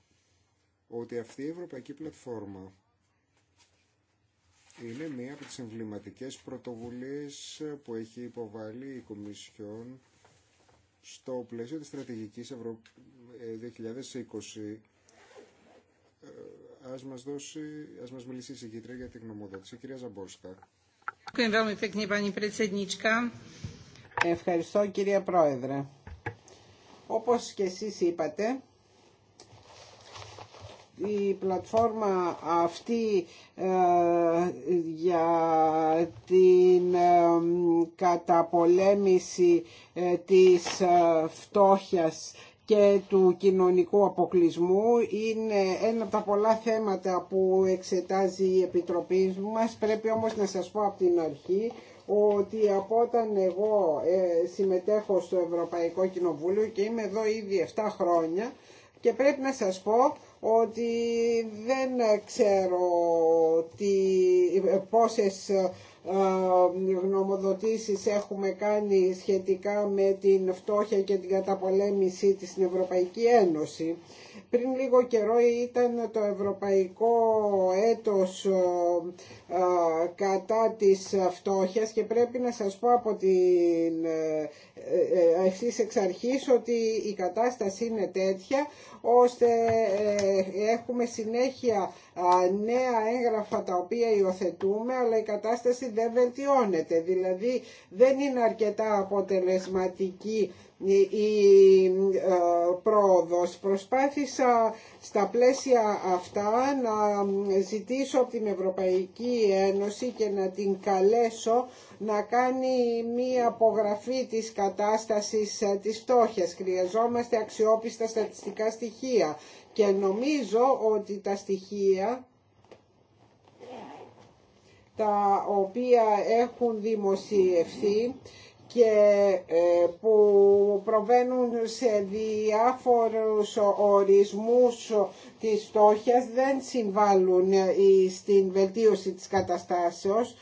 ότι αυτή η Ευρωπαϊκή Πλατφόρμα είναι μία από τις εμβληματικέ πρωτοβουλίες που έχει υποβάλει η Κομισιόν στο πλαίσιο της στρατηγικής Ευρω... 2020 ε, ε, ας μας, δώσει, ας μας μιλήσει η συγκήτρια για την γνωμοδότηση. Κυρία Ζαμπόσκα. Ευχαριστώ κυρία Πρόεδρε. Όπως και εσείς είπατε, η πλατφόρμα αυτή ε, για την ε, καταπολέμηση ε, της φτώχειας και του κοινωνικού αποκλεισμού είναι ένα από τα πολλά θέματα που εξετάζει η Επιτροπή μας. Πρέπει όμως να σας πω από την αρχή ότι από όταν εγώ ε, συμμετέχω στο Ευρωπαϊκό Κοινοβούλιο και είμαι εδώ ήδη 7 χρόνια και πρέπει να σας πω ότι δεν ξέρω τι, ε, πόσες γνωμοδοτήσεις έχουμε κάνει σχετικά με την φτώχεια και την καταπολέμησή της στην Ευρωπαϊκή Ένωση. Πριν λίγο καιρό ήταν το Ευρωπαϊκό έτος κατά της φτώχειας και πρέπει να σας πω από την ε, ευθύ ε, εξ αρχή ότι η κατάσταση είναι τέτοια ώστε ε, έχουμε συνέχεια νέα έγγραφα τα οποία υιοθετούμε αλλά η κατάσταση δεν βελτιώνεται. Δηλαδή δεν είναι αρκετά αποτελεσματική η ε, πρόοδος. Προσπάθησα στα πλαίσια αυτά να ζητήσω από την Ευρωπαϊκή Ένωση και να την καλέσω να κάνει μία απογραφή της κατάστασης ε, της φτώχειας. Χρειαζόμαστε αξιόπιστα στατιστικά στοιχεία και νομίζω ότι τα στοιχεία τα οποία έχουν δημοσιευθεί και ε, που προβαίνουν σε διάφορους ορισμούς της στόχιας δεν συμβάλλουν ε, στην βελτίωση της καταστάσεως.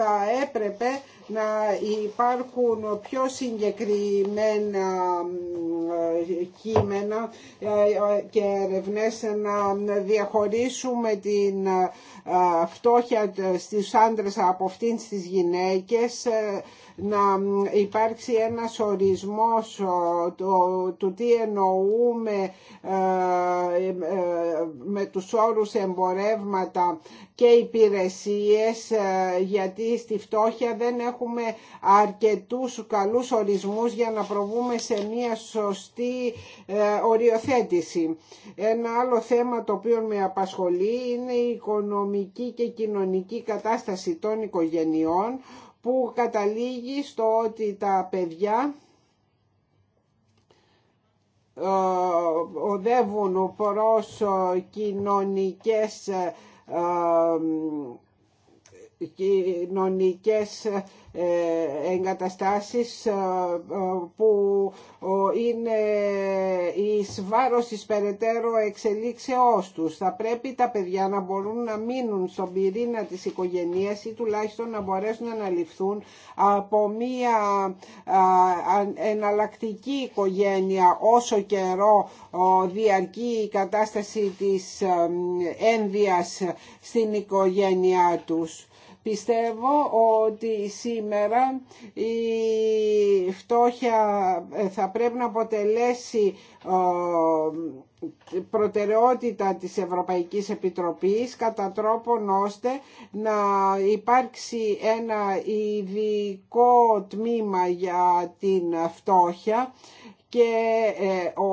Θα έπρεπε να υπάρχουν πιο συγκεκριμένα ε, κείμενα και ερευνές να διαχωρίσουμε την φτώχεια στις άντρες από αυτήν στις γυναίκες να υπάρξει ένας ορισμός ε, του, τι εννοούμε ε, ε, με τους όρους εμπορεύματα και υπηρεσίες γιατί στη φτώχεια δεν έχουμε αρκετούς καλούς ορισμούς για να προβούμε σε μια σωστή οριοθέτηση. Ένα άλλο θέμα το οποίο με απασχολεί είναι η οικονομική και κοινωνική κατάσταση των οικογενειών που καταλήγει στο ότι τα παιδιά ε, οδεύουν προς ε, κοινωνικές ε, κοινωνικές ε, εγκαταστάσεις ε, που είναι η βάρος της περαιτέρω εξελίξεώς τους. Θα πρέπει τα παιδιά να μπορούν να μείνουν στον πυρήνα της οικογένειας ή τουλάχιστον να μπορέσουν να αναλυφθούν από μία εναλλακτική οικογένεια όσο καιρό διαρκεί η κατάσταση της ένδυας στην οικογένειά τους. Πιστεύω ότι σήμερα η φτώχεια ε, θα πρέπει να αποτελέσει προτεραιότητα της Ευρωπαϊκής Επιτροπής κατά τρόπον ώστε να υπάρξει ένα ειδικό τμήμα για την φτώχεια και ε, ο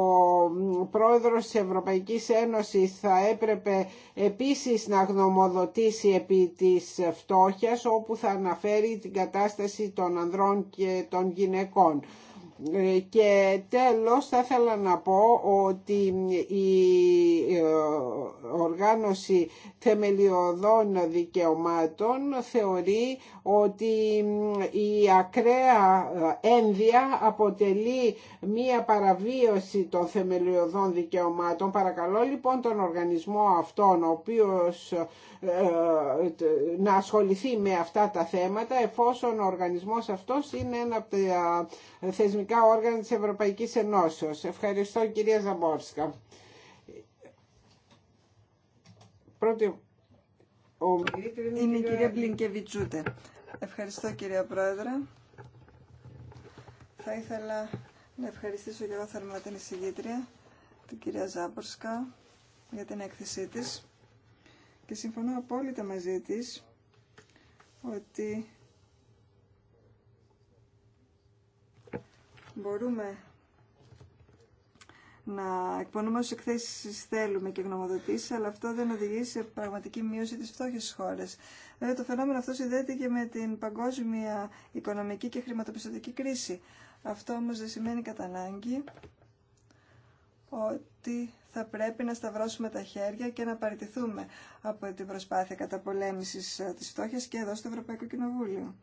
πρόεδρος της Ευρωπαϊκής Ένωσης θα έπρεπε επίσης να γνωμοδοτήσει επί της φτώχειας όπου θα αναφέρει την κατάσταση των ανδρών και των γυναικών. Ε, και τέλος θα ήθελα να πω ότι η ε, οργάνωση θεμελιωδών δικαιωμάτων θεωρεί ότι η ακραία ε, ένδια αποτελεί μία παραβίωση των θεμελιωδών δικαιωμάτων. Παρακαλώ λοιπόν τον οργανισμό αυτόν ο οποίος ε, ε, να ασχοληθεί με αυτά τα θέματα εφόσον ο οργανισμός αυτός είναι ένα από τα θεσμικά όργανα της Ευρωπαϊκής Ενώσεως. Ευχαριστώ κυρία Ζαμπόρσκα. Είναι η κυρία Μπλινκεβιτσούτε. Ευχαριστώ κυρία Πρόεδρε. Θα ήθελα να ευχαριστήσω και εγώ θερμά την εισηγήτρια, την κυρία Ζάμπορσκα, για την έκθεσή της και συμφωνώ απόλυτα μαζί της ότι μπορούμε να εκπονούμε όσε εκθέσει θέλουμε και γνωμοδοτήσει, αλλά αυτό δεν οδηγεί σε πραγματική μείωση τη φτώχεια τη χώρα. Βέβαια, το φαινόμενο αυτό συνδέεται και με την παγκόσμια οικονομική και χρηματοπιστωτική κρίση. Αυτό όμω δεν σημαίνει κατά ανάγκη ότι θα πρέπει να σταυρώσουμε τα χέρια και να παραιτηθούμε από την προσπάθεια καταπολέμησης ε, της φτώχειας και εδώ στο Ευρωπαϊκό Κοινοβούλιο.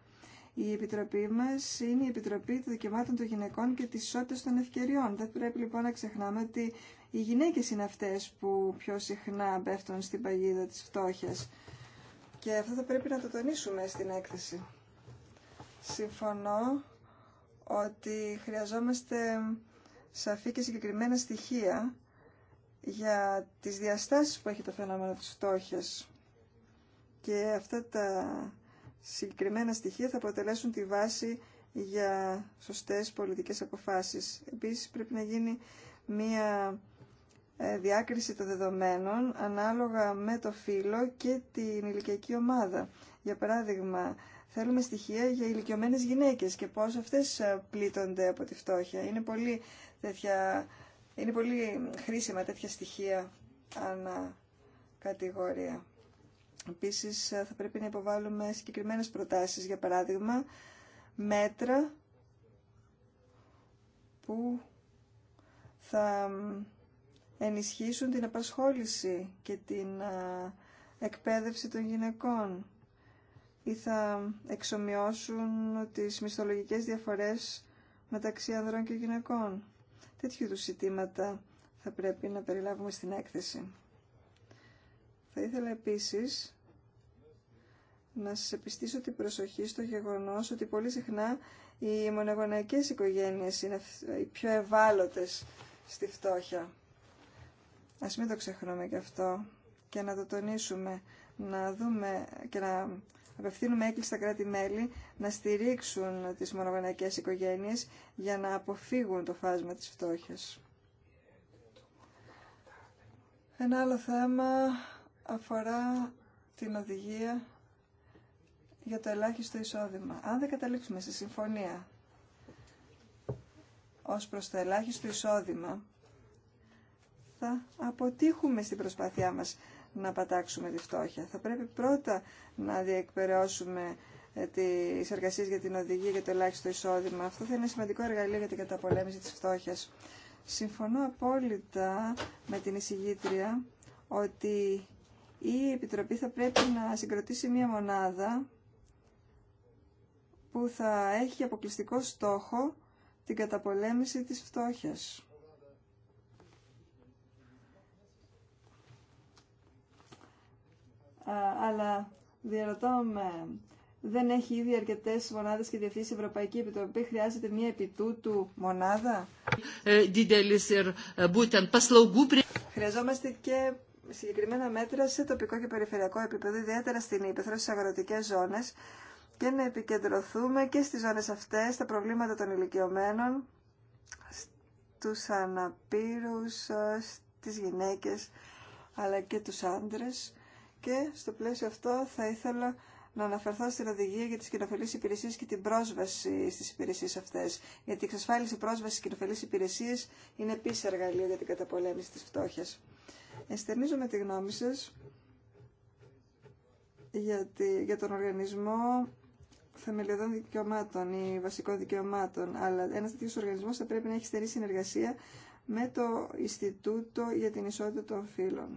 Η Επιτροπή μας είναι η Επιτροπή των Δικαιωμάτων των Γυναικών και της Ισότητα των Ευκαιριών. Δεν πρέπει λοιπόν να ξεχνάμε ότι οι γυναίκες είναι αυτές που πιο συχνά πέφτουν στην παγίδα της φτώχειας. Και αυτό θα πρέπει να το τονίσουμε στην έκθεση. Συμφωνώ ότι χρειαζόμαστε σαφή και συγκεκριμένα στοιχεία για τις διαστάσεις που έχει το φαινόμενο της φτώχειας. Και αυτά τα συγκεκριμένα στοιχεία θα αποτελέσουν τη βάση για σωστές πολιτικές αποφάσεις. Επίσης πρέπει να γίνει μία ε, διάκριση των δεδομένων ανάλογα με το φύλλο και την ηλικιακή ομάδα. Για παράδειγμα, θέλουμε στοιχεία για ηλικιωμένε γυναίκες και πώς αυτές ε, πλήττονται από τη φτώχεια. Είναι πολύ, τέτοια, είναι πολύ χρήσιμα τέτοια στοιχεία ανά κατηγορία. Επίσης ε, θα πρέπει να υποβάλουμε συγκεκριμένες προτάσεις, για παράδειγμα μέτρα που θα ενισχύσουν την απασχόληση και την ε, εκπαίδευση των γυναικών ή θα εξομοιώσουν τις μισθολογικές διαφορές μεταξύ ανδρών και γυναικών. Τέτοιου είδους ζητήματα θα πρέπει να περιλάβουμε στην έκθεση. Θα ήθελα επίσης να σας επιστήσω την προσοχή στο γεγονός ότι πολύ συχνά οι μονογονεϊκές οικογένειες είναι οι πιο ευάλωτες στη φτώχεια. Ας μην το ξεχνούμε και αυτό και να το τονίσουμε, να δούμε και να απευθύνουμε έκκληση στα κράτη-μέλη να στηρίξουν τις μονογονεϊκές οικογένειες για να αποφύγουν το φάσμα της φτώχειας. Ένα άλλο θέμα αφορά την οδηγία για το ελάχιστο εισόδημα. Αν δεν καταλήξουμε σε συμφωνία ως προς το ελάχιστο εισόδημα, θα αποτύχουμε στην προσπάθειά μας να πατάξουμε τη φτώχεια. Θα πρέπει πρώτα να διεκπαιρεώσουμε ε, τις εργασίες για την οδηγία για το ελάχιστο εισόδημα. Αυτό θα είναι σημαντικό εργαλείο για την καταπολέμηση της φτώχειας. Συμφωνώ απόλυτα με την εισηγήτρια ότι η Επιτροπή θα πρέπει να συγκροτήσει μία μονάδα που θα έχει αποκλειστικό στόχο την καταπολέμηση της φτώχειας. αλλά διαρωτώ με, δεν έχει ήδη αρκετέ μονάδε και διευθύνσει η Ευρωπαϊκή Επιτροπή. Χρειάζεται μια επιτούτου μονάδα. Ε, ε, Χρειαζόμαστε και συγκεκριμένα μέτρα σε τοπικό και περιφερειακό επίπεδο, ιδιαίτερα στην Ήπεθρο, στις αγροτικές ζώνες και να επικεντρωθούμε και στις ζώνες αυτές, στα προβλήματα των ηλικιωμένων, στου αναπήρους, στις γυναίκες αλλά και τους άντρες και στο πλαίσιο αυτό θα ήθελα να αναφερθώ στην οδηγία για τις κοινοφελείς υπηρεσίες και την πρόσβαση στις υπηρεσίες αυτές. Γιατί η εξασφάλιση πρόσβαση στις κοινοφελείς υπηρεσίες είναι επίσης εργαλείο για την καταπολέμηση της φτώχειας. Εστερνίζομαι τη γνώμη σας για, για τον οργανισμό θεμελιωδών δικαιωμάτων ή βασικών δικαιωμάτων, αλλά ένας τέτοιος οργανισμός θα πρέπει να έχει στερή συνεργασία με το Ινστιτούτο για την Ισότητα των Φύλων.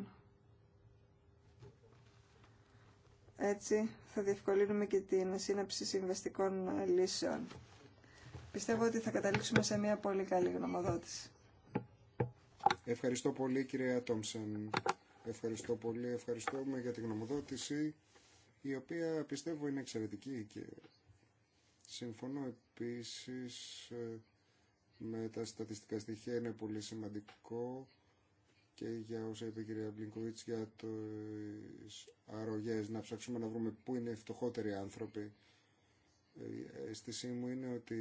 Έτσι θα διευκολύνουμε και την σύναψη συμβαστικών λύσεων. Πιστεύω ότι θα καταλήξουμε σε μια πολύ καλή γνωμοδότηση. Ευχαριστώ πολύ κύριε Τόμσεν. Ευχαριστώ πολύ. Ευχαριστούμε για την γνωμοδότηση η οποία πιστεύω είναι εξαιρετική και συμφωνώ επίσης ε, με τα στατιστικά στοιχεία είναι πολύ σημαντικό και για όσα είπε η κυρία Μπλινκοβίτς για ε, τις αρρωγές να ψάξουμε να βρούμε πού είναι οι φτωχότεροι άνθρωποι αίσθησή μου είναι ότι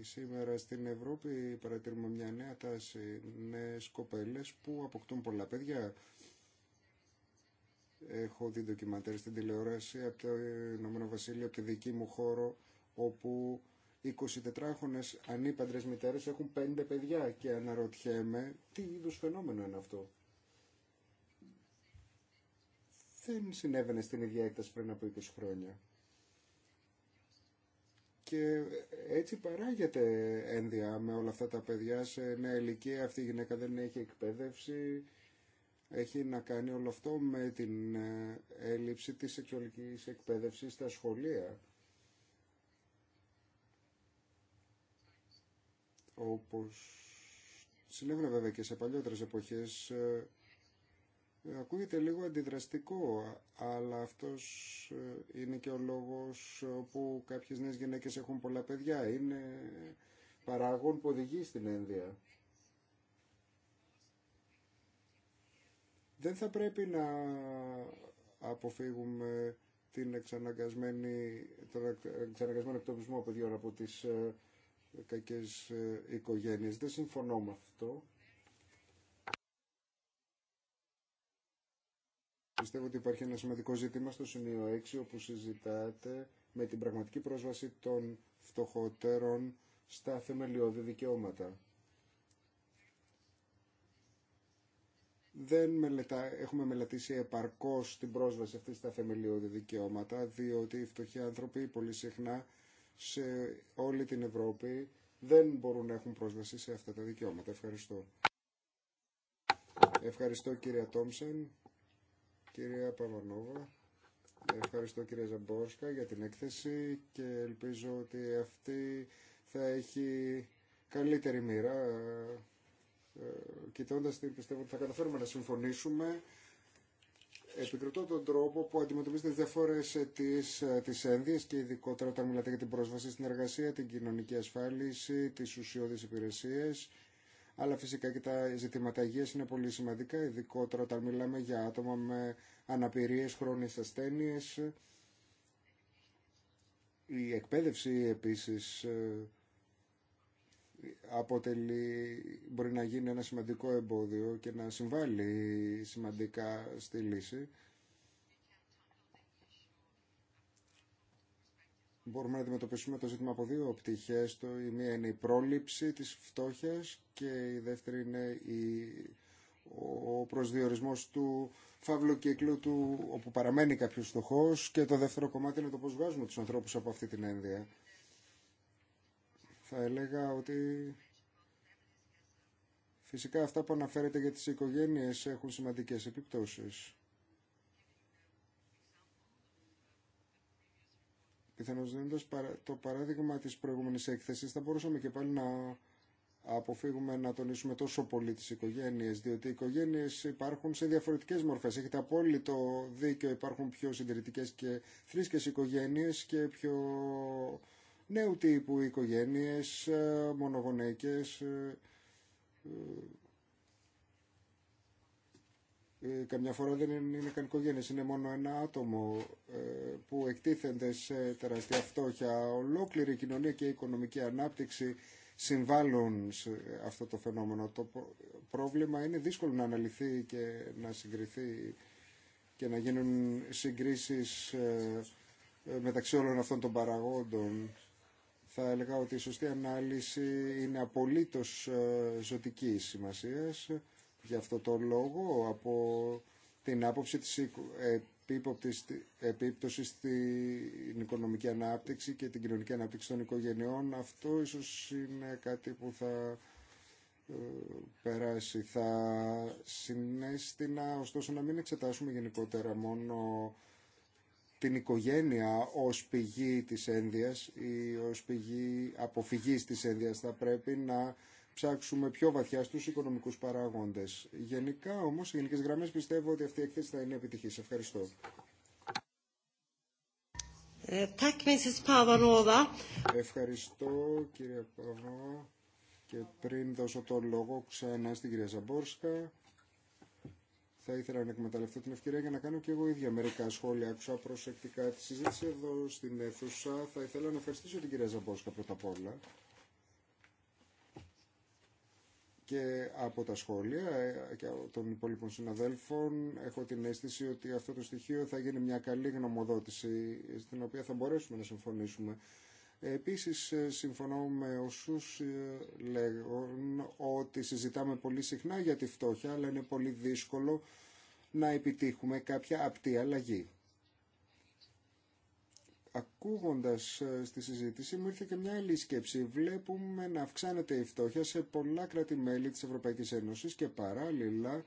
σήμερα στην Ευρώπη παρατηρούμε μια νέα τάση, νέες κοπέλες που αποκτούν πολλά παιδιά. Έχω δει ντοκιμαντέρ στην τηλεόραση από το Ηνωμένο Βασίλειο, από τη δική μου χώρο, όπου 24χρονες ανήπαντρες μητέρες έχουν 5 παιδιά και αναρωτιέμαι τι είδους φαινόμενο είναι αυτό. Δεν συνέβαινε στην ίδια έκταση πριν από 20 χρόνια. Και έτσι παράγεται ένδια με όλα αυτά τα παιδιά σε νέα ηλικία. Αυτή η γυναίκα δεν έχει εκπαίδευση. Έχει να κάνει όλο αυτό με την ε, έλλειψη της σεξουαλικής εκπαίδευσης στα σχολεία. Όπως συνέβαινε βέβαια και σε παλιότερες εποχές ε, ε, ακούγεται λίγο αντιδραστικό, αλλά αυτός ε, είναι και ο λόγος που κάποιες νέες γυναίκες έχουν πολλά παιδιά. Είναι παράγον που οδηγεί στην ένδυα. Δεν θα πρέπει να αποφύγουμε την εξαναγκασμένη, τον εξαναγκασμένο εκτοπισμό παιδιών από τις ε, κακές οικογένειες. Δεν συμφωνώ με αυτό. πιστεύω ότι υπάρχει ένα σημαντικό ζήτημα στο σημείο 6 όπου συζητάτε με την πραγματική πρόσβαση των φτωχότερων στα θεμελιώδη δικαιώματα. δεν μελετά, έχουμε μελετήσει επαρκώς την πρόσβαση αυτή στα θεμελιώδη δικαιώματα, διότι οι φτωχοί άνθρωποι πολύ συχνά σε όλη την Ευρώπη δεν μπορούν να έχουν πρόσβαση σε αυτά τα δικαιώματα. Ευχαριστώ. Ευχαριστώ κύριε Τόμσεν. Κυρία Παπανόβα, ευχαριστώ κυρία Ζαμπόσκα για την έκθεση και ελπίζω ότι αυτή θα έχει καλύτερη μοίρα. Ε, κοιτώντας την πιστεύω ότι θα καταφέρουμε να συμφωνήσουμε. Επικριτώ τον τρόπο που αντιμετωπίζετε τι διαφορέ τη ένδυα και ειδικότερα όταν μιλάτε για την πρόσβαση στην εργασία, την κοινωνική ασφάλιση, τι ουσιώδει υπηρεσίε αλλά φυσικά και τα ζητήματα υγείας είναι πολύ σημαντικά, ειδικότερα όταν μιλάμε για άτομα με αναπηρίες, χρόνιες ασθένειες. Η εκπαίδευση επίσης ε, αποτελεί, μπορεί να γίνει ένα σημαντικό εμπόδιο και να συμβάλλει σημαντικά στη λύση. μπορούμε να αντιμετωπίσουμε το ζήτημα από δύο πτυχές. Το, η μία είναι η πρόληψη της φτώχειας και η δεύτερη είναι η, ο προσδιορισμός του φαύλου κύκλου του όπου παραμένει κάποιος φτωχός και το δεύτερο κομμάτι είναι το πώς βγάζουμε τους ανθρώπους από αυτή την ένδια. Θα έλεγα ότι φυσικά αυτά που αναφέρεται για τις οικογένειες έχουν σημαντικές επιπτώσεις. Πιθανώ δίνοντα το παράδειγμα της προηγούμενη έκθεσης θα μπορούσαμε και πάλι να αποφύγουμε να τονίσουμε τόσο πολύ τι οικογένειε, διότι οι οικογένειες υπάρχουν σε διαφορετικές μορφές. Έχετε απόλυτο δίκιο, υπάρχουν πιο συντηρητικέ και θρήσκε οικογένειες και πιο νέου τύπου οικογένειε, ε, μονογονέκες. Ε, ε, ε, καμιά φορά δεν είναι, είναι κανικογένειες, είναι μόνο ένα άτομο ε, που εκτίθενται σε τεράστια φτώχεια. Ολόκληρη η κοινωνία και η οικονομική ανάπτυξη συμβάλλουν σε αυτό το φαινόμενο. Το πρόβλημα είναι δύσκολο να αναλυθεί και να συγκριθεί και να γίνουν συγκρίσεις ε, μεταξύ όλων αυτών των παραγόντων. Θα έλεγα ότι η σωστή ανάλυση είναι απολύτως ε, ζωτική σημασίας. Για αυτό το λόγο από την άποψη της επίπτωση στην οικονομική ανάπτυξη και την κοινωνική ανάπτυξη των οικογενειών. Αυτό ίσως είναι κάτι που θα ε, περάσει. Θα συνέστηνα, ωστόσο, να μην εξετάσουμε γενικότερα μόνο την οικογένεια ως πηγή της ένδυας ή ως πηγή αποφυγής της ένδυας. Θα πρέπει να ψάξουμε πιο βαθιά στους οικονομικούς παράγοντες. Γενικά όμως, σε γενικές γραμμές πιστεύω ότι αυτή η εκθέση θα είναι επιτυχής. Ευχαριστώ. Ε, Ευχαριστώ κύριε Παύλο. και πριν δώσω το λόγο ξανά στην κυρία Ζαμπόρσκα θα ήθελα να εκμεταλλευτώ την ευκαιρία για να κάνω και εγώ ίδια μερικά σχόλια. Άκουσα προσεκτικά τη συζήτηση εδώ στην αίθουσα. Θα ήθελα να ευχαριστήσω την κυρία Ζαμπόρσκα πρώτα απ' όλα και από τα σχόλια ε, και των υπόλοιπων συναδέλφων έχω την αίσθηση ότι αυτό το στοιχείο θα γίνει μια καλή γνωμοδότηση στην οποία θα μπορέσουμε να συμφωνήσουμε. Επίσης ε, συμφωνώ με όσους ε, λέγουν ότι συζητάμε πολύ συχνά για τη φτώχεια αλλά είναι πολύ δύσκολο να επιτύχουμε κάποια απτή αλλαγή ακούγοντας ε, στη συζήτηση μου ήρθε και μια άλλη σκέψη. Βλέπουμε να αυξάνεται η φτώχεια σε πολλά κράτη-μέλη της Ευρωπαϊκής Ένωσης και παράλληλα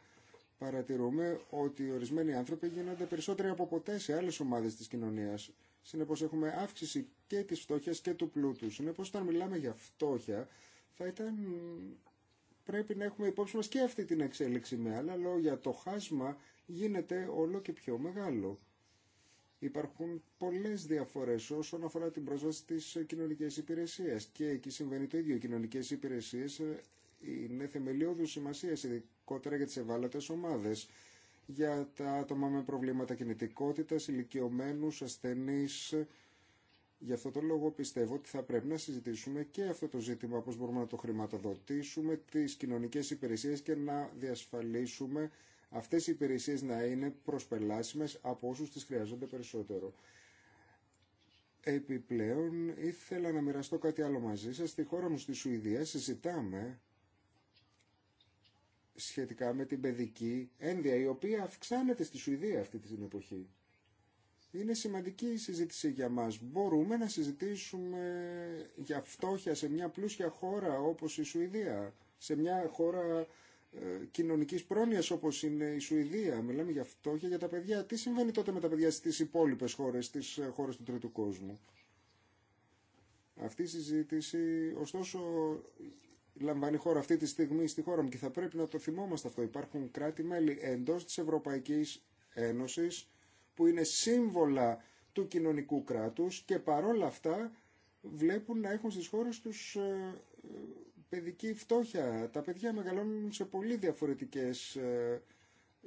παρατηρούμε ότι ορισμένοι άνθρωποι γίνονται περισσότεροι από ποτέ σε άλλες ομάδες της κοινωνίας. Συνεπώς έχουμε αύξηση και της φτώχειας και του πλούτου. Συνεπώς όταν μιλάμε για φτώχεια θα ήταν... Πρέπει να έχουμε υπόψη μας και αυτή την εξέλιξη με άλλα λόγια. Το χάσμα γίνεται όλο και πιο μεγάλο Υπάρχουν πολλές διαφορές όσον αφορά την πρόσβαση στις κοινωνικές υπηρεσίες και εκεί συμβαίνει το ίδιο. Οι κοινωνικές υπηρεσίες ε, είναι θεμελιώδου σημασία, ειδικότερα για τις ευάλωτες ομάδες, για τα άτομα με προβλήματα κινητικότητας, ηλικιωμένου, ασθενείς. Γι' αυτό το λόγο πιστεύω ότι θα πρέπει να συζητήσουμε και αυτό το ζήτημα, πώς μπορούμε να το χρηματοδοτήσουμε, τις κοινωνικές υπηρεσίες και να διασφαλίσουμε αυτές οι υπηρεσίες να είναι προσπελάσιμες από όσους τις χρειαζόνται περισσότερο. Επιπλέον, ήθελα να μοιραστώ κάτι άλλο μαζί σας. Στη χώρα μου, στη Σουηδία, συζητάμε σχετικά με την παιδική ένδια, η οποία αυξάνεται στη Σουηδία αυτή την εποχή. Είναι σημαντική η συζήτηση για μας. Μπορούμε να συζητήσουμε για φτώχεια σε μια πλούσια χώρα όπως η Σουηδία, σε μια χώρα ε, Κοινωνική πρόνοιας όπως είναι η Σουηδία. Μιλάμε για αυτό για τα παιδιά. Τι συμβαίνει τότε με τα παιδιά στις υπόλοιπε χώρες, στι ε, χώρε του τρίτου κόσμου. Αυτή η συζήτηση, ωστόσο, λαμβάνει χώρα αυτή τη στιγμή στη χώρα μου και θα πρέπει να το θυμόμαστε αυτό. Υπάρχουν κράτη-μέλη εντό της Ευρωπαϊκή Ένωση, που είναι σύμβολα του κοινωνικού κράτους και παρόλα αυτά βλέπουν να έχουν στις χώρες τους ε, παιδική φτώχεια. Τα παιδιά μεγαλώνουν σε πολύ διαφορετικές ε,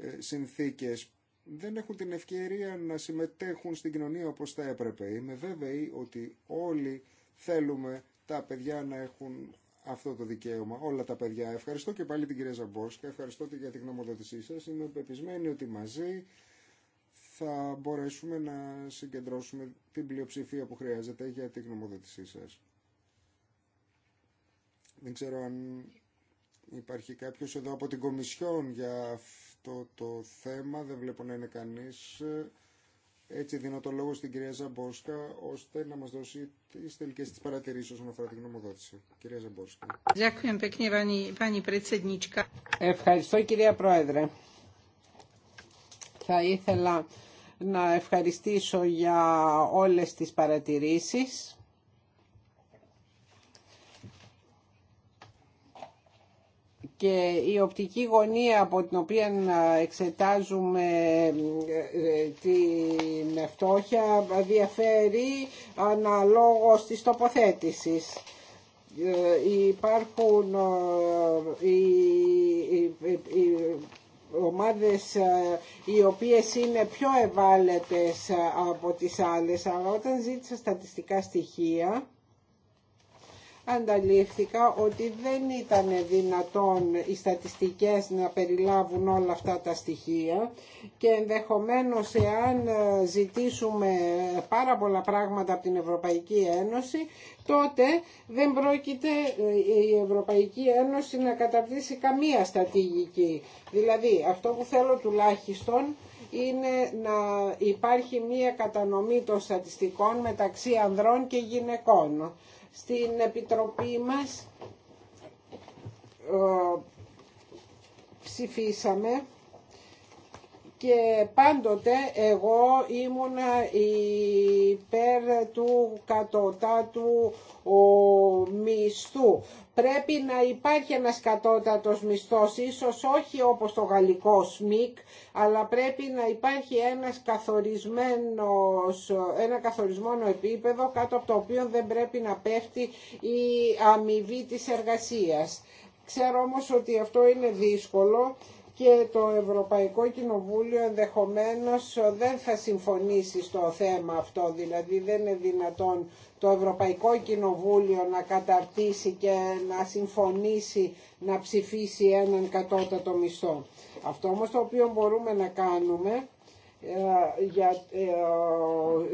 ε, συνθήκες. Δεν έχουν την ευκαιρία να συμμετέχουν στην κοινωνία όπως θα έπρεπε. Είμαι βέβαιη ότι όλοι θέλουμε τα παιδιά να έχουν αυτό το δικαίωμα, όλα τα παιδιά. Ευχαριστώ και πάλι την κυρία Ζαμπόσκα, ευχαριστώ για την γνωμοδότησή σας. Είμαι πεπισμένη ότι μαζί θα μπορέσουμε να συγκεντρώσουμε την πλειοψηφία που χρειάζεται για την γνωμοδότησή σας. Δεν ξέρω αν υπάρχει κάποιος εδώ από την Κομισιόν για αυτό το θέμα. Δεν βλέπω να είναι κανείς. Έτσι δίνω το λόγο στην κυρία Ζαμπόσκα ώστε να μας δώσει τις τελικές της παρατηρήσεις όσον αφορά την γνωμοδότηση. Κυρία Ζαμπόσκα. Ευχαριστώ κυρία Πρόεδρε. Θα ήθελα να ευχαριστήσω για όλες τις παρατηρήσεις και η οπτική γωνία από την οποία εξετάζουμε ε, ε, την φτώχεια διαφέρει αναλόγως της τοποθέτησης. Ε, υπάρχουν οι ομάδες οι οποίες είναι πιο ευάλωτες από τις άλλες, αλλά όταν ζήτησα στατιστικά στοιχεία ανταλήφθηκα ότι δεν ήταν δυνατόν οι στατιστικές να περιλάβουν όλα αυτά τα στοιχεία και ενδεχομένως εάν ε, ζητήσουμε πάρα πολλά πράγματα από την Ευρωπαϊκή Ένωση τότε δεν πρόκειται ε, η Ευρωπαϊκή Ένωση να καταρτήσει καμία στρατηγική. Δηλαδή αυτό που θέλω τουλάχιστον είναι να υπάρχει μία κατανομή των στατιστικών μεταξύ ανδρών και γυναικών στην Επιτροπή μας ε, ψηφίσαμε και πάντοτε εγώ ήμουνα υπέρ του κατωτάτου μισθού. Πρέπει να υπάρχει ένας κατώτατος μισθός, ίσως όχι όπως το γαλλικό ΣΜΙΚ, αλλά πρέπει να υπάρχει ένας καθορισμένος, ένα καθορισμένο επίπεδο κάτω από το οποίο δεν πρέπει να πέφτει η αμοιβή της εργασίας. Ξέρω όμως ότι αυτό είναι δύσκολο και το Ευρωπαϊκό Κοινοβούλιο ενδεχομένως δεν θα συμφωνήσει στο θέμα αυτό, δηλαδή δεν είναι δυνατόν το Ευρωπαϊκό Κοινοβούλιο να καταρτήσει και να συμφωνήσει να ψηφίσει έναν κατώτατο μισθό. Αυτό όμως το οποίο μπορούμε να κάνουμε ε, για, ε,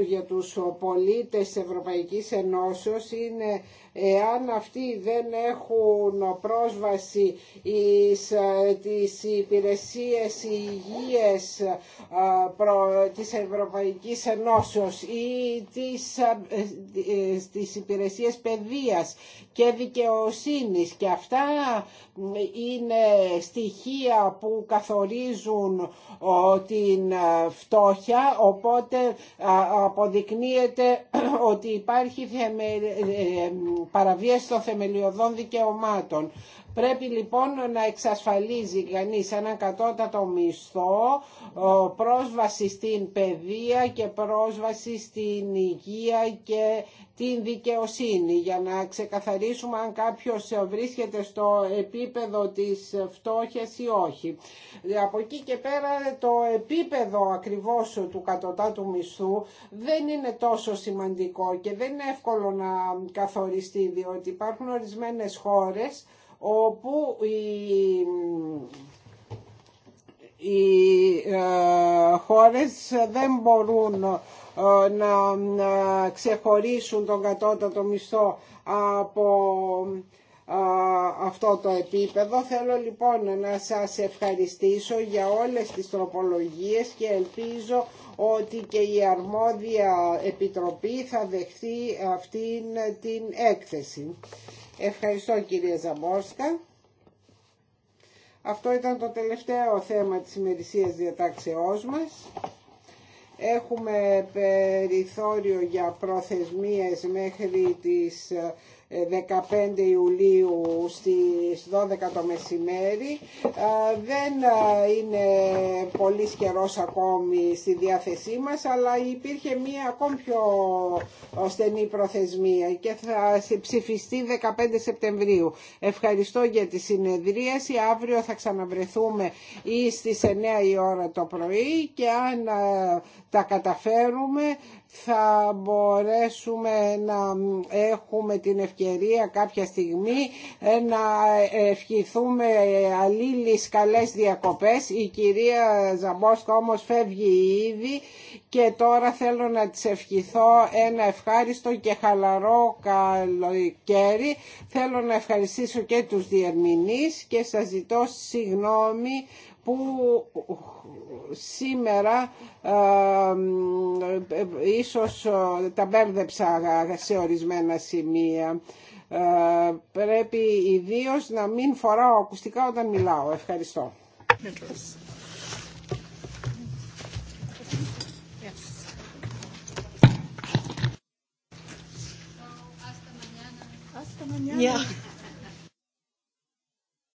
για τους πολίτες Ευρωπαϊκής Ενώσεως είναι εάν αυτοί δεν έχουν πρόσβαση εις ε, τις υπηρεσίες υγείας ε, της Ευρωπαϊκής Ενώσεως ή τις, ε, τις υπηρεσίες παιδείας και δικαιοσύνης και αυτά είναι στοιχεία που καθορίζουν την φτώχεια οπότε αποδεικνύεται [CLEARS THROAT] ότι υπάρχει παραβίαση των θεμελιωδών δικαιωμάτων Πρέπει λοιπόν να εξασφαλίζει κανείς έναν κατώτατο μισθό, πρόσβαση στην παιδεία και πρόσβαση στην υγεία και την δικαιοσύνη για να ξεκαθαρίσουμε αν κάποιος βρίσκεται στο επίπεδο της φτώχειας ή όχι. Από εκεί και πέρα το επίπεδο ακριβώς του κατωτάτου μισθού δεν είναι τόσο σημαντικό και δεν είναι εύκολο να καθοριστεί διότι υπάρχουν ορισμένες χώρες όπου οι ε, χώρες δεν μπορούν ε, να ξεχωρίσουν τον κατώτατο μισθό από ε, αυτό το επίπεδο. Θέλω λοιπόν να σας ευχαριστήσω για όλες τις τροπολογίες και ελπίζω ότι και η αρμόδια επιτροπή θα δεχθεί αυτήν την έκθεση. Ευχαριστώ κυρία Ζαμπόρσκα. Αυτό ήταν το τελευταίο θέμα της ημερησίας διατάξεώς μας. Έχουμε περιθώριο για προθεσμίες μέχρι τις 15 Ιουλίου στις 12 το μεσημέρι. Δεν είναι πολύ καιρό ακόμη στη διάθεσή μας, αλλά υπήρχε μία ακόμη πιο στενή προθεσμία και θα ψηφιστεί 15 Σεπτεμβρίου. Ευχαριστώ για τη συνεδρίαση. Αύριο θα ξαναβρεθούμε ή στις 9 η ώρα το πρωί και αν τα καταφέρουμε θα μπορέσουμε να έχουμε την ευκαιρία κάποια στιγμή ε, να ευχηθούμε αλλήλεις καλές διακοπές. Η κυρία Ζαμπόσκα όμως φεύγει ήδη και τώρα θέλω να της ευχηθώ ένα ευχάριστο και χαλαρό καλοκαίρι. Θέλω να ευχαριστήσω και τους διερμηνείς και σας ζητώ συγγνώμη που ε, σήμερα ε, ε, ίσως τα μπέρδεψα σε ορισμένα σημεία. Πρέπει ιδίω να μην φοράω ακουστικά όταν μιλάω. Ευχαριστώ. Yeah.